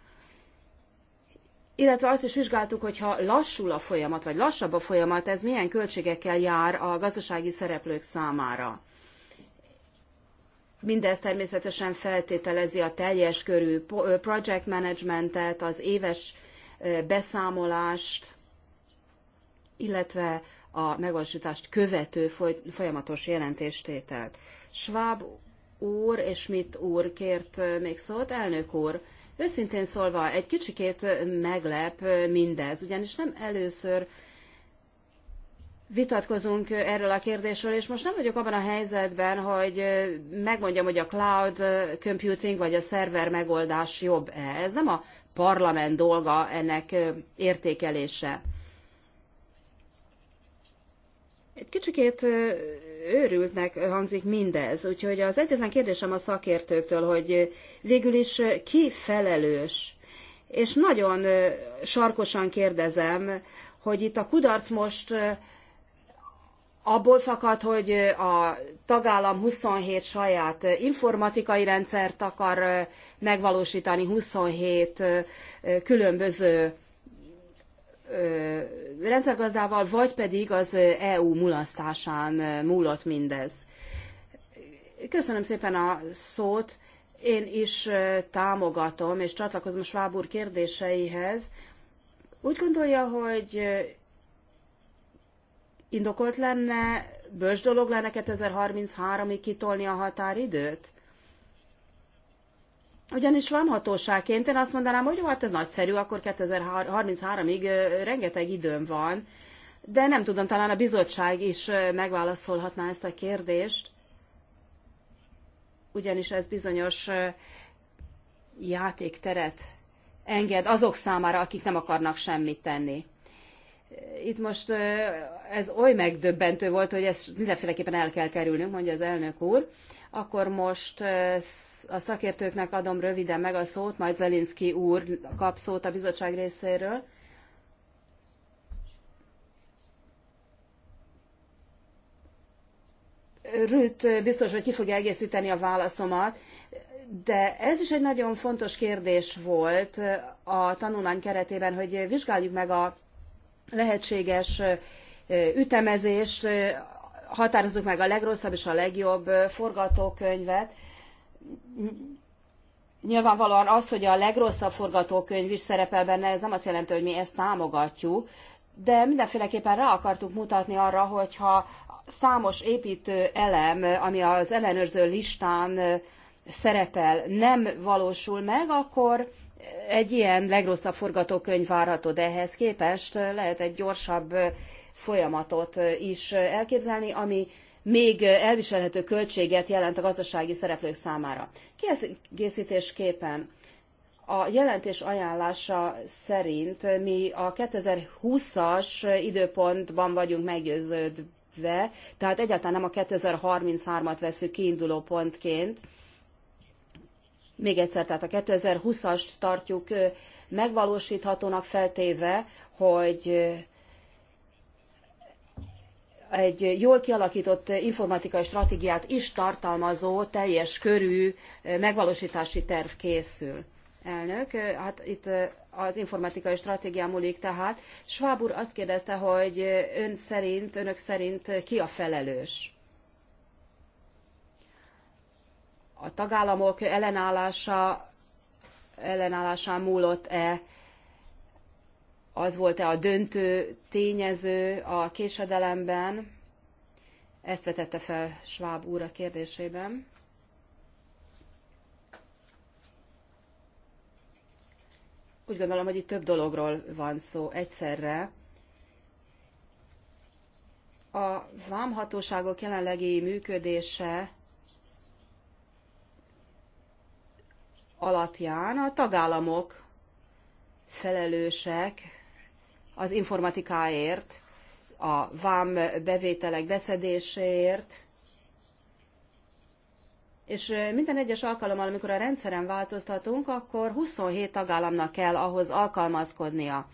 illetve azt is vizsgáltuk, hogy ha lassul a folyamat, vagy lassabb a folyamat, ez milyen költségekkel jár a gazdasági szereplők számára. Mindez természetesen feltételezi a teljes körű project managementet, az éves beszámolást, illetve a megvalósítást követő folyamatos jelentéstételt. Schwab úr és mit úr kért még szót, elnök úr. Őszintén szólva, egy kicsikét meglep mindez, ugyanis nem először vitatkozunk erről a kérdésről, és most nem vagyok abban a helyzetben, hogy megmondjam, hogy a cloud computing vagy a szerver megoldás jobb-e. Ez nem a parlament dolga ennek értékelése. Egy kicsikét őrültnek hangzik mindez. Úgyhogy az egyetlen kérdésem a szakértőktől, hogy végül is ki felelős? És nagyon sarkosan kérdezem, hogy itt a kudarc most abból fakad, hogy a tagállam 27 saját informatikai rendszert akar megvalósítani, 27 különböző rendszergazdával, vagy pedig az EU mulasztásán múlott mindez. Köszönöm szépen a szót. Én is támogatom, és csatlakozom Schwab úr kérdéseihez. Úgy gondolja, hogy indokolt lenne, bős dolog lenne 2033-ig kitolni a határidőt? Ugyanis vámhatóságként én azt mondanám, hogy jó, hát ez nagyszerű, akkor 2033-ig rengeteg időm van, de nem tudom, talán a bizottság is megválaszolhatná ezt a kérdést, ugyanis ez bizonyos játékteret enged azok számára, akik nem akarnak semmit tenni. Itt most ez oly megdöbbentő volt, hogy ezt mindenféleképpen el kell kerülnünk, mondja az elnök úr. Akkor most a szakértőknek adom röviden meg a szót, majd Zelinski úr kap szót a bizottság részéről. Rüt biztos, hogy ki fogja egészíteni a válaszomat, de ez is egy nagyon fontos kérdés volt a tanulmány keretében, hogy vizsgáljuk meg a lehetséges ütemezést határozzuk meg a legrosszabb és a legjobb forgatókönyvet. Nyilvánvalóan az, hogy a legrosszabb forgatókönyv is szerepel benne, ez nem azt jelenti, hogy mi ezt támogatjuk, de mindenféleképpen rá akartuk mutatni arra, hogyha számos építő elem, ami az ellenőrző listán szerepel, nem valósul meg, akkor egy ilyen legrosszabb forgatókönyv várható, de ehhez képest lehet egy gyorsabb folyamatot is elképzelni, ami még elviselhető költséget jelent a gazdasági szereplők számára. Kiegészítésképpen a jelentés ajánlása szerint mi a 2020-as időpontban vagyunk meggyőződve, tehát egyáltalán nem a 2033-at veszük kiinduló pontként. Még egyszer, tehát a 2020-ast tartjuk megvalósíthatónak feltéve, hogy egy jól kialakított informatikai stratégiát is tartalmazó teljes körű megvalósítási terv készül. Elnök, hát itt az informatikai stratégia múlik tehát. Schwab úr azt kérdezte, hogy ön szerint, önök szerint ki a felelős? A tagállamok ellenállása, ellenállásán múlott-e az volt-e a döntő tényező a késedelemben? Ezt vetette fel Schwab úr a kérdésében. Úgy gondolom, hogy itt több dologról van szó egyszerre. A vámhatóságok jelenlegi működése alapján a tagállamok felelősek az informatikáért, a vám bevételek beszedéséért, és minden egyes alkalommal, amikor a rendszeren változtatunk, akkor 27 tagállamnak kell ahhoz alkalmazkodnia.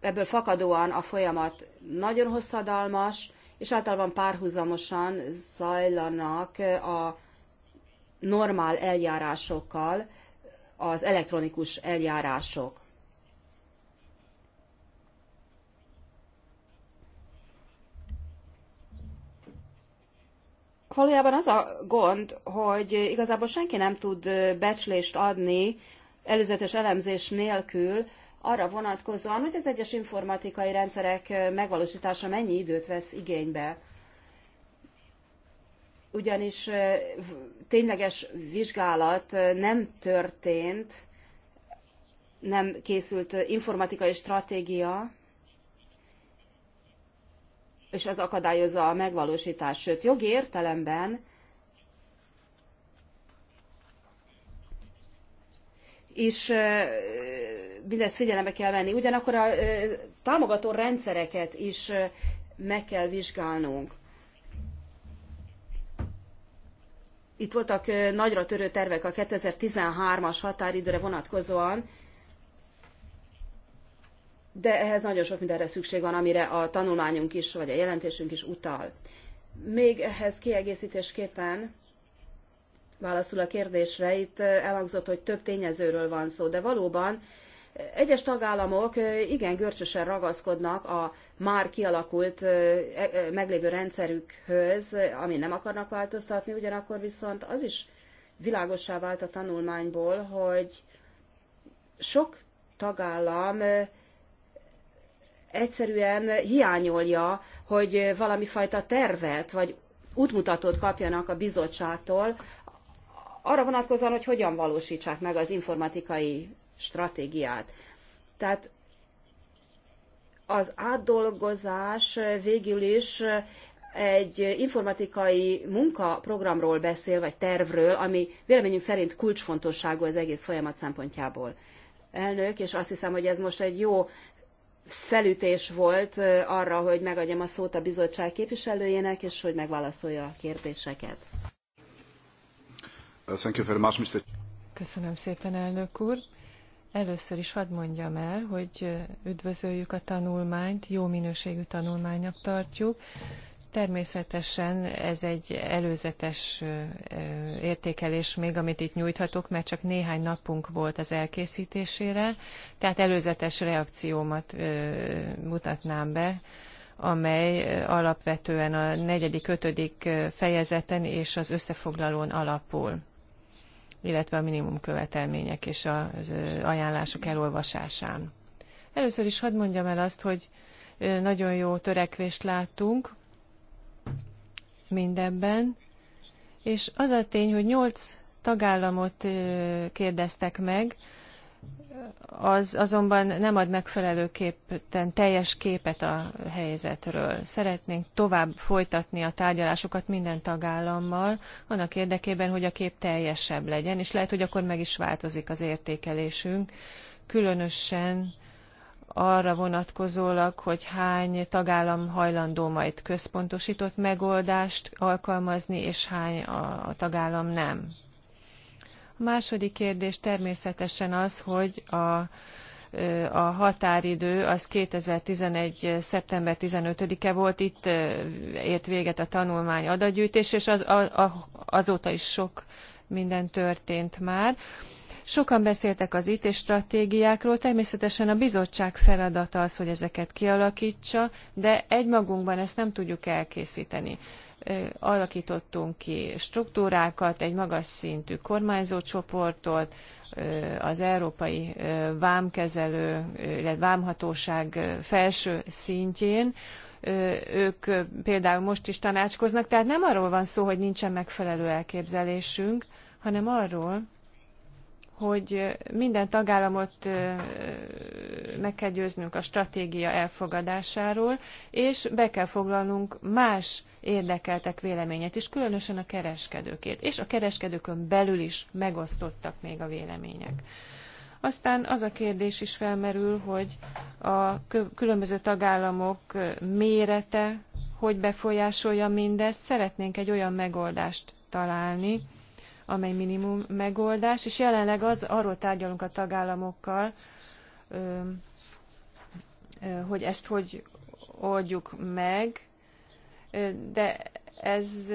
ebből fakadóan a folyamat nagyon hosszadalmas, és általában párhuzamosan zajlanak a normál eljárásokkal az elektronikus eljárások. valójában az a gond, hogy igazából senki nem tud becslést adni előzetes elemzés nélkül arra vonatkozóan, hogy az egyes informatikai rendszerek megvalósítása mennyi időt vesz igénybe. Ugyanis tényleges vizsgálat nem történt, nem készült informatikai stratégia, és ez akadályozza a megvalósítást. Sőt, jogi értelemben is mindezt figyelembe kell venni. Ugyanakkor a támogató rendszereket is meg kell vizsgálnunk. Itt voltak nagyra törő tervek a 2013-as határidőre vonatkozóan, de ehhez nagyon sok mindenre szükség van, amire a tanulmányunk is, vagy a jelentésünk is utal. Még ehhez kiegészítésképpen válaszul a kérdésre, itt elhangzott, hogy több tényezőről van szó, de valóban egyes tagállamok igen görcsösen ragaszkodnak a már kialakult e, e, meglévő rendszerükhöz, ami nem akarnak változtatni, ugyanakkor viszont az is világossá vált a tanulmányból, hogy sok tagállam egyszerűen hiányolja, hogy valami fajta tervet vagy útmutatót kapjanak a bizottságtól arra vonatkozóan, hogy hogyan valósítsák meg az informatikai stratégiát. Tehát az átdolgozás végül is egy informatikai munkaprogramról beszél, vagy tervről, ami véleményünk szerint kulcsfontosságú az egész folyamat szempontjából. Elnök, és azt hiszem, hogy ez most egy jó felütés volt arra, hogy megadjam a szót a bizottság képviselőjének, és hogy megválaszolja a kérdéseket. Uh, Köszönöm szépen, elnök úr. Először is hadd mondjam el, hogy üdvözöljük a tanulmányt, jó minőségű tanulmánynak tartjuk. Természetesen ez egy előzetes értékelés még, amit itt nyújthatok, mert csak néhány napunk volt az elkészítésére, tehát előzetes reakciómat mutatnám be, amely alapvetően a negyedik, ötödik fejezeten és az összefoglalón alapul illetve a minimum követelmények és az ajánlások elolvasásán. Először is hadd mondjam el azt, hogy nagyon jó törekvést láttunk, mindebben, és az a tény, hogy nyolc tagállamot kérdeztek meg, az azonban nem ad megfelelőképpen teljes képet a helyzetről. Szeretnénk tovább folytatni a tárgyalásokat minden tagállammal, annak érdekében, hogy a kép teljesebb legyen, és lehet, hogy akkor meg is változik az értékelésünk, különösen arra vonatkozólag, hogy hány tagállam hajlandó majd központosított megoldást alkalmazni, és hány a tagállam nem. A második kérdés természetesen az, hogy a, a határidő az 2011. szeptember 15-e volt, itt ért véget a tanulmány adagyűjtés, és az, a, a, azóta is sok minden történt már. Sokan beszéltek az IT stratégiákról, természetesen a bizottság feladata az, hogy ezeket kialakítsa, de egymagunkban ezt nem tudjuk elkészíteni alakítottunk ki struktúrákat, egy magas szintű kormányzó csoportot, az Európai Vámkezelő, illetve Vámhatóság felső szintjén. Ők például most is tanácskoznak, tehát nem arról van szó, hogy nincsen megfelelő elképzelésünk, hanem arról, hogy minden tagállamot meg kell győznünk a stratégia elfogadásáról, és be kell foglalnunk más érdekeltek véleményét is, különösen a kereskedőkért, És a kereskedőkön belül is megosztottak még a vélemények. Aztán az a kérdés is felmerül, hogy a különböző tagállamok mérete hogy befolyásolja mindezt. Szeretnénk egy olyan megoldást találni, amely minimum megoldás, és jelenleg az arról tárgyalunk a tagállamokkal, hogy ezt hogy oldjuk meg, de ez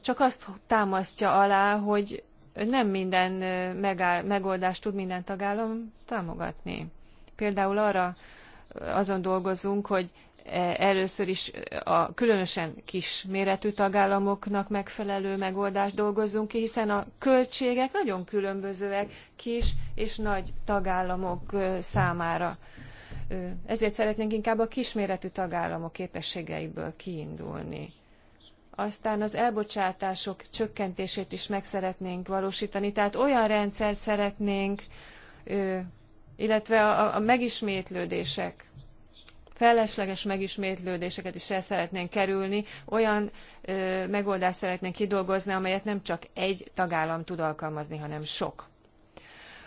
csak azt támasztja alá, hogy nem minden megáll, megoldást tud minden tagállam támogatni. Például arra azon dolgozunk, hogy először is a különösen kisméretű tagállamoknak megfelelő megoldást dolgozzunk ki, hiszen a költségek nagyon különbözőek kis és nagy tagállamok számára. Ezért szeretnénk inkább a kisméretű tagállamok képességeiből kiindulni. Aztán az elbocsátások csökkentését is meg szeretnénk valósítani, tehát olyan rendszert szeretnénk, illetve a megismétlődések felesleges megismétlődéseket is el szeretnénk kerülni, olyan ö, megoldást szeretnénk kidolgozni, amelyet nem csak egy tagállam tud alkalmazni, hanem sok.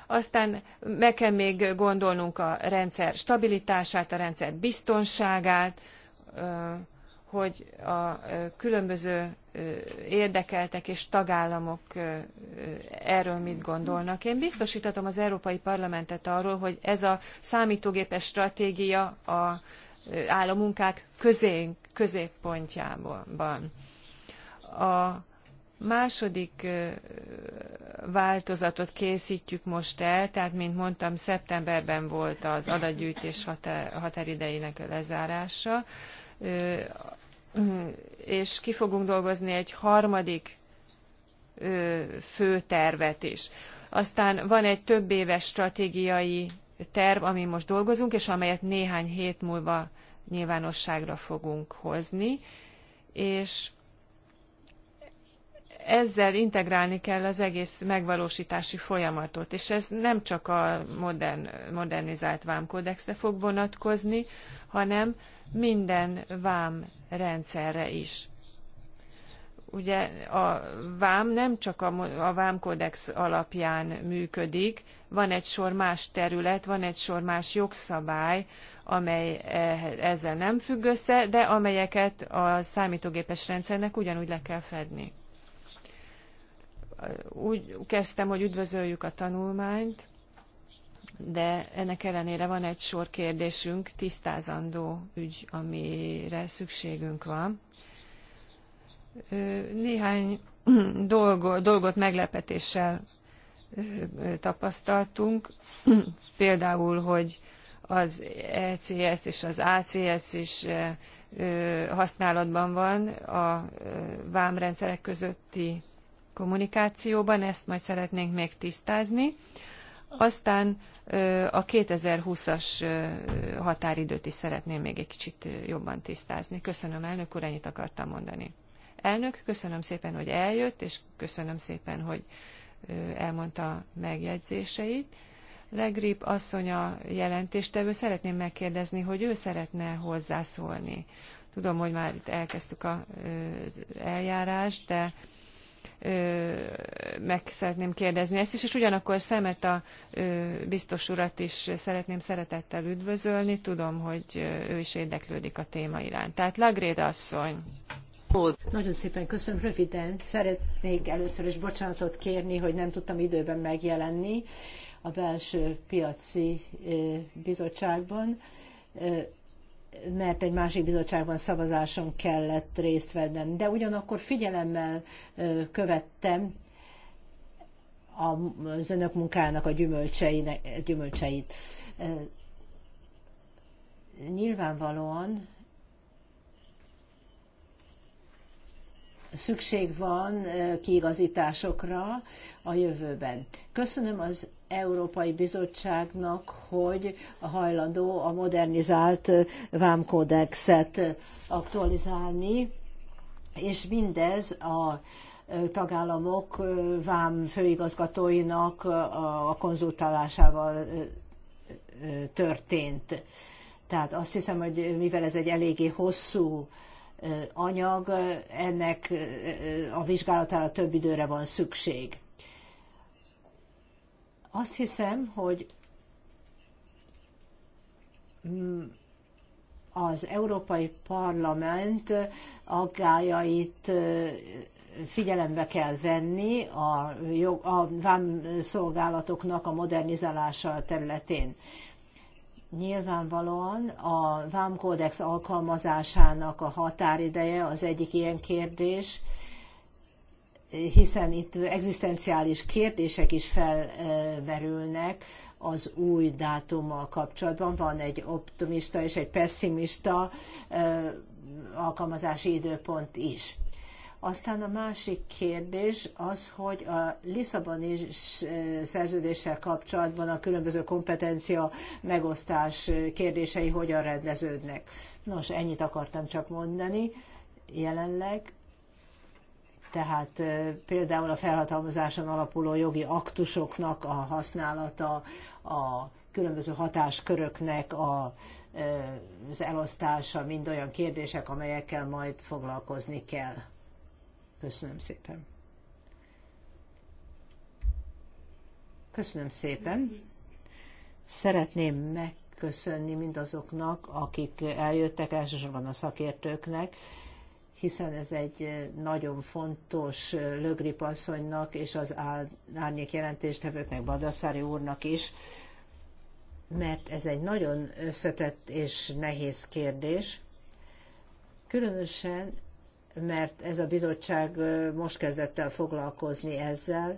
Aztán meg kell még gondolnunk a rendszer stabilitását, a rendszer biztonságát, ö, hogy a különböző érdekeltek és tagállamok erről mit gondolnak. Én biztosítatom az Európai Parlamentet arról, hogy ez a számítógépes stratégia a, áll a munkák középpontjában. A második változatot készítjük most el, tehát mint mondtam, szeptemberben volt az adatgyűjtés határ, határidejének lezárása és ki fogunk dolgozni egy harmadik főtervet is. Aztán van egy több éves stratégiai terv, ami most dolgozunk, és amelyet néhány hét múlva nyilvánosságra fogunk hozni, és ezzel integrálni kell az egész megvalósítási folyamatot, és ez nem csak a modern, modernizált vámkódexre fog vonatkozni, hanem minden vám rendszerre is. Ugye a vám nem csak a, a vámkódex alapján működik, van egy sor más terület, van egy sor más jogszabály, amely e-, ezzel nem függ össze, de amelyeket a számítógépes rendszernek ugyanúgy le kell fedni úgy kezdtem, hogy üdvözöljük a tanulmányt, de ennek ellenére van egy sor kérdésünk, tisztázandó ügy, amire szükségünk van. Néhány dolgot meglepetéssel tapasztaltunk, például, hogy az ECS és az ACS is használatban van a vámrendszerek közötti kommunikációban, ezt majd szeretnénk még tisztázni. Aztán a 2020-as határidőt is szeretném még egy kicsit jobban tisztázni. Köszönöm, elnök úr, ennyit akartam mondani. Elnök, köszönöm szépen, hogy eljött, és köszönöm szépen, hogy elmondta megjegyzéseit. Legrip asszony a jelentéstevő, szeretném megkérdezni, hogy ő szeretne hozzászólni. Tudom, hogy már itt elkezdtük az eljárást, de meg szeretném kérdezni ezt is, és ugyanakkor szemet a biztos urat is szeretném szeretettel üdvözölni, tudom, hogy ő is érdeklődik a téma iránt. Tehát Lagréd asszony. Nagyon szépen köszönöm, röviden szeretnék először is bocsánatot kérni, hogy nem tudtam időben megjelenni a belső piaci bizottságban mert egy másik bizottságban szavazáson kellett részt vennem. De ugyanakkor figyelemmel követtem az önök munkának a gyümölcseit. Nyilvánvalóan szükség van kiigazításokra a jövőben. Köszönöm az Európai Bizottságnak, hogy a hajlandó a modernizált vámkódexet aktualizálni, és mindez a tagállamok vám főigazgatóinak a konzultálásával történt. Tehát azt hiszem, hogy mivel ez egy eléggé hosszú anyag, ennek a vizsgálatára több időre van szükség. Azt hiszem, hogy az Európai Parlament aggájait figyelembe kell venni a, jog, a vámszolgálatoknak a modernizálása területén. Nyilvánvalóan a vámkódex alkalmazásának a határideje az egyik ilyen kérdés, hiszen itt egzisztenciális kérdések is felverülnek az új dátummal kapcsolatban. Van egy optimista és egy pessimista alkalmazási időpont is. Aztán a másik kérdés az, hogy a Lisszaboni szerződéssel kapcsolatban a különböző kompetencia megosztás kérdései hogyan rendeződnek. Nos, ennyit akartam csak mondani jelenleg tehát például a felhatalmazáson alapuló jogi aktusoknak a használata, a különböző hatásköröknek a, az elosztása, mind olyan kérdések, amelyekkel majd foglalkozni kell. Köszönöm szépen. Köszönöm szépen. Szeretném megköszönni mindazoknak, akik eljöttek, elsősorban a szakértőknek, hiszen ez egy nagyon fontos Lögrip asszonynak és az árnyék jelentéstevőknek, Badaszári úrnak is, mert ez egy nagyon összetett és nehéz kérdés, különösen, mert ez a bizottság most kezdett el foglalkozni ezzel,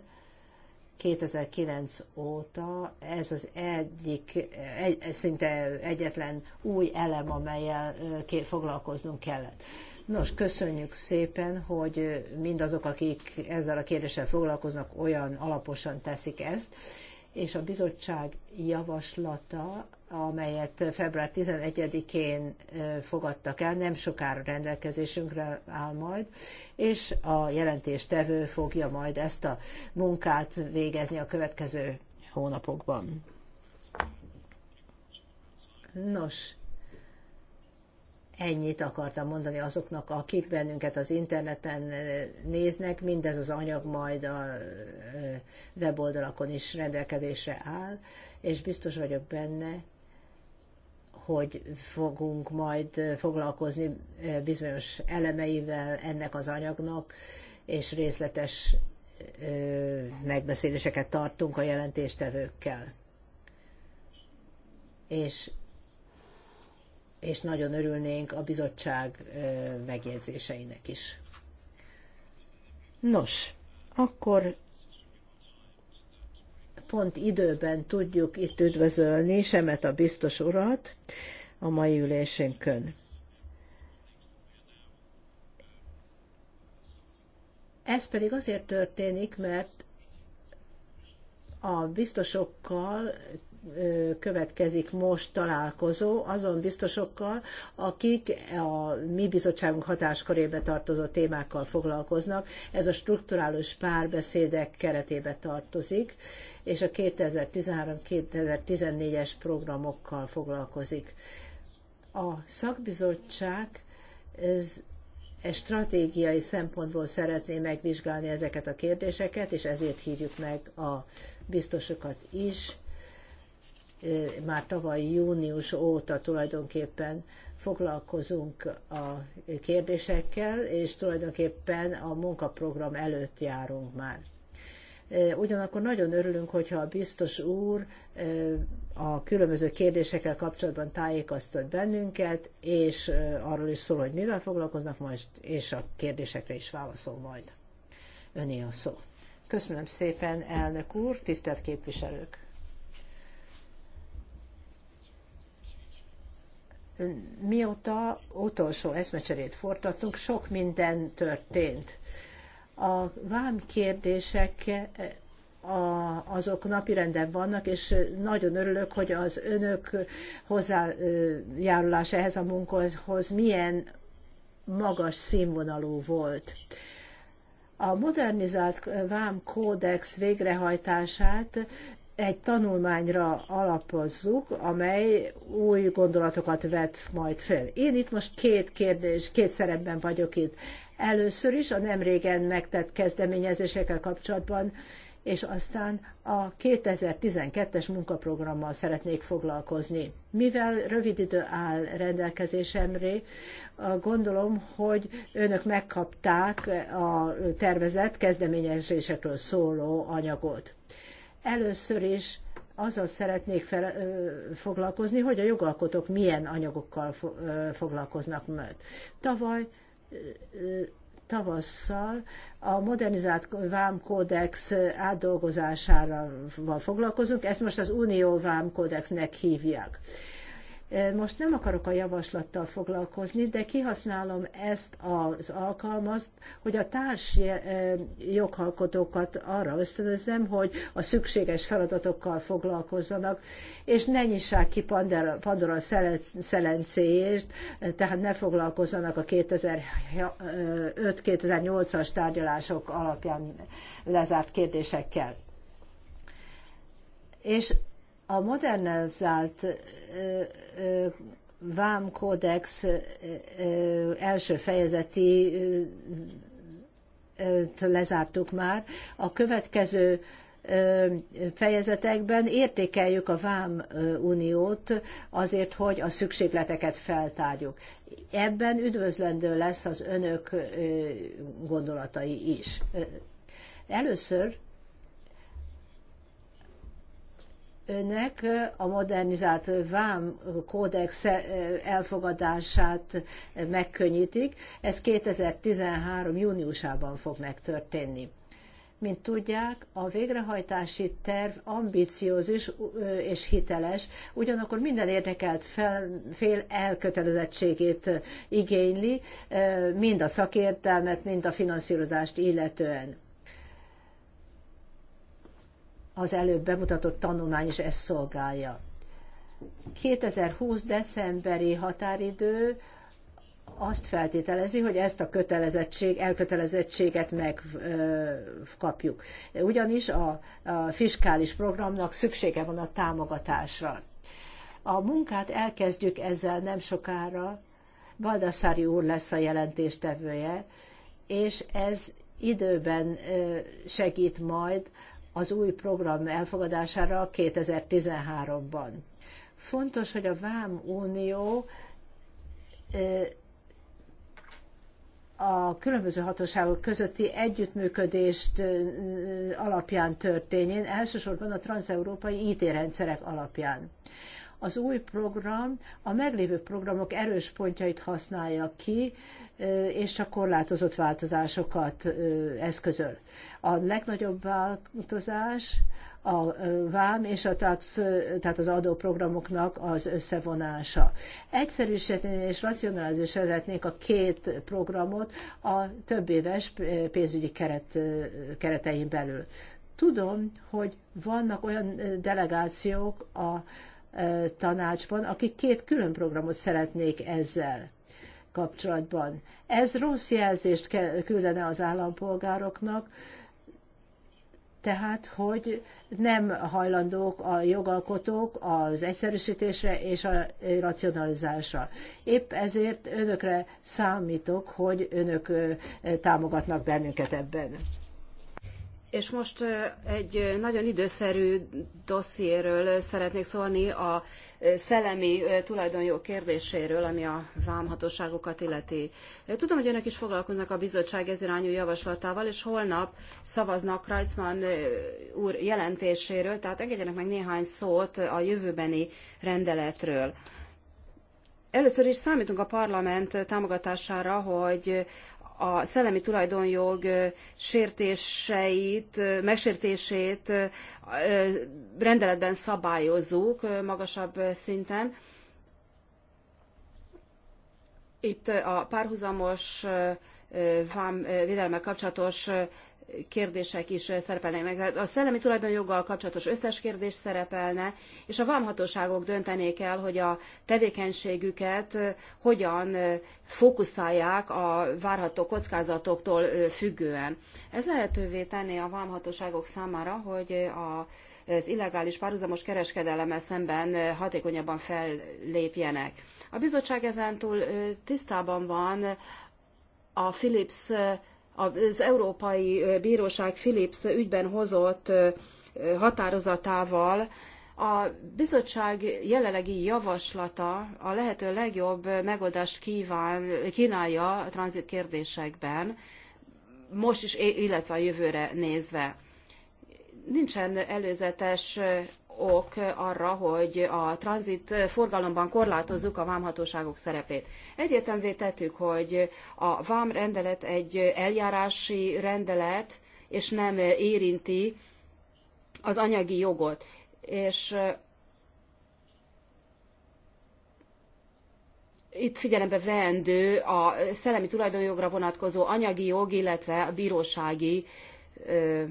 2009 óta ez az egyik, egy, szinte egyetlen új elem, amelyel foglalkoznunk kellett. Nos, köszönjük szépen, hogy mindazok, akik ezzel a kérdéssel foglalkoznak, olyan alaposan teszik ezt, és a bizottság javaslata, amelyet február 11-én fogadtak el, nem sokára rendelkezésünkre áll majd, és a jelentéstevő fogja majd ezt a munkát végezni a következő hónapokban. Nos, Ennyit akartam mondani azoknak, akik bennünket az interneten néznek, mindez az anyag majd a weboldalakon is rendelkezésre áll, és biztos vagyok benne, hogy fogunk majd foglalkozni bizonyos elemeivel ennek az anyagnak, és részletes megbeszéléseket tartunk a jelentéstevőkkel. És és nagyon örülnénk a bizottság megjegyzéseinek is. Nos, akkor pont időben tudjuk itt üdvözölni Semet a biztos urat a mai ülésünkön. Ez pedig azért történik, mert a biztosokkal következik most találkozó azon biztosokkal, akik a mi bizottságunk hatáskörébe tartozó témákkal foglalkoznak. Ez a strukturális párbeszédek keretébe tartozik, és a 2013-2014-es programokkal foglalkozik. A szakbizottság ez stratégiai szempontból szeretné megvizsgálni ezeket a kérdéseket, és ezért hívjuk meg a biztosokat is, már tavaly június óta tulajdonképpen foglalkozunk a kérdésekkel, és tulajdonképpen a munkaprogram előtt járunk már. Ugyanakkor nagyon örülünk, hogyha a biztos úr a különböző kérdésekkel kapcsolatban tájékoztat bennünket, és arról is szól, hogy mivel foglalkoznak majd, és a kérdésekre is válaszol majd. Öné a szó. Köszönöm szépen, elnök úr, tisztelt képviselők! mióta utolsó eszmecserét fordítottunk, sok minden történt. A vám kérdések eh, a, azok napirenden vannak, és nagyon örülök, hogy az önök hozzájárulás ehhez a munkahoz milyen magas színvonalú volt. A modernizált kódex végrehajtását egy tanulmányra alapozzuk, amely új gondolatokat vet majd fel. Én itt most két kérdés, két szerepben vagyok itt. Először is a nemrégen megtett kezdeményezésekkel kapcsolatban, és aztán a 2012-es munkaprogrammal szeretnék foglalkozni. Mivel rövid idő áll rendelkezésemre, gondolom, hogy önök megkapták a tervezett kezdeményezésekről szóló anyagot. Először is azzal szeretnék fel, ö, foglalkozni, hogy a jogalkotók milyen anyagokkal fo, ö, foglalkoznak mert. Tavaly ö, tavasszal a modernizált vámkódex átdolgozására foglalkozunk, ezt most az Unió vámkódexnek hívják. Ö, most nem akarok a javaslattal foglalkozni, de kihasználom ezt az alkalmat, hogy a társ eh, joghalkotókat arra ösztönözzem, hogy a szükséges feladatokkal foglalkozzanak, és ne nyissák ki Pandora, Pandora szelencéjét, tehát ne foglalkozzanak a 2005-2008-as tárgyalások alapján lezárt kérdésekkel. És a modernizált vámkódex első fejezeti lezártuk már. A következő fejezetekben értékeljük a vám uniót azért, hogy a szükségleteket feltárjuk. Ebben üdvözlendő lesz az önök gondolatai is. Először önnek a modernizált vám kódex elfogadását megkönnyítik. Ez 2013. júniusában fog megtörténni. Mint tudják, a végrehajtási terv ambiciózus és hiteles, ugyanakkor minden érdekelt fel, fél elkötelezettségét igényli, mind a szakértelmet, mind a finanszírozást illetően az előbb bemutatott tanulmány is ezt szolgálja. 2020. decemberi határidő azt feltételezi, hogy ezt a kötelezettség, elkötelezettséget megkapjuk. Ugyanis a, a fiskális programnak szüksége van a támogatásra. A munkát elkezdjük ezzel nem sokára. Baldassari úr lesz a jelentéstevője, és ez időben segít majd az új program elfogadására 2013-ban. Fontos, hogy a Vám Unió a különböző hatóságok közötti együttműködést alapján történjen, elsősorban a transeurópai IT-rendszerek alapján. Az új program a meglévő programok erős pontjait használja ki, és csak korlátozott változásokat eszközöl. A legnagyobb változás a vám és a tax, tehát az adóprogramoknak az összevonása. Egyszerűsíteni és racionalizálni szeretnék a két programot a több éves pénzügyi keret, keretein belül. Tudom, hogy vannak olyan delegációk a tanácsban, akik két külön programot szeretnék ezzel kapcsolatban. Ez rossz jelzést küldene az állampolgároknak, tehát, hogy nem hajlandók a jogalkotók az egyszerűsítésre és a racionalizásra. Épp ezért önökre számítok, hogy önök támogatnak bennünket ebben. És most egy nagyon időszerű dossziéről szeretnék szólni, a szellemi tulajdonjog kérdéséről, ami a vámhatóságokat illeti. Tudom, hogy önök is foglalkoznak a bizottság ez irányú javaslatával, és holnap szavaznak Krajcman úr jelentéséről, tehát engedjenek meg néhány szót a jövőbeni rendeletről. Először is számítunk a parlament támogatására, hogy a szellemi tulajdonjog sértéseit, megsértését rendeletben szabályozzuk magasabb szinten. Itt a párhuzamos vám védelemmel kapcsolatos kérdések is eh, szerepelnek. Hát a szellemi tulajdonjoggal kapcsolatos összes kérdés szerepelne, és a vámhatóságok döntenék el, hogy a tevékenységüket eh, hogyan eh, fókuszálják a várható kockázatoktól függően. Ez lehetővé tenné a vámhatóságok számára, hogy a az illegális párhuzamos kereskedelemmel szemben hatékonyabban fellépjenek. A bizottság ezentúl tisztában van a Philips az Európai Bíróság Philips ügyben hozott határozatával a bizottság jelenlegi javaslata a lehető legjobb megoldást kíván, kínálja a tranzit kérdésekben, most is, illetve a jövőre nézve. Nincsen előzetes ok arra, hogy a tranzit forgalomban korlátozzuk a vámhatóságok szerepét. Egyértelművé tettük, hogy a vám rendelet egy eljárási rendelet, és nem érinti az anyagi jogot. És itt figyelembe veendő a szellemi tulajdonjogra vonatkozó anyagi jog, illetve a bírósági ö,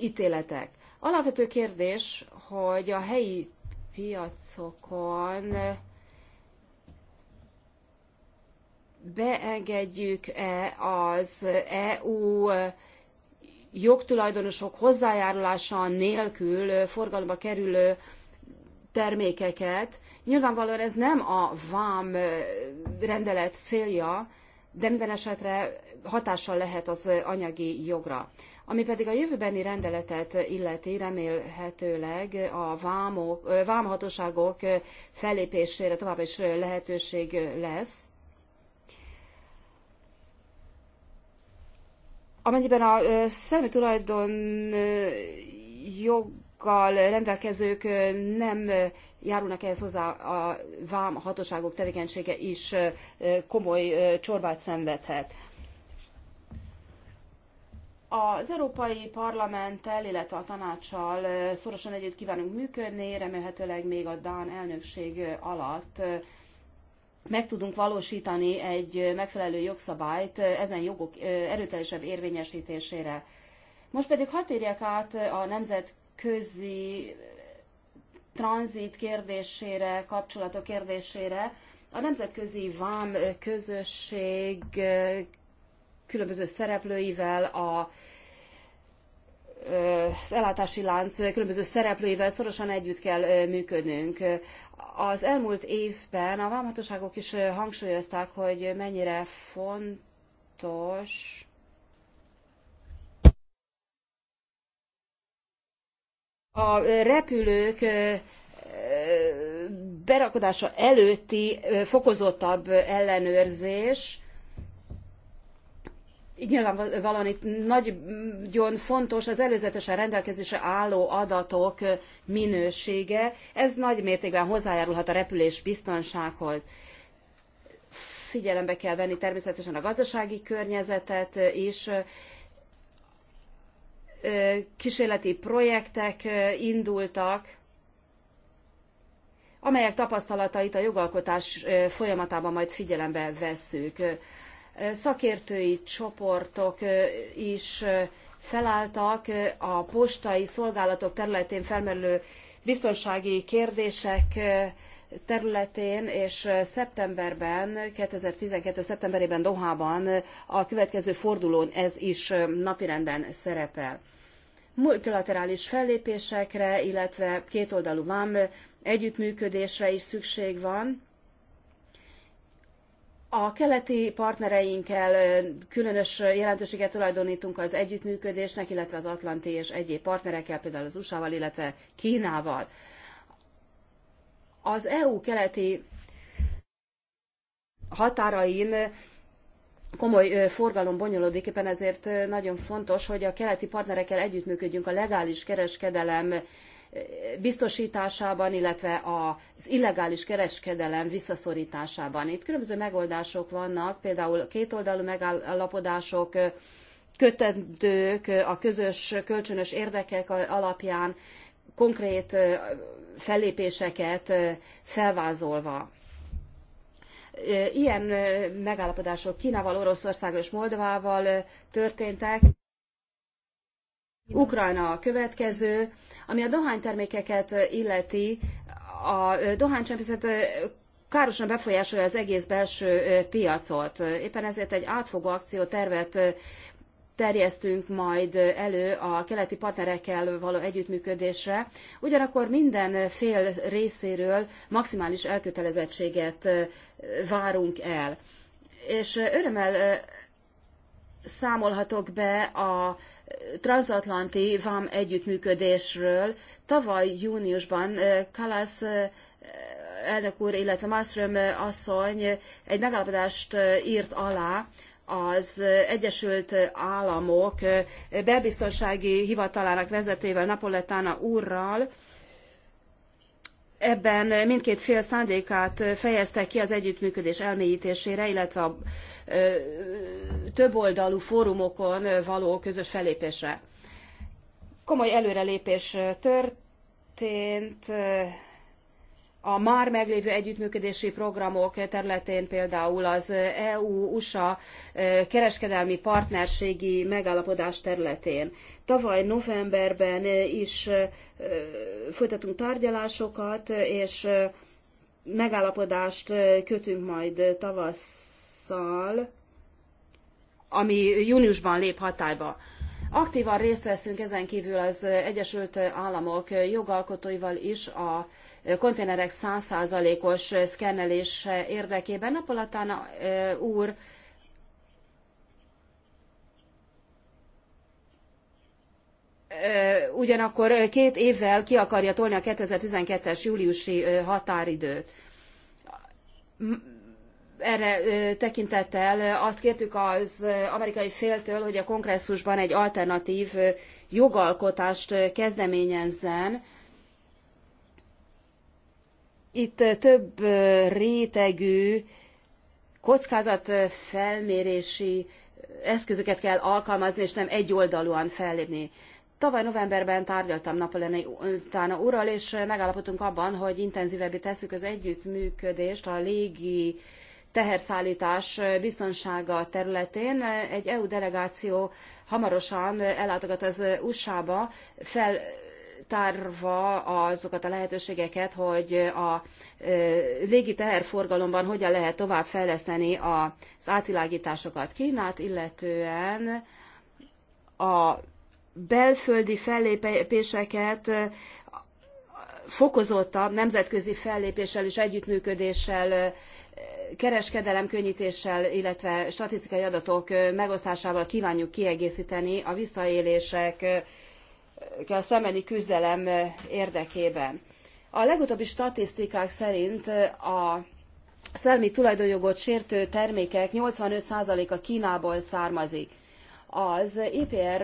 ítéletek. Alapvető kérdés, hogy a helyi piacokon beengedjük-e az EU jogtulajdonosok hozzájárulása nélkül forgalomba kerülő termékeket. Nyilvánvalóan ez nem a vám rendelet célja, de minden esetre hatással lehet az anyagi jogra. Ami pedig a jövőbeni rendeletet illeti, remélhetőleg a vámok, vámhatóságok fellépésére tovább is lehetőség lesz. Amennyiben a szellemi tulajdon joggal rendelkezők nem járulnak ehhez hozzá, a vám hatóságok tevékenysége is komoly csorbát szenvedhet. Az Európai Parlamenttel, illetve a tanácssal szorosan együtt kívánunk működni, remélhetőleg még a Dán elnökség alatt meg tudunk valósítani egy megfelelő jogszabályt ezen jogok erőteljesebb érvényesítésére. Most pedig hadd térjek át a nemzetközi tranzit kérdésére, kapcsolatok kérdésére. A nemzetközi vám közösség különböző szereplőivel, a, az ellátási lánc különböző szereplőivel szorosan együtt kell működnünk. Az elmúlt évben a vámhatóságok is hangsúlyozták, hogy mennyire fontos a repülők berakodása előtti fokozottabb ellenőrzés, nyilvánvalóan itt nagyon fontos az előzetesen rendelkezésre álló adatok minősége. Ez nagy mértékben hozzájárulhat a repülés biztonsághoz. Figyelembe kell venni természetesen a gazdasági környezetet is. Kísérleti projektek indultak, amelyek tapasztalatait a jogalkotás folyamatában majd figyelembe vesszük szakértői csoportok is felálltak a postai szolgálatok területén felmerülő biztonsági kérdések területén, és szeptemberben, 2012. szeptemberében Dohában a következő fordulón ez is napirenden szerepel. Multilaterális fellépésekre, illetve kétoldalú vám együttműködésre is szükség van, a keleti partnereinkkel különös jelentőséget tulajdonítunk az együttműködésnek, illetve az atlanti és egyéb partnerekkel, például az USA-val, illetve Kínával. Az EU keleti határain komoly forgalom bonyolódik, éppen ezért nagyon fontos, hogy a keleti partnerekkel együttműködjünk a legális kereskedelem biztosításában, illetve az illegális kereskedelem visszaszorításában. Itt különböző megoldások vannak, például kétoldalú megállapodások, kötendők, a közös kölcsönös érdekek alapján konkrét fellépéseket felvázolva. Ilyen megállapodások Kínával, Oroszországgal és Moldovával történtek. Ukrajna a következő, ami a dohánytermékeket illeti, a dohánycsempészet károsan befolyásolja az egész belső piacot. Éppen ezért egy átfogó akciótervet terjesztünk majd elő a keleti partnerekkel való együttműködésre. Ugyanakkor minden fél részéről maximális elkötelezettséget várunk el. És örömmel számolhatok be a transatlanti vám együttműködésről. Tavaly júniusban Kalasz elnök úr, illetve Malmström asszony egy megállapodást írt alá az Egyesült Államok belbiztonsági hivatalának vezetővel, Napoletana úrral, Ebben mindkét fél szándékát fejezte ki az együttműködés elmélyítésére, illetve a többoldalú fórumokon való közös felépésre. Komoly előrelépés történt, a már meglévő együttműködési programok területén például az EU-USA e, kereskedelmi partnerségi megállapodás területén. Tavaly novemberben is e, folytatunk tárgyalásokat, és e, megállapodást kötünk majd tavasszal, ami júniusban lép hatályba. Aktívan részt veszünk ezen kívül az Egyesült Államok jogalkotóival is a konténerek 100%-os szkennelése érdekében. Napolatán eh, úr eh, ugyanakkor két évvel ki akarja tolni a 2012-es júliusi eh, határidőt erre tekintettel azt kértük az amerikai féltől, hogy a kongresszusban egy alternatív jogalkotást kezdeményezzen. Itt több rétegű kockázatfelmérési eszközöket kell alkalmazni, és nem egyoldalúan fellépni. Tavaly novemberben tárgyaltam Napoleoni utána úrral, és megállapodtunk abban, hogy intenzívebbé tesszük az együttműködést a légi teherszállítás biztonsága területén. Egy EU delegáció hamarosan ellátogat az USA-ba, fel tárva azokat a lehetőségeket, hogy a légi teherforgalomban hogyan lehet tovább fejleszteni az átvilágításokat Kínát, illetően a belföldi fellépéseket fokozottabb nemzetközi fellépéssel és együttműködéssel kereskedelem könnyítéssel, illetve statisztikai adatok megosztásával kívánjuk kiegészíteni a visszaélésekkel szembeni küzdelem érdekében. A legutóbbi statisztikák szerint a szellemi tulajdonjogot sértő termékek 85%-a Kínából származik. Az IPR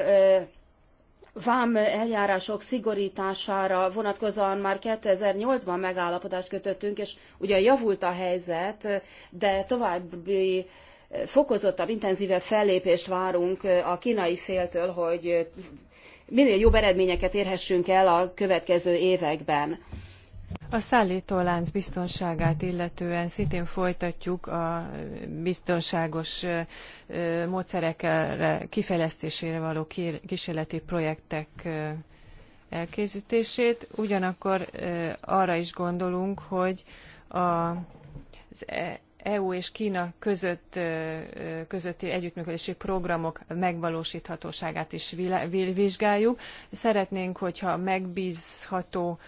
vám eljárások szigorítására vonatkozóan már 2008-ban megállapodást kötöttünk, és ugye javult a helyzet, de további fokozottabb, intenzívebb fellépést várunk a kínai féltől, hogy minél jobb eredményeket érhessünk el a következő években. A szállítólánc biztonságát illetően szintén folytatjuk a biztonságos módszerek kifejlesztésére való kísérleti projektek elkészítését. Ugyanakkor arra is gondolunk, hogy a az e- EU és Kína közötti együttműködési programok megvalósíthatóságát is vizsgáljuk. Szeretnénk, hogyha megbzható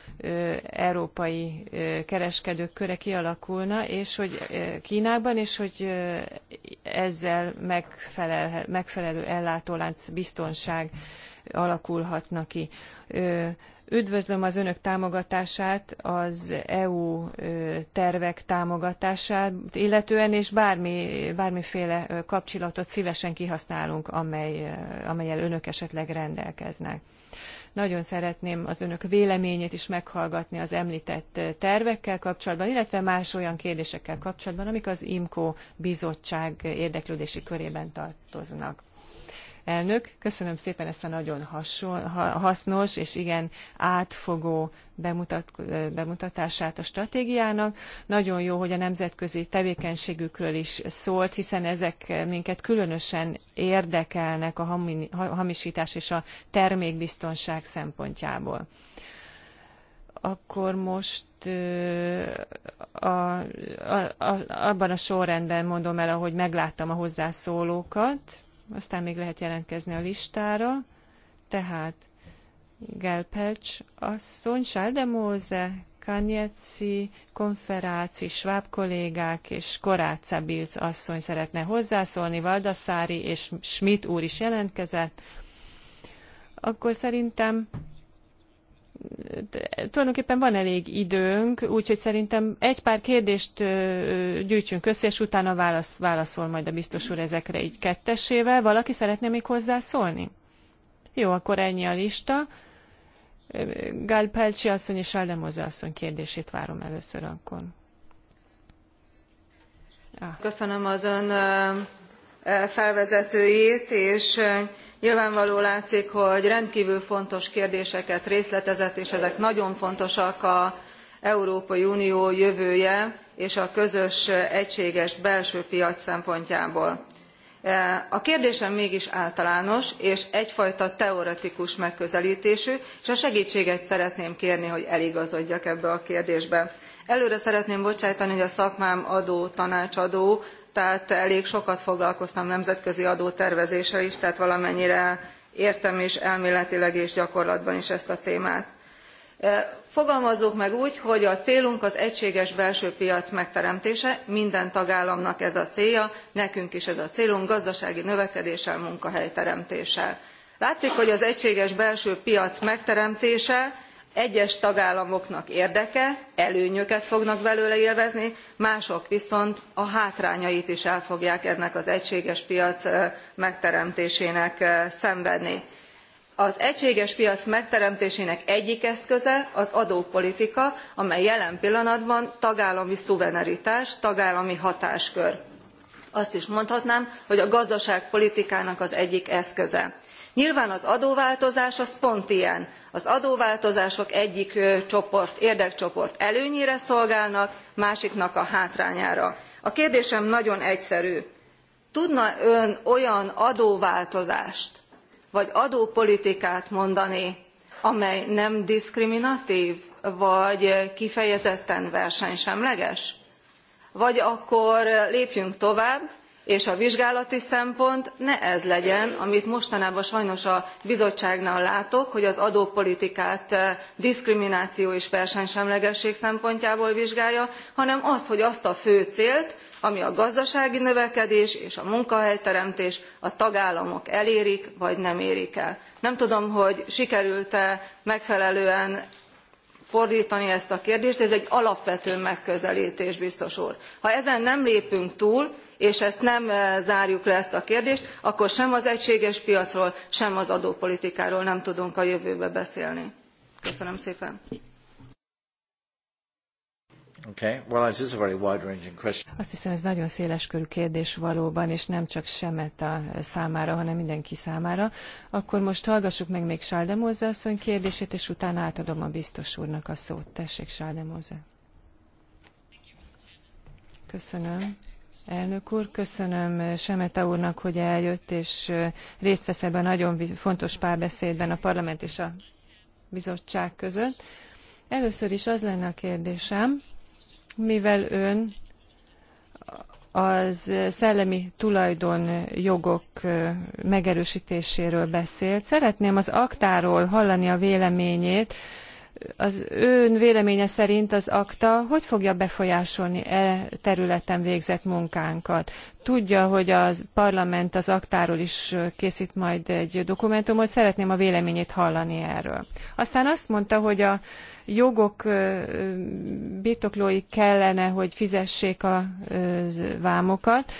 európai kereskedők köre kialakulna, és hogy Kínában, és hogy ezzel megfelel, megfelelő ellátólánc biztonság alakulhatna ki Üdvözlöm az önök támogatását, az EU tervek támogatását illetően, és bármi, bármiféle kapcsolatot szívesen kihasználunk, amely, amelyel önök esetleg rendelkeznek. Nagyon szeretném az önök véleményét is meghallgatni az említett tervekkel kapcsolatban, illetve más olyan kérdésekkel kapcsolatban, amik az IMCO bizottság érdeklődési körében tartoznak. Elnök, köszönöm szépen ezt a nagyon hason, hasznos és igen átfogó bemutat, bemutatását a stratégiának. Nagyon jó, hogy a nemzetközi tevékenységükről is szólt, hiszen ezek minket különösen érdekelnek a hamisítás és a termékbiztonság szempontjából akkor most ö, a, a, abban a sorrendben mondom el, ahogy megláttam a hozzászólókat aztán még lehet jelentkezni a listára. Tehát Gelpelcs asszony, Sáldemóze, Kanyeci, Konferáci, Schwab kollégák és Koráca Bilc asszony szeretne hozzászólni, Valdaszári és Schmidt úr is jelentkezett. Akkor szerintem tulajdonképpen van elég időnk, úgyhogy szerintem egy pár kérdést gyűjtsünk össze, és utána válasz, válaszol majd a biztos úr ezekre így kettesével. Valaki szeretne még hozzászólni? Jó, akkor ennyi a lista. Gál Pelcsi asszony és Aldemoza asszony kérdését várom először akkor. Ah. Köszönöm azon felvezetőjét és nyilvánvaló látszik hogy rendkvül fontos kérdéseket részletezett és ezek nagyon fontosak az európai unió jövője és a közös egységes belső piac szempontjából. a kérdésem mégis általános és egyfajta teoretikus megközeltésű és a segtséget szeretném kérni hogy eligazodjak ebbe a kérdésbe. előre szeretném bocsátani hogy a szakmám adó tanácsadó tehát elég sokat foglalkoztam nemzetközi adótervezéssel is tehát valamennyire értem is elméletileg és gyakorlatban is ezt a témát. E, fogalmazzuk meg úgy hogy a célunk az egységes belső piac megteremtése minden tagállamnak ez a célja nekünk is ez a célunk gazdasági növekedéssel munkahelyteremtéssel. látszik hogy az egységes belső piac megteremtése egyes tagállamoknak érdeke előnyöket fognak belőle élvezni mások viszont a hátrányait is el fogják ennek az egységes piac megteremtésének szenvedni. az egységes piac megteremtésének egyik eszköze az adópolitika amely jelen pillanatban tagállami szuverenitás tagállami hatáskör. azt is mondhatnám hogy a gazdaságpolitikának az egyik eszköze nyilván az adóváltozás az pont ilyen az adóváltozások egyik csoport érdekcsoport előnyére szolgálnak másiknak a hátrányára. a kérdésem nagyon egyszerű tudna ön olyan adóváltozást vagy adópolitikát mondani amely nem diszkriminatv vagy kifejezetten versenysemleges? vagy akkor lépjünk tovább és a vizsgálati szempont ne ez legyen amit mostanában sajnos a bizottságnál látok hogy az adópolitikát eh, diszkrimináció és versenysemlegesség szempontjából vizsgálja hanem az hogy azt a fő célt ami a gazdasági növekedés és a munkahelyteremtés a tagállamok elérik vagy nem érik el. nem tudom hogy sikerült e megfelelően fordtani ezt a kérdést de ez egy alapvető megközeltés biztos úr. ha ezen nem lépünk túl és ezt nem e, zárjuk le ezt a kérdést akkor sem az egységes piacról sem az adópolitikáról nem tudunk a jövőben beszélni. köszönöm szépen! Okay. Well, this is a very wide-ranging question. Azt hiszem, ez nagyon széleskörű kérdés valóban, és nem csak Semeta számára, hanem mindenki számára. Akkor most hallgassuk meg még Sáldemóze asszony kérdését, és utána átadom a biztos úrnak a szót. Tessék, Sáldemóze. Köszönöm. Elnök úr, köszönöm Semeta úrnak, hogy eljött és részt vesz ebben a nagyon fontos párbeszédben a parlament és a bizottság között. Először is az lenne a kérdésem, mivel ön az szellemi tulajdon jogok megerősítéséről beszélt, szeretném az aktáról hallani a véleményét, az ön véleménye szerint az akta hogy fogja befolyásolni e területen végzett munkánkat? Tudja, hogy a parlament az aktáról is készít majd egy dokumentumot, szeretném a véleményét hallani erről. Aztán azt mondta, hogy a jogok birtoklói kellene, hogy fizessék a vámokat.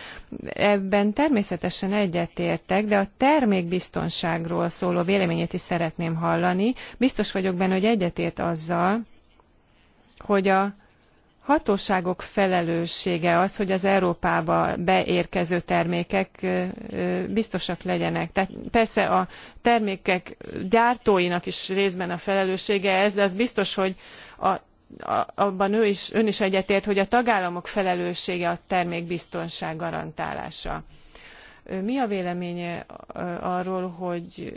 Ebben természetesen egyetértek, de a termékbiztonságról szóló véleményét is szeretném hallani. Biztos vagyok benne, hogy egyetért azzal, hogy a hatóságok felelőssége az, hogy az Európába beérkező termékek biztosak legyenek. Tehát persze a termékek gyártóinak is részben a felelőssége ez, de az biztos, hogy a, a, abban ő is, ön is egyetért, hogy a tagállamok felelőssége a termékbiztonság garantálása. Mi a véleménye arról, hogy,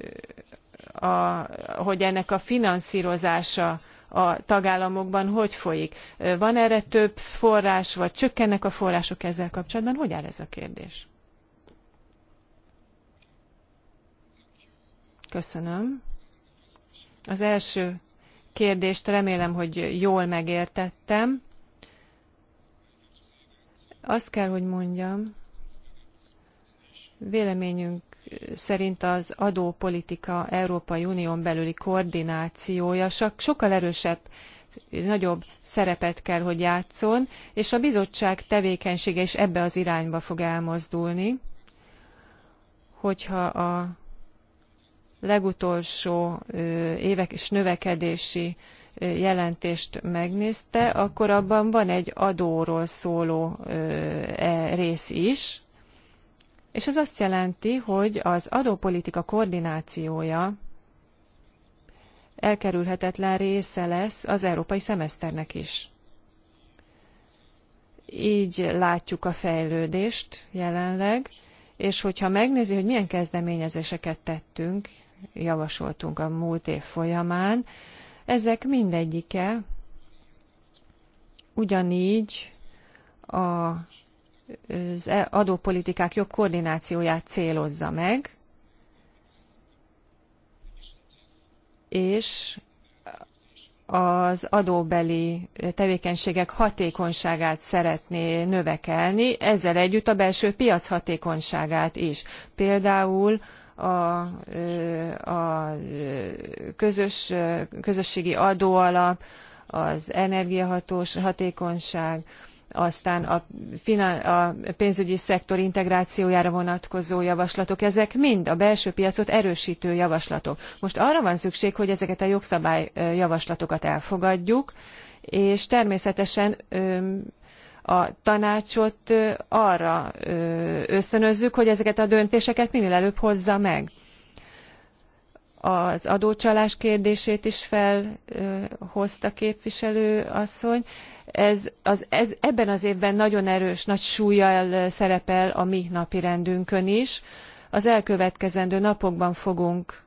a, hogy ennek a finanszírozása a tagállamokban hogy folyik. Van erre több forrás, vagy csökkennek a források ezzel kapcsolatban? Hogy áll ez a kérdés? Köszönöm. Az első kérdést remélem, hogy jól megértettem. Azt kell, hogy mondjam, véleményünk szerint az adópolitika Európai Unión belüli koordinációja sokkal erősebb nagyobb szerepet kell, hogy játszon, és a bizottság tevékenysége is ebbe az irányba fog elmozdulni, hogyha a legutolsó évek és növekedési jelentést megnézte, akkor abban van egy adóról szóló e rész is, és ez azt jelenti, hogy az adópolitika koordinációja elkerülhetetlen része lesz az európai szemeszternek is. Így látjuk a fejlődést jelenleg, és hogyha megnézi, hogy milyen kezdeményezéseket tettünk, javasoltunk a múlt év folyamán, ezek mindegyike ugyanígy a az e- adópolitikák jobb koordinációját célozza meg, és az adóbeli tevékenységek hatékonyságát szeretné növekelni, ezzel együtt a belső piac hatékonyságát is. Például a, a közös, közösségi adóalap, az energiahatós hatékonyság, aztán a, a pénzügyi szektor integrációjára vonatkozó javaslatok, ezek mind a belső piacot erősítő javaslatok. Most arra van szükség, hogy ezeket a jogszabály javaslatokat elfogadjuk, és természetesen a tanácsot arra ösztönözzük, hogy ezeket a döntéseket minél előbb hozza meg az adócsalás kérdését is felhozta képviselő asszony. Ez, az, ez, ebben az évben nagyon erős, nagy súlyjal szerepel a mi napirendünkön is. Az elkövetkezendő napokban fogunk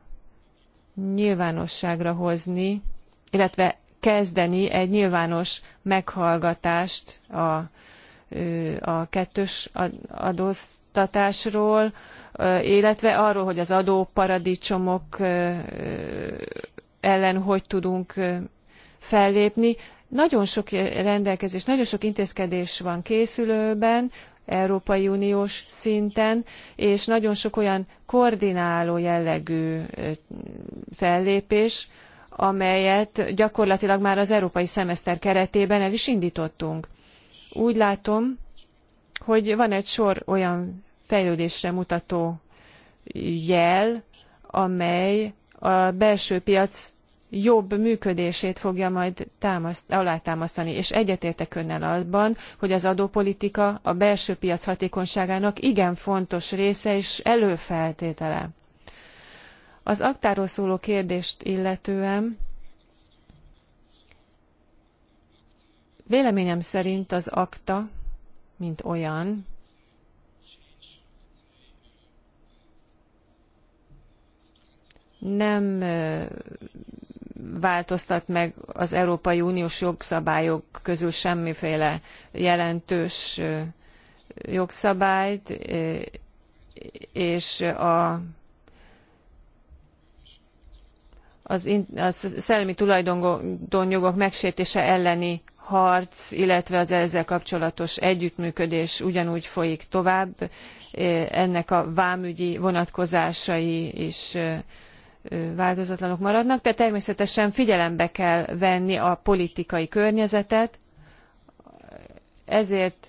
nyilvánosságra hozni, illetve kezdeni egy nyilvános meghallgatást a, a kettős adóztatásról, illetve arról, hogy az adóparadicsomok ellen hogy tudunk fellépni. Nagyon sok rendelkezés, nagyon sok intézkedés van készülőben, Európai Uniós szinten, és nagyon sok olyan koordináló jellegű fellépés, amelyet gyakorlatilag már az európai szemeszter keretében el is indítottunk. Úgy látom, hogy van egy sor olyan fejlődésre mutató jel, amely a belső piac jobb működését fogja majd alátámasztani. És egyetértek önnel abban, hogy az adópolitika a belső piac hatékonyságának igen fontos része és előfeltétele. Az aktáról szóló kérdést illetően véleményem szerint az akta, mint olyan, nem változtat meg az Európai Uniós jogszabályok közül semmiféle jelentős jogszabályt, és a az, in, a szellemi tulajdonjogok megsértése elleni harc, illetve az ezzel kapcsolatos együttműködés ugyanúgy folyik tovább. Ennek a vámügyi vonatkozásai is változatlanok maradnak, de természetesen figyelembe kell venni a politikai környezetet, ezért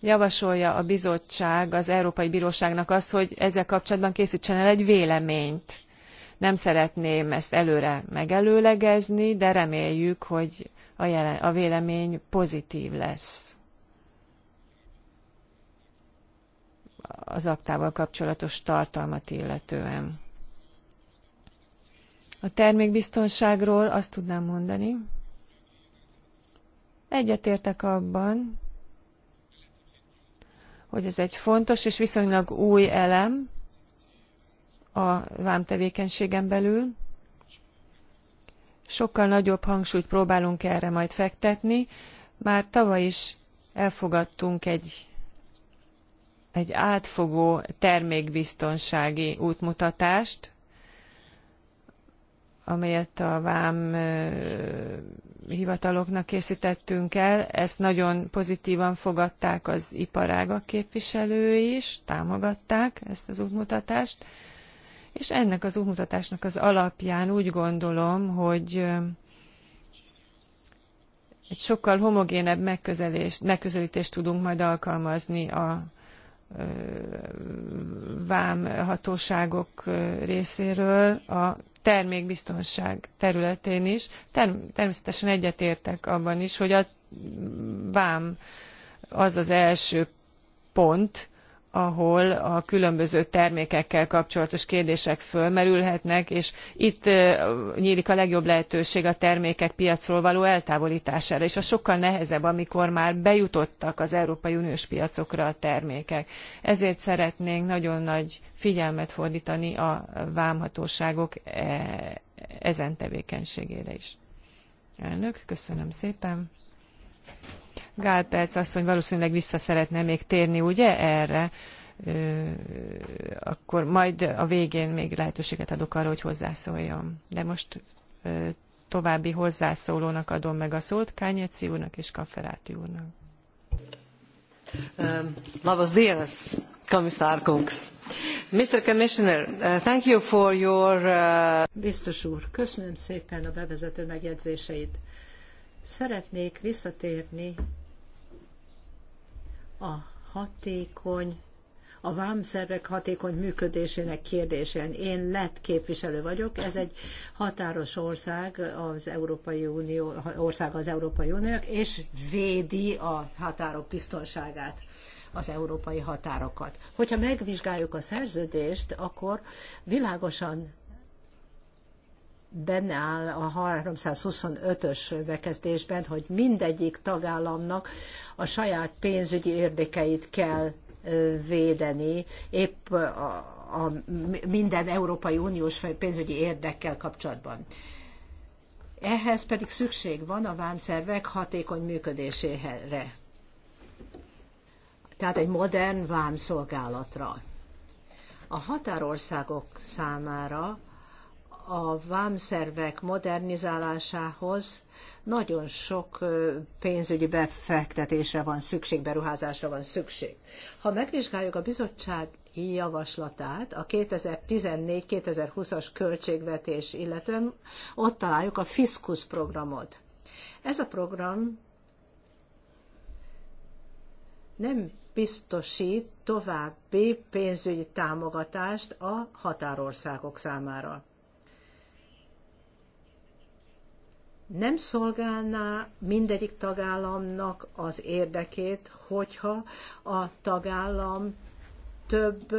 javasolja a bizottság az Európai Bíróságnak azt, hogy ezzel kapcsolatban készítsen el egy véleményt. Nem szeretném ezt előre megelőlegezni, de reméljük, hogy a, jelen, a vélemény pozitív lesz. az aktával kapcsolatos tartalmat illetően. A termékbiztonságról azt tudnám mondani, egyetértek abban, hogy ez egy fontos és viszonylag új elem a vámtevékenységen belül. Sokkal nagyobb hangsúlyt próbálunk erre majd fektetni. Már tavaly is elfogadtunk egy egy átfogó termékbiztonsági útmutatást, amelyet a vám hivataloknak készítettünk el. Ezt nagyon pozitívan fogadták az iparágak képviselői is, támogatták ezt az útmutatást. És ennek az útmutatásnak az alapján úgy gondolom, hogy egy sokkal homogénebb megközelítést tudunk majd alkalmazni a vámhatóságok részéről a termékbiztonság területén is. Term- természetesen egyetértek abban is, hogy a vám az az első pont, ahol a különböző termékekkel kapcsolatos kérdések fölmerülhetnek, és itt nyílik a legjobb lehetőség a termékek piacról való eltávolítására, és az sokkal nehezebb, amikor már bejutottak az Európai Uniós piacokra a termékek. Ezért szeretnénk nagyon nagy figyelmet fordítani a vámhatóságok e, ezen tevékenységére is. Elnök, köszönöm szépen. Gál Perc asszony valószínűleg vissza szeretne még térni, ugye, erre? akkor majd a végén még lehetőséget adok arra, hogy hozzászóljam. De most további hozzászólónak adom meg a szót, Kányeci úrnak és Kafferáti úrnak. Um, labas dienas, komisár kungs. Mr. Commissioner, uh, thank you for your... Uh, Biztos úr, köszönöm szépen a bevezető megjegyzéseit. Szeretnék visszatérni a hatékony a vámszervek hatékony működésének kérdésén. Én lett képviselő vagyok, ez egy határos ország az Európai Unió, ország az Európai Uniónak, és védi a határok biztonságát az európai határokat. Hogyha megvizsgáljuk a szerződést, akkor világosan benne áll a 325-ös bekezdésben, hogy mindegyik tagállamnak a saját pénzügyi érdekeit kell védeni, épp a, a minden Európai Uniós pénzügyi érdekkel kapcsolatban. Ehhez pedig szükség van a vámszervek hatékony működésére. Tehát egy modern vámszolgálatra. A határországok számára a vámszervek modernizálásához nagyon sok pénzügyi befektetésre van szükség, beruházásra van szükség. Ha megvizsgáljuk a bizottság javaslatát a 2014-2020-as költségvetés illetően, ott találjuk a Fiskus programot. Ez a program nem biztosít további pénzügyi támogatást a határországok számára. nem szolgálná mindegyik tagállamnak az érdekét, hogyha a tagállam több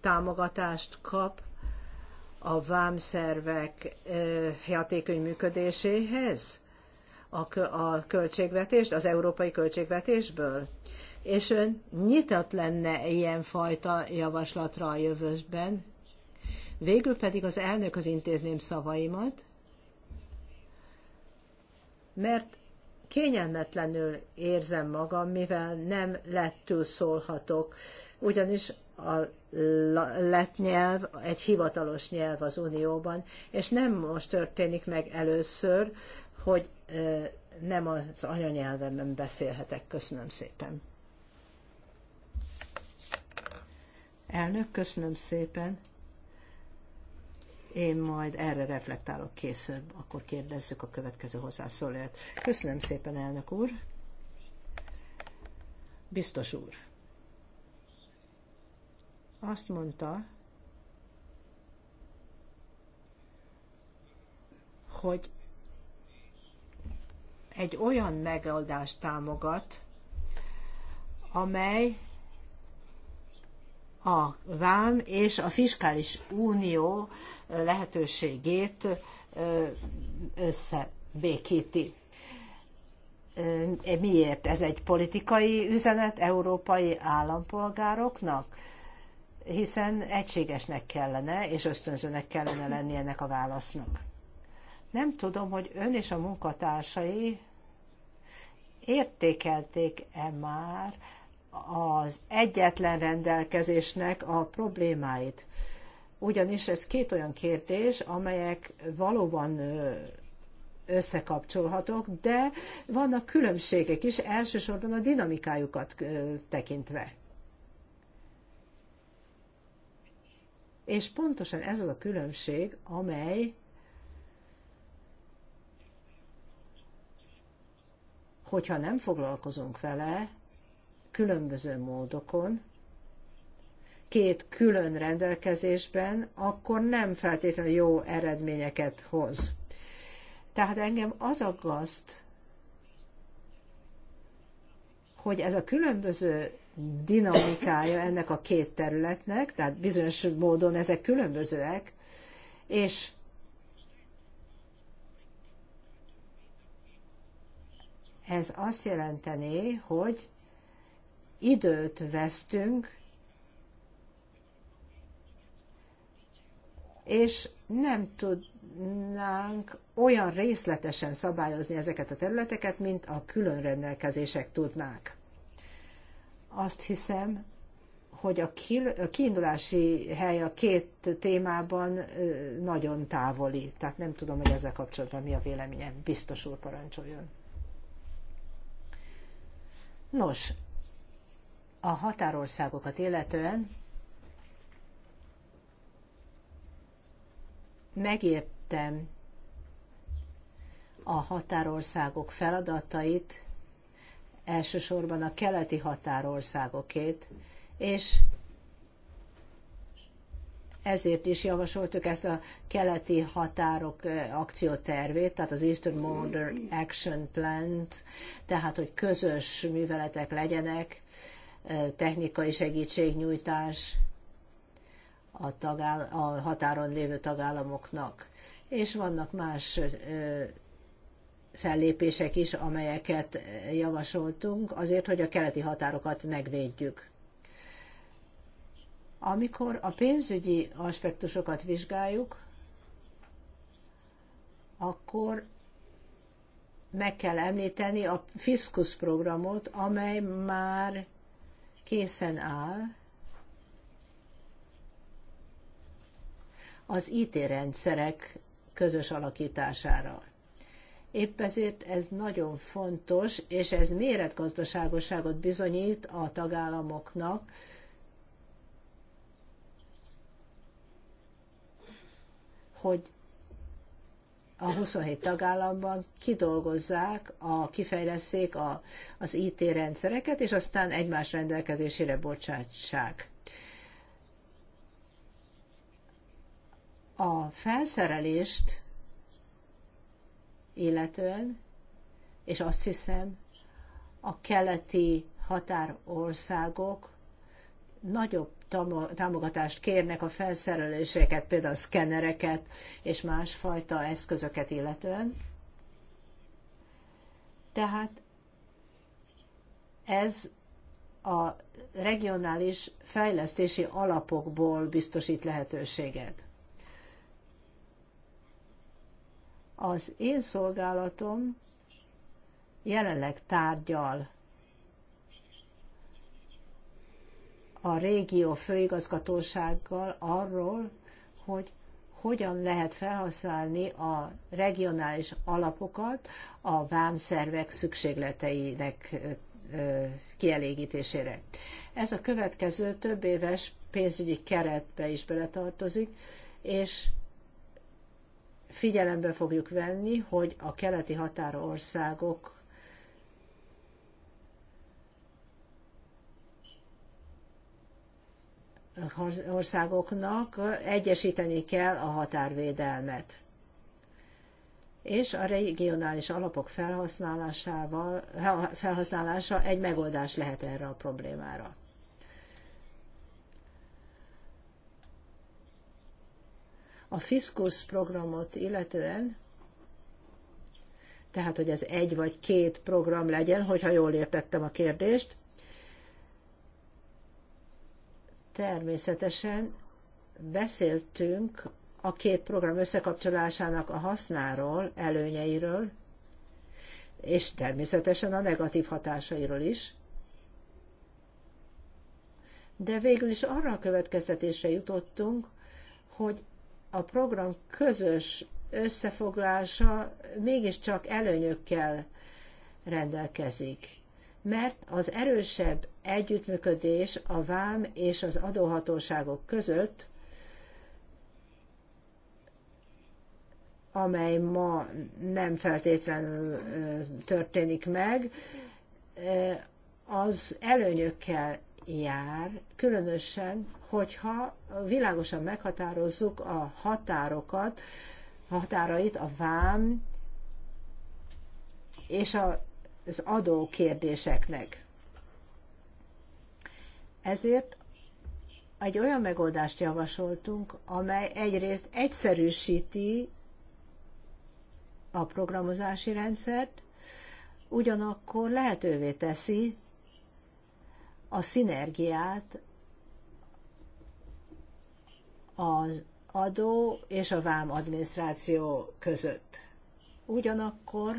támogatást kap a vámszervek hatékony működéséhez, a, költségvetést, az európai költségvetésből? És ön nyitott lenne ilyenfajta javaslatra a jövőben? Végül pedig az elnök az intézném szavaimat, mert kényelmetlenül érzem magam, mivel nem lettül szólhatok, ugyanis a lett nyelv egy hivatalos nyelv az Unióban, és nem most történik meg először, hogy nem az anyanyelvemben beszélhetek. Köszönöm szépen. Elnök, köszönöm szépen. Én majd erre reflektálok később, akkor kérdezzük a következő hozzászólóját. Köszönöm szépen, elnök úr. Biztos úr. Azt mondta, hogy egy olyan megoldást támogat, amely a vám és a fiskális unió lehetőségét összebékíti. Miért? Ez egy politikai üzenet európai állampolgároknak? Hiszen egységesnek kellene, és ösztönzőnek kellene lenni ennek a válasznak. Nem tudom, hogy ön és a munkatársai értékelték-e már, az egyetlen rendelkezésnek a problémáit. Ugyanis ez két olyan kérdés, amelyek valóban összekapcsolhatók, de vannak különbségek is, elsősorban a dinamikájukat tekintve. És pontosan ez az a különbség, amely hogyha nem foglalkozunk vele, különböző módokon, két külön rendelkezésben, akkor nem feltétlenül jó eredményeket hoz. Tehát engem az aggaszt, hogy ez a különböző dinamikája ennek a két területnek, tehát bizonyos módon ezek különbözőek, és ez azt jelenteni, hogy időt vesztünk, és nem tudnánk olyan részletesen szabályozni ezeket a területeket, mint a külön rendelkezések tudnák. Azt hiszem, hogy a kiindulási hely a két témában nagyon távoli. Tehát nem tudom, hogy ezzel kapcsolatban mi a véleményem. Biztos úr parancsoljon. Nos, a határországokat illetően megértem a határországok feladatait, elsősorban a keleti határországokét, és ezért is javasoltuk ezt a keleti határok akciótervét, tehát az Eastern Border Action Plan, tehát hogy közös műveletek legyenek, technikai segítségnyújtás a, tagáll- a határon lévő tagállamoknak. És vannak más fellépések is, amelyeket javasoltunk azért, hogy a keleti határokat megvédjük. Amikor a pénzügyi aspektusokat vizsgáljuk, akkor meg kell említeni a Fiskus programot, amely már készen áll az IT-rendszerek közös alakítására. Épp ezért ez nagyon fontos, és ez méretgazdaságosságot bizonyít a tagállamoknak, hogy a 27 tagállamban kidolgozzák, a, kifejleszék a, az IT rendszereket, és aztán egymás rendelkezésére bocsátsák. A felszerelést illetően, és azt hiszem, a keleti határországok nagyobb támogatást kérnek a felszereléseket, például a szkenereket és másfajta eszközöket illetően. Tehát ez a regionális fejlesztési alapokból biztosít lehetőséget. Az én szolgálatom jelenleg tárgyal a régió főigazgatósággal arról, hogy hogyan lehet felhasználni a regionális alapokat a vámszervek szükségleteinek kielégítésére. Ez a következő több éves pénzügyi keretbe is beletartozik, és figyelembe fogjuk venni, hogy a keleti határországok országoknak egyesíteni kell a határvédelmet. És a regionális alapok felhasználásával, felhasználása egy megoldás lehet erre a problémára. A Fiskus programot illetően tehát hogy ez egy vagy két program legyen, hogyha jól értettem a kérdést. Természetesen beszéltünk a két program összekapcsolásának a hasznáról, előnyeiről, és természetesen a negatív hatásairól is. De végül is arra a következtetésre jutottunk, hogy a program közös összefoglása mégiscsak előnyökkel rendelkezik mert az erősebb együttműködés a vám és az adóhatóságok között, amely ma nem feltétlenül történik meg, az előnyökkel jár, különösen, hogyha világosan meghatározzuk a határokat, határait a vám és a az adó kérdéseknek. Ezért egy olyan megoldást javasoltunk, amely egyrészt egyszerűsíti a programozási rendszert, ugyanakkor lehetővé teszi a szinergiát az adó és a vám adminisztráció között. Ugyanakkor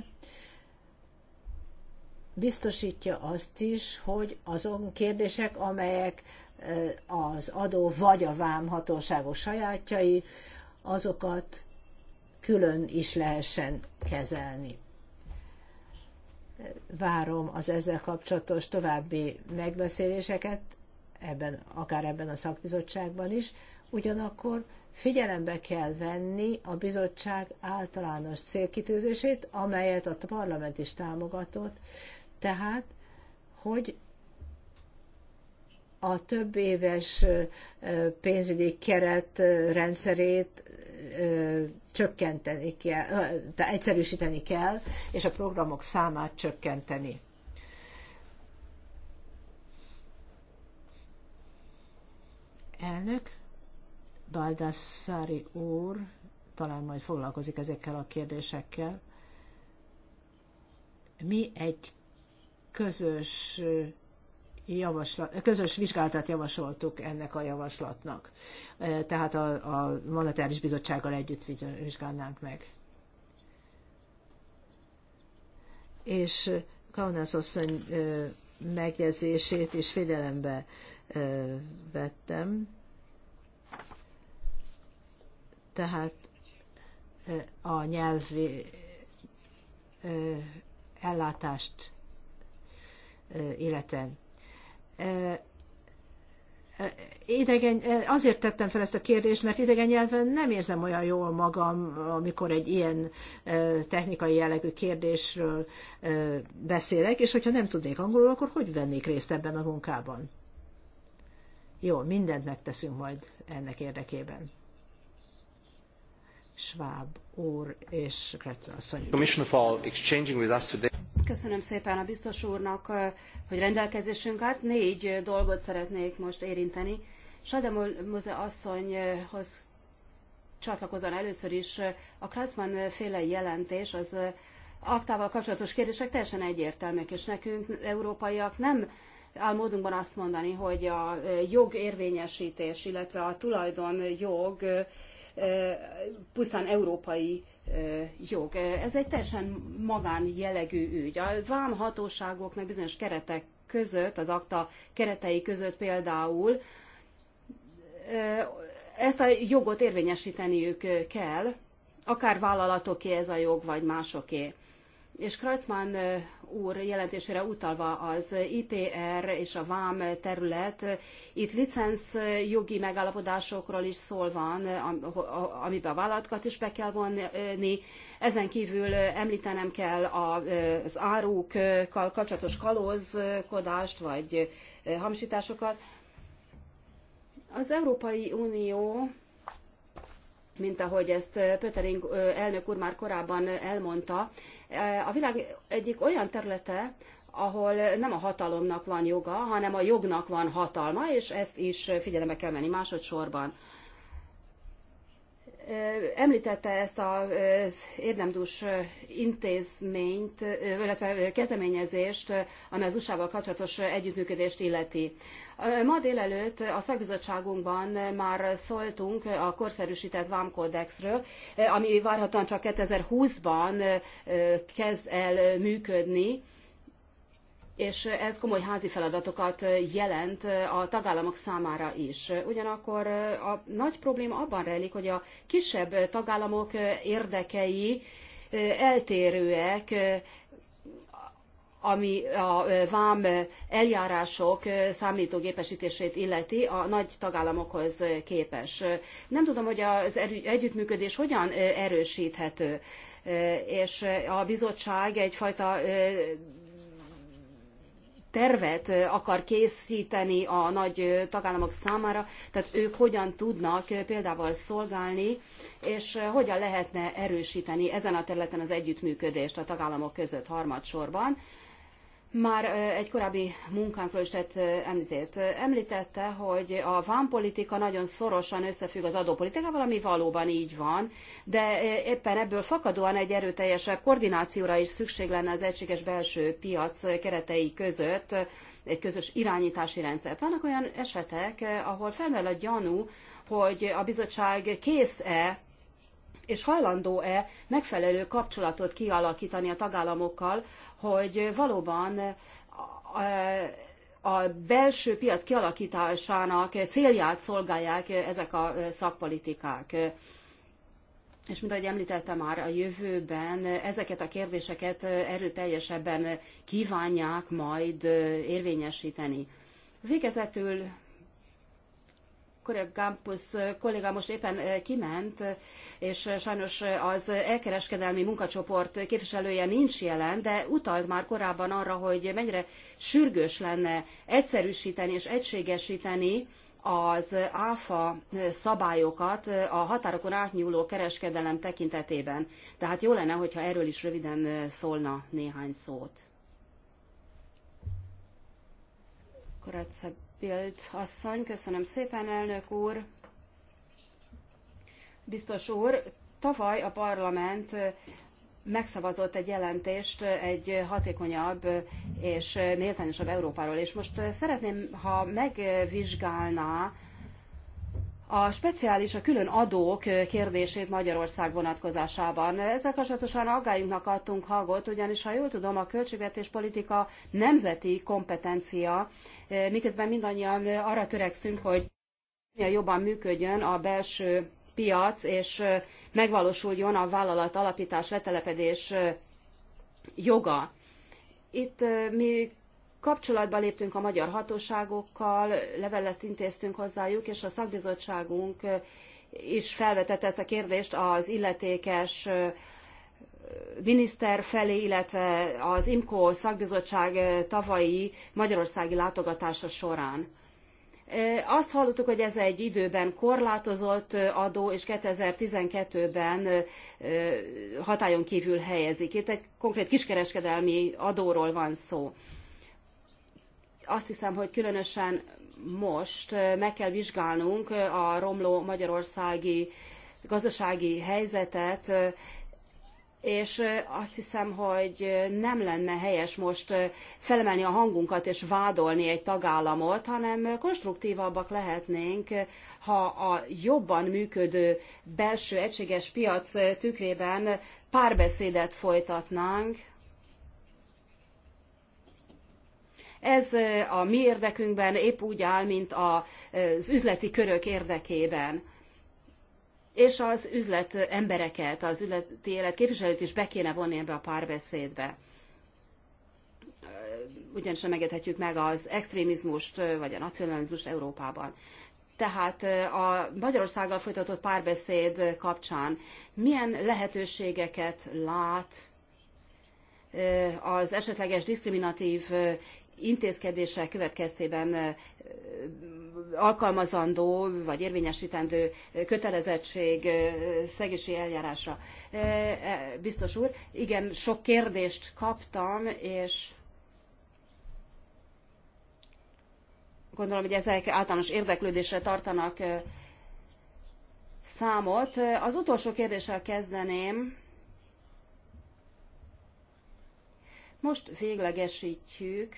biztosítja azt is, hogy azon kérdések, amelyek az adó vagy a vámhatóságok sajátjai, azokat külön is lehessen kezelni. Várom az ezzel kapcsolatos további megbeszéléseket, ebben, akár ebben a szakbizottságban is, ugyanakkor figyelembe kell venni a bizottság általános célkitűzését, amelyet a parlament is támogatott, tehát, hogy a több éves pénzügyi keret rendszerét csökkenteni kell, egyszerűsíteni kell, és a programok számát csökkenteni. Elnök, Baldassari úr, talán majd foglalkozik ezekkel a kérdésekkel. Mi egy közös eh, javaslat, eh, közös vizsgálatát javasoltuk ennek a javaslatnak. Eh, tehát a, a Monetáris Bizottsággal együtt vizsgálnánk meg. És Kaunász asszony megjegyzését is figyelembe vettem. Tehát a nyelvi ellátást életen. Idegen, azért tettem fel ezt a kérdést, mert idegen nyelven nem érzem olyan jól magam, amikor egy ilyen technikai jellegű kérdésről beszélek, és hogyha nem tudnék angolul, akkor hogy vennék részt ebben a munkában? Jó, mindent megteszünk majd ennek érdekében. Schwab úr és Kretz asszony. Köszönöm szépen a biztos úrnak, hogy rendelkezésünk állt. Négy dolgot szeretnék most érinteni. Sademoze asszonyhoz csatlakozom először is a Kraszman féle jelentés az aktával kapcsolatos kérdések teljesen egyértelműek, és nekünk, európaiak nem áll módunkban azt mondani, hogy a érvényesítés illetve a tulajdonjog pusztán európai jog. Ez egy teljesen magán jellegű ügy. A vámhatóságoknak bizonyos keretek között, az akta keretei között például ezt a jogot érvényesíteniük kell, akár vállalatoké ez a jog, vagy másoké és Kreuzmann úr jelentésére utalva az IPR és a VÁM terület, itt licenc jogi megállapodásokról is szól van, amiben a vállalatokat is be kell vonni. Ezen kívül említenem kell az árukkal kapcsolatos kalózkodást vagy hamisításokat. Az Európai Unió mint ahogy ezt Pötering elnök úr már korábban elmondta. A világ egyik olyan területe, ahol nem a hatalomnak van joga, hanem a jognak van hatalma, és ezt is figyelembe kell venni másodszorban. Említette ezt az érdemdús intézményt, illetve kezdeményezést, amely az USA-val kapcsolatos együttműködést illeti. Ma délelőtt a szakbizottságunkban már szóltunk a korszerűsített vámkódexről, ami várhatóan csak 2020-ban kezd el működni és ez komoly házi feladatokat jelent a tagállamok számára is. Ugyanakkor a nagy probléma abban rejlik, hogy a kisebb tagállamok érdekei eltérőek, ami a vám eljárások számítógépesítését illeti a nagy tagállamokhoz képes. Nem tudom, hogy az együttműködés hogyan erősíthető, és a bizottság egyfajta tervet akar készíteni a nagy tagállamok számára, tehát ők hogyan tudnak példával szolgálni, és hogyan lehetne erősíteni ezen a területen az együttműködést a tagállamok között harmadsorban. Már egy korábbi munkánkról is tett említét. Említette, hogy a vámpolitika nagyon szorosan összefügg az adópolitikával, ami valóban így van, de éppen ebből fakadóan egy erőteljesebb koordinációra is szükség lenne az egységes belső piac keretei között, egy közös irányítási rendszert. Vannak olyan esetek, ahol felmerül a gyanú, hogy a bizottság kész-e és hajlandó-e megfelelő kapcsolatot kialakítani a tagállamokkal, hogy valóban a belső piac kialakításának célját szolgálják ezek a szakpolitikák. És mint ahogy említettem már, a jövőben ezeket a kérdéseket erőteljesebben kívánják majd érvényesíteni. Végezetül Korea campus kolléga most éppen eh, kiment, és eh, sajnos eh, az elkereskedelmi munkacsoport képviselője nincs jelen, de utalt már korábban arra, hogy mennyire sürgős lenne egyszerűsíteni és egységesíteni az áfa szabályokat a határokon átnyúló kereskedelem tekintetében. Tehát jó lenne, hogyha erről is röviden szólna néhány szót. Korátszabb Bild asszony, köszönöm szépen, elnök úr. Biztos úr, tavaly a parlament megszavazott egy jelentést egy hatékonyabb és méltányosabb Európáról, és most szeretném, ha megvizsgálná a speciális, a külön adók kérdését Magyarország vonatkozásában. Ezzel kapcsolatosan aggályunknak adtunk hangot, ugyanis ha jól tudom, a költségvetéspolitika nemzeti kompetencia, miközben mindannyian arra törekszünk, hogy jobban működjön a belső piac, és megvalósuljon a vállalat alapítás, letelepedés joga. Itt mi Kapcsolatba léptünk a magyar hatóságokkal, levelet intéztünk hozzájuk, és a szakbizottságunk is felvetette ezt a kérdést az illetékes miniszter felé, illetve az IMCO szakbizottság tavalyi magyarországi látogatása során. Azt hallottuk, hogy ez egy időben korlátozott adó, és 2012-ben hatályon kívül helyezik. Itt egy konkrét kiskereskedelmi adóról van szó azt hiszem, hogy különösen most meg kell vizsgálnunk a romló magyarországi gazdasági helyzetet, és azt hiszem, hogy nem lenne helyes most felemelni a hangunkat és vádolni egy tagállamot, hanem konstruktívabbak lehetnénk, ha a jobban működő belső egységes piac tükrében párbeszédet folytatnánk, Ez a mi érdekünkben épp úgy áll, mint az üzleti körök érdekében és az üzlet embereket, az üzleti élet képviselőt is be kéne vonni ebbe a párbeszédbe. Ugyanis nem engedhetjük meg az extrémizmust, vagy a nacionalizmust Európában. Tehát a Magyarországgal folytatott párbeszéd kapcsán milyen lehetőségeket lát az esetleges diszkriminatív intézkedések következtében alkalmazandó vagy érvényesítendő kötelezettség szegési eljárása. E, biztos úr, igen, sok kérdést kaptam, és gondolom, hogy ezek általános érdeklődésre tartanak számot. Az utolsó kérdéssel kezdeném. Most véglegesítjük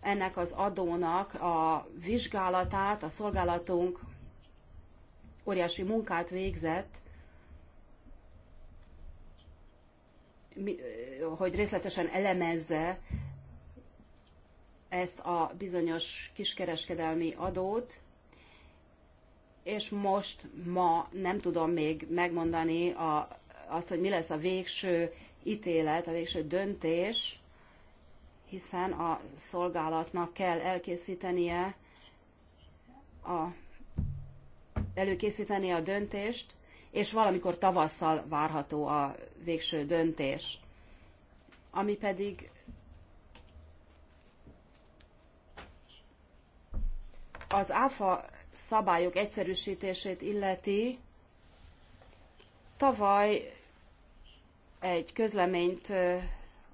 ennek az adónak a vizsgálatát, a szolgálatunk óriási munkát végzett, hogy részletesen elemezze ezt a bizonyos kiskereskedelmi adót, és most, ma nem tudom még megmondani a, azt, hogy mi lesz a végső ítélet, a végső döntés, hiszen a szolgálatnak kell elkészítenie a, előkészítenie a döntést, és valamikor tavasszal várható a végső döntés. Ami pedig az áfa szabályok egyszerűsítését illeti, tavaly egy közleményt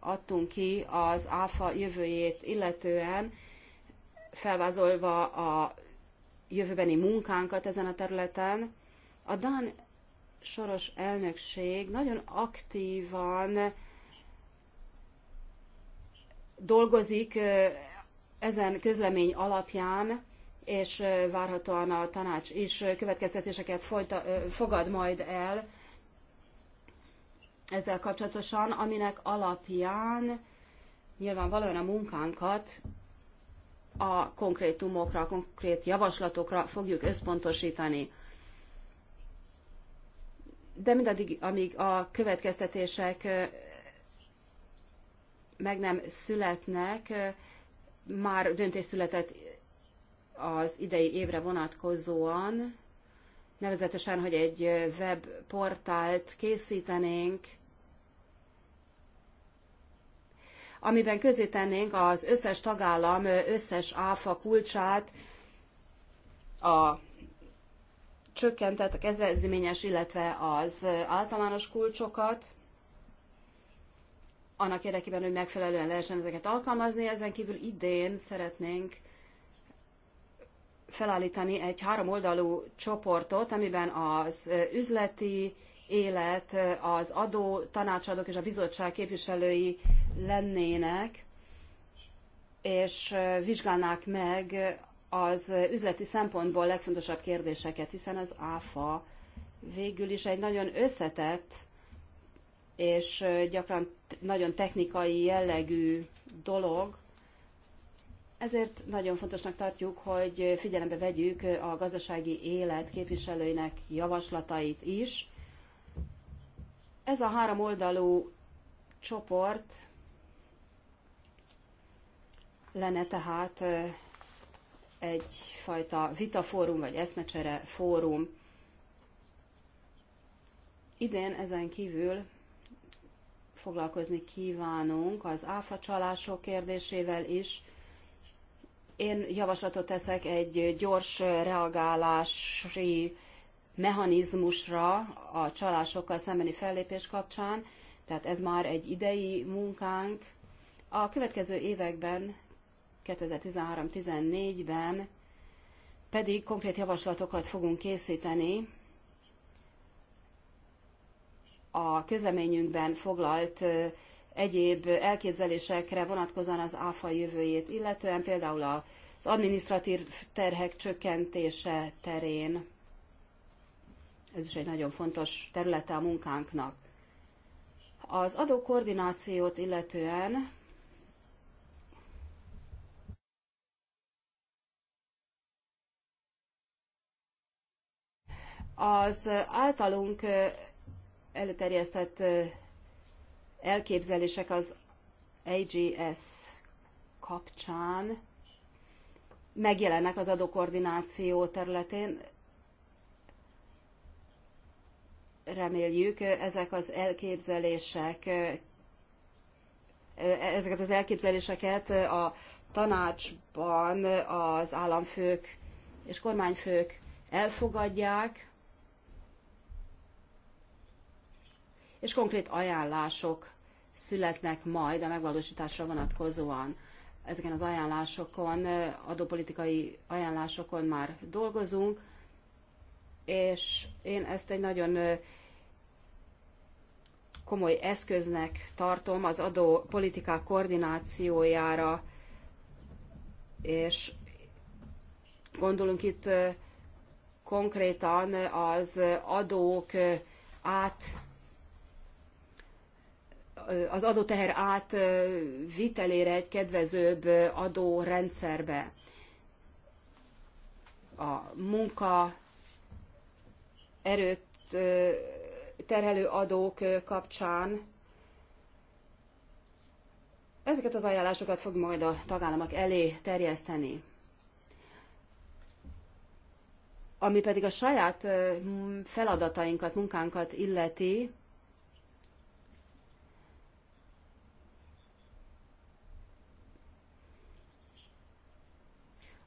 adtunk ki az ÁFA jövőjét illetően, felvázolva a jövőbeni munkánkat ezen a területen. A Dán soros elnökség nagyon aktívan dolgozik ezen közlemény alapján, és várhatóan a tanács is következtetéseket folyta, fogad majd el ezzel kapcsolatosan, aminek alapján nyilvánvalóan a munkánkat a konkrétumokra, a konkrét javaslatokra fogjuk összpontosítani. De mindaddig, amíg a következtetések meg nem születnek, már döntés született az idei évre vonatkozóan, nevezetesen, hogy egy webportált készítenénk, amiben közé tennénk az összes tagállam összes áfa kulcsát, a csökkentett, a kezdeményes, illetve az általános kulcsokat, annak érdekében, hogy megfelelően lehessen ezeket alkalmazni. Ezen kívül idén szeretnénk felállítani egy háromoldalú csoportot, amiben az üzleti élet, az adó tanácsadók és a bizottság képviselői lennének, és vizsgálnák meg az üzleti szempontból legfontosabb kérdéseket, hiszen az ÁFA végül is egy nagyon összetett és gyakran nagyon technikai jellegű dolog, ezért nagyon fontosnak tartjuk, hogy figyelembe vegyük a gazdasági élet képviselőinek javaslatait is. Ez a három oldalú csoport lenne tehát egyfajta vitafórum vagy eszmecsere fórum. Idén ezen kívül foglalkozni kívánunk az áfa csalások kérdésével is, én javaslatot teszek egy gyors reagálási mechanizmusra a csalásokkal szembeni fellépés kapcsán, tehát ez már egy idei munkánk. A következő években, 2013-14-ben pedig konkrét javaslatokat fogunk készíteni a közleményünkben foglalt egyéb elképzelésekre vonatkozóan az áfa jövőjét, illetően például az administratív terhek csökkentése terén. Ez is egy nagyon fontos területe a munkánknak. Az adókoordinációt illetően az általunk előterjesztett elképzelések az AGS kapcsán megjelennek az adókoordináció területén. Reméljük, ezek az elképzelések, ezeket az elképzeléseket a tanácsban az államfők és kormányfők elfogadják, és konkrét ajánlások születnek majd a megvalósításra vonatkozóan. Ezeken az ajánlásokon, adópolitikai ajánlásokon már dolgozunk, és én ezt egy nagyon komoly eszköznek tartom az adópolitikák koordinációjára, és gondolunk itt konkrétan az adók át az adóteher átvitelére egy kedvezőbb adórendszerbe. A munka erőt terhelő adók kapcsán ezeket az ajánlásokat fog majd a tagállamok elé terjeszteni. Ami pedig a saját feladatainkat, munkánkat illeti,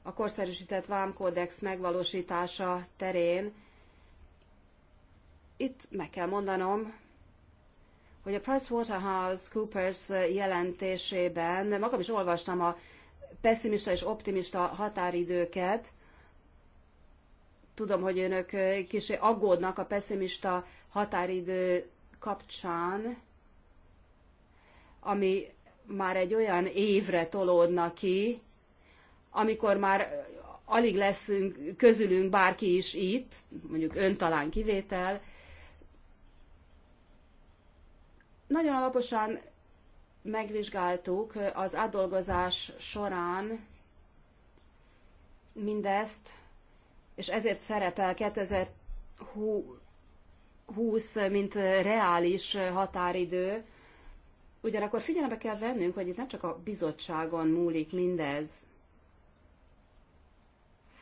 a korszerűsített vámkódex megvalósítása terén. Itt meg kell mondanom, hogy a PricewaterhouseCoopers jelentésében magam is olvastam a pessimista és optimista határidőket. Tudom, hogy önök kicsi aggódnak a pessimista határidő kapcsán, ami már egy olyan évre tolódna ki, amikor már alig leszünk közülünk bárki is itt, mondjuk ön talán kivétel, nagyon alaposan megvizsgáltuk az átdolgozás során mindezt, és ezért szerepel 2020, mint reális határidő. Ugyanakkor figyelembe kell vennünk, hogy itt nem csak a bizottságon múlik mindez,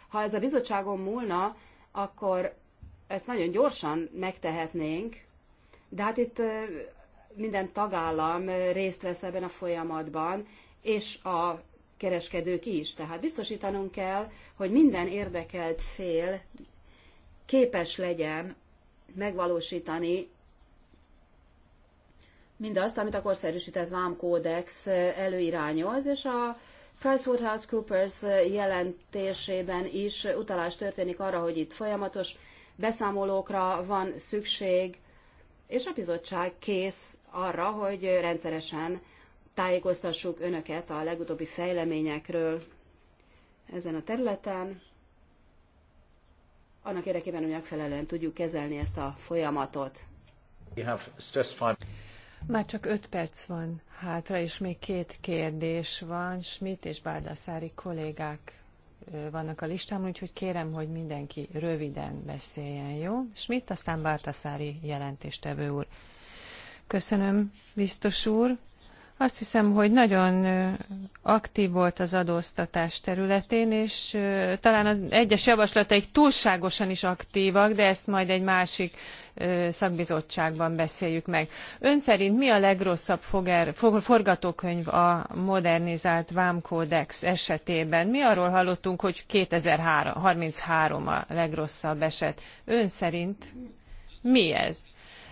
ha ez a bizottságon múlna, akkor ezt nagyon gyorsan megtehetnénk, de hát itt minden tagállam részt vesz ebben a folyamatban, és a kereskedők is. Tehát biztosítanunk kell, hogy minden érdekelt fél képes legyen megvalósítani mindazt, amit a korszerűsített vámkódex előirányoz, és a PricewaterhouseCoopers eh, jelentésében is utalás történik arra, hogy itt folyamatos beszámolókra van szükség, és a bizottság kész arra, hogy rendszeresen tájékoztassuk önöket a legutóbbi fejleményekről ezen a területen, annak érdekében, hogy megfelelően tudjuk kezelni ezt a folyamatot. Már csak öt perc van hátra, és még két kérdés van. Schmidt és Bárdászári kollégák vannak a listámon, úgyhogy kérem, hogy mindenki röviden beszéljen, jó? Schmidt, aztán Bártaszári jelentéstevő úr. Köszönöm, biztos úr. Azt hiszem, hogy nagyon aktív volt az adóztatás területén, és talán az egyes javaslataik túlságosan is aktívak, de ezt majd egy másik szakbizottságban beszéljük meg. Ön szerint mi a legrosszabb forgatókönyv a modernizált vámkódex esetében? Mi arról hallottunk, hogy 2033 a legrosszabb eset. Ön szerint mi ez?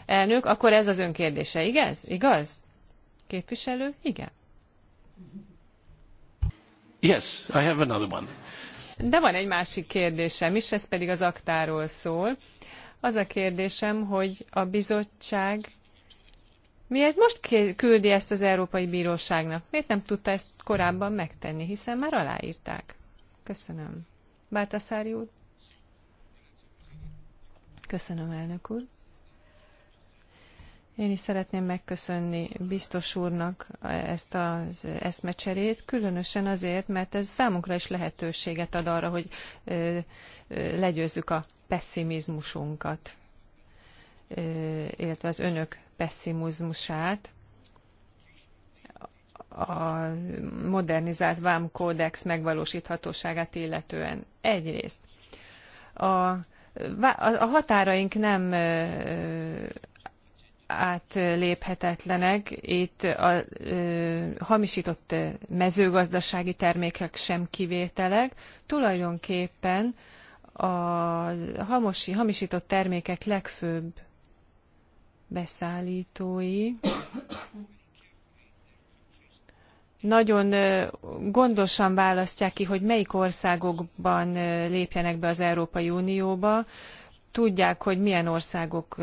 Elnök, akkor ez az önkérdése, igaz? Igaz? Képviselő? Igen. Yes, I have another one. De van egy másik kérdésem is, ez pedig az aktáról szól. Az a kérdésem, hogy a bizottság miért most küldi ezt az Európai Bíróságnak? Miért nem tudta ezt korábban megtenni, hiszen már aláírták? Köszönöm. Báltaszári úr? Köszönöm, elnök úr. Én is szeretném megköszönni biztos úrnak ezt az eszmecserét, különösen azért, mert ez számunkra is lehetőséget ad arra, hogy legyőzzük a pessimizmusunkat, illetve az önök pessimizmusát. A modernizált vámkódex megvalósíthatóságát illetően. Egyrészt a a határaink nem átléphetetlenek. Itt a ö, hamisított mezőgazdasági termékek sem kivételek. Tulajdonképpen a hamosi, hamisított termékek legfőbb beszállítói nagyon gondosan választják ki, hogy melyik országokban lépjenek be az Európai Unióba, tudják, hogy milyen országok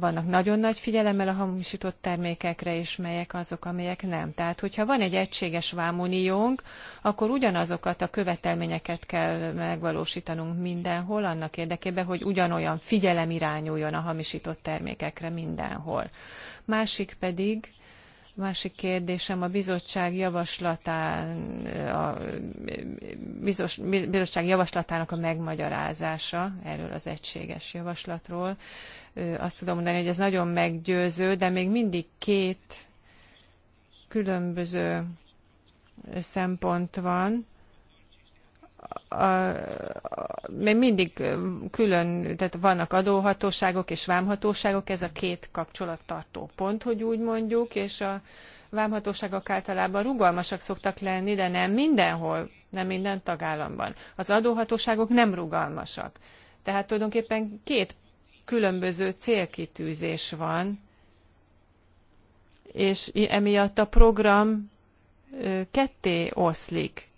vannak nagyon nagy figyelemmel a hamisított termékekre, és melyek azok, amelyek nem. Tehát, hogyha van egy egységes vámuniónk, akkor ugyanazokat a követelményeket kell megvalósítanunk mindenhol, annak érdekében, hogy ugyanolyan figyelem irányuljon a hamisított termékekre mindenhol. Másik pedig, Másik kérdésem a bizottság javaslatán, a bizos, bizottság javaslatának a megmagyarázása erről az egységes javaslatról. Azt tudom mondani, hogy ez nagyon meggyőző, de még mindig két különböző szempont van a, még mindig külön, tehát vannak adóhatóságok és vámhatóságok, ez a két kapcsolattartó pont, hogy úgy mondjuk, és a vámhatóságok általában rugalmasak szoktak lenni, de nem mindenhol, nem minden tagállamban. Az adóhatóságok nem rugalmasak. Tehát tulajdonképpen két különböző célkitűzés van, és emiatt a program ketté oszlik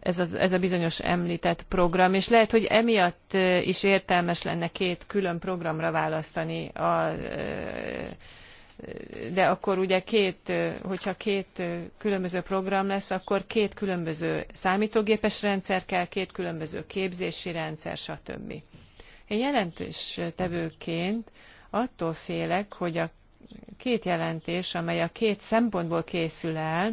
ez, az, ez a bizonyos említett program, és lehet, hogy emiatt is értelmes lenne két külön programra választani, a, de akkor ugye két, hogyha két különböző program lesz, akkor két különböző számítógépes rendszer kell, két különböző képzési rendszer, stb. Én jelentős tevőként attól félek, hogy a két jelentés, amely a két szempontból készül el,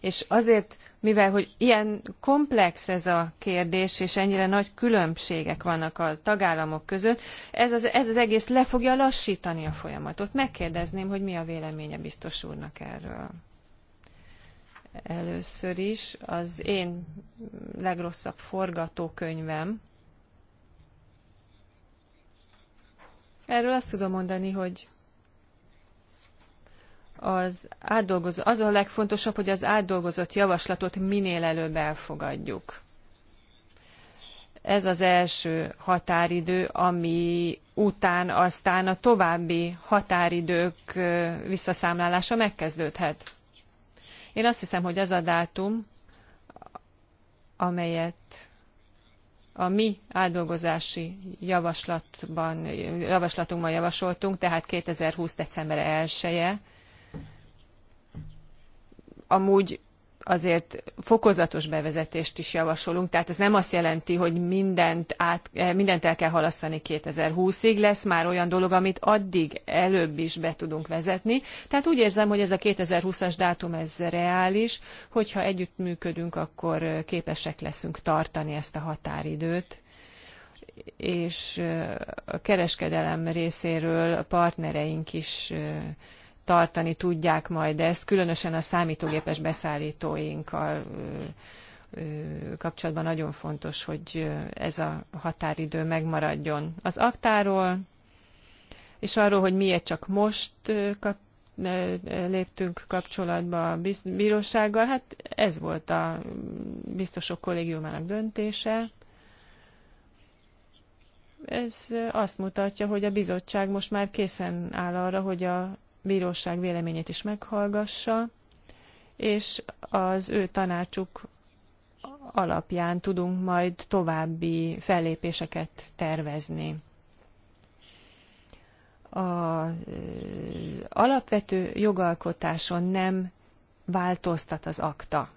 és azért mivel hogy ilyen komplex ez a kérdés, és ennyire nagy különbségek vannak a tagállamok között, ez az, ez az egész le fogja lassítani a folyamatot. Megkérdezném, hogy mi a véleménye biztos úrnak erről. Először is az én legrosszabb forgatókönyvem. Erről azt tudom mondani, hogy az átdolgozó, az a legfontosabb, hogy az átdolgozott javaslatot minél előbb elfogadjuk. Ez az első határidő, ami után aztán a további határidők visszaszámlálása megkezdődhet. Én azt hiszem, hogy ez a dátum, amelyet a mi átdolgozási javaslatban, javaslatunkban javasoltunk, tehát 2020. december 1 -e, amúgy azért fokozatos bevezetést is javasolunk, tehát ez nem azt jelenti, hogy mindent, át, eh, mindent el kell halasztani 2020-ig, lesz már olyan dolog, amit addig előbb is be tudunk vezetni. Tehát úgy érzem, hogy ez a 2020-as dátum, ez reális, hogyha együttműködünk, akkor eh, képesek leszünk tartani ezt a határidőt és eh, a kereskedelem részéről a partnereink is tartani tudják majd ezt, különösen a számítógépes beszállítóinkkal kapcsolatban nagyon fontos, hogy ez a határidő megmaradjon. Az aktáról és arról, hogy miért csak most kap, léptünk kapcsolatba a bírósággal, hát ez volt a biztosok kollégiumának döntése. Ez azt mutatja, hogy a bizottság most már készen áll arra, hogy a bíróság véleményét is meghallgassa, és az ő tanácsuk alapján tudunk majd további fellépéseket tervezni. Az alapvető jogalkotáson nem változtat az akta.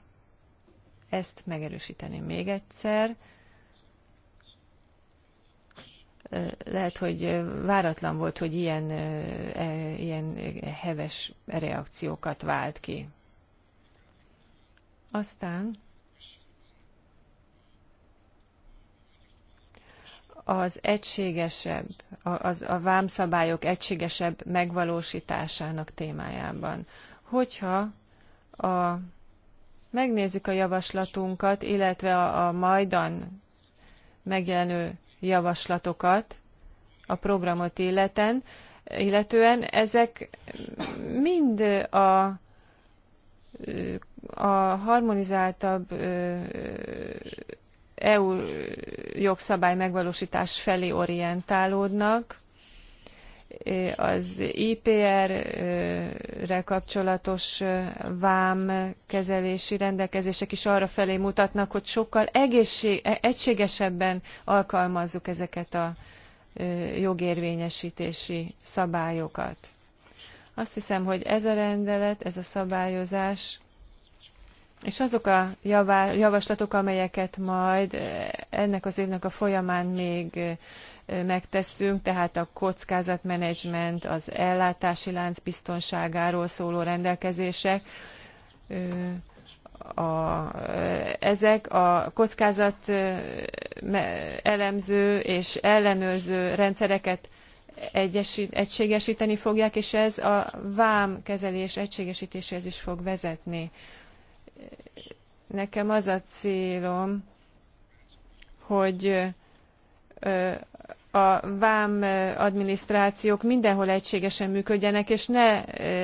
Ezt megerősíteném még egyszer lehet, hogy váratlan volt, hogy ilyen, e, ilyen heves reakciókat vált ki. Aztán az egységesebb, az, a vámszabályok egységesebb megvalósításának témájában. Hogyha a, megnézzük a javaslatunkat, illetve a, a majdan megjelenő javaslatokat a programot illeten, illetően ezek mind a, a harmonizáltabb EU jogszabály megvalósítás felé orientálódnak, az IPR-re kapcsolatos vám kezelési rendelkezések is arra felé mutatnak, hogy sokkal egészség, e, egységesebben alkalmazzuk ezeket a jogérvényesítési szabályokat. Azt hiszem, hogy ez a rendelet, ez a szabályozás és azok a javaslatok, amelyeket majd eh, ennek az évnek a folyamán még eh, megteszünk, tehát a kockázatmenedzsment, az ellátási lánc biztonságáról szóló rendelkezések, eh, a, ezek a kockázat elemző és ellenőrző rendszereket egyesít, egységesíteni fogják, és ez a vám kezelés egységesítéséhez is fog vezetni. Nekem az a célom, hogy a vám adminisztrációk mindenhol egységesen működjenek, és ne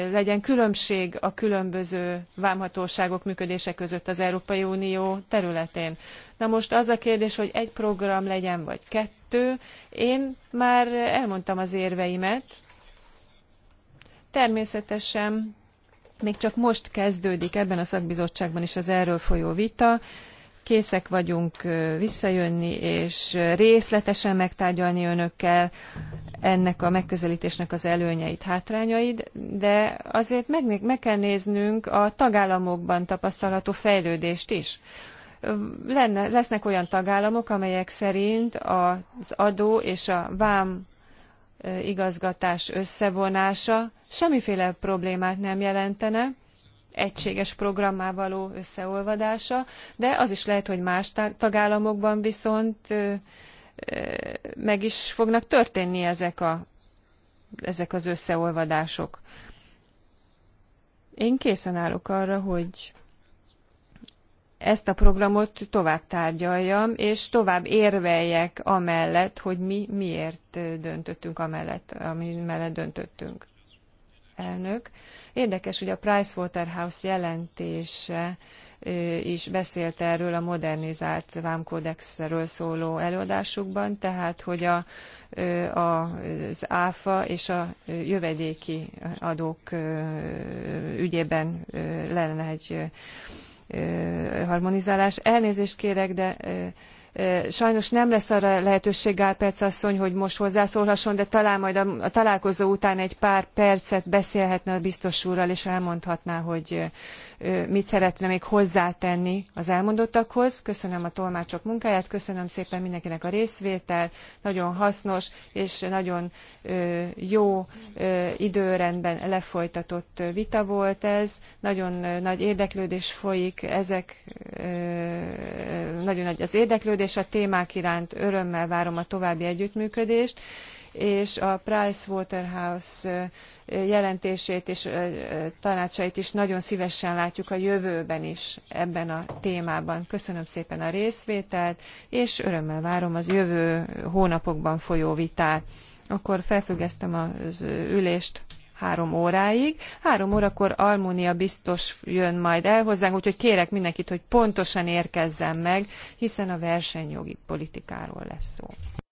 legyen különbség a különböző vámhatóságok működése között az Európai Unió területén. Na most az a kérdés, hogy egy program legyen, vagy kettő. Én már elmondtam az érveimet. Természetesen még csak most kezdődik ebben a szakbizottságban is az erről folyó vita. Készek vagyunk visszajönni és részletesen megtárgyalni önökkel ennek a megközelítésnek az előnyeit, hátrányait, de azért meg, meg kell néznünk a tagállamokban tapasztalható fejlődést is lenne, lesznek olyan tagállamok, amelyek szerint az adó és a vám igazgatás összevonása semmiféle problémát nem jelentene, egységes programmá való összeolvadása, de az is lehet, hogy más tagállamokban viszont meg is fognak történni ezek, a, ezek az összeolvadások. Én készen állok arra, hogy ezt a programot tovább tárgyaljam, és tovább érveljek amellett, hogy mi miért döntöttünk amellett, ami mellett döntöttünk. Elnök. Érdekes, hogy a Pricewaterhouse jelentése is beszélt erről a modernizált vámkódexről szóló előadásukban, tehát hogy a, a, az áfa és a jövedéki adók ügyében lenne egy harmonizálás. Elnézést kérek, de sajnos nem lesz arra lehetőség Gálperc asszony, hogy most hozzászólhasson, de talán majd a, találkozó után egy pár percet beszélhetne a biztos úrral, és elmondhatná, hogy mit szeretne még hozzátenni az elmondottakhoz. Köszönöm a tolmácsok munkáját, köszönöm szépen mindenkinek a részvétel, nagyon hasznos és nagyon jó időrendben lefolytatott vita volt ez, nagyon nagy érdeklődés folyik ezek, nagyon nagy az érdeklődés a témák iránt, örömmel várom a további együttműködést, és a Pricewaterhouse jelentését és tanácsait is nagyon szívesen látjuk a jövőben is ebben a témában. Köszönöm szépen a részvételt, és örömmel várom az jövő hónapokban folyó vitát. Akkor felfüggesztem az ülést három óráig. Három órakor Almunia biztos jön majd el hozzánk, úgyhogy kérek mindenkit, hogy pontosan érkezzen meg, hiszen a versenyjogi politikáról lesz szó.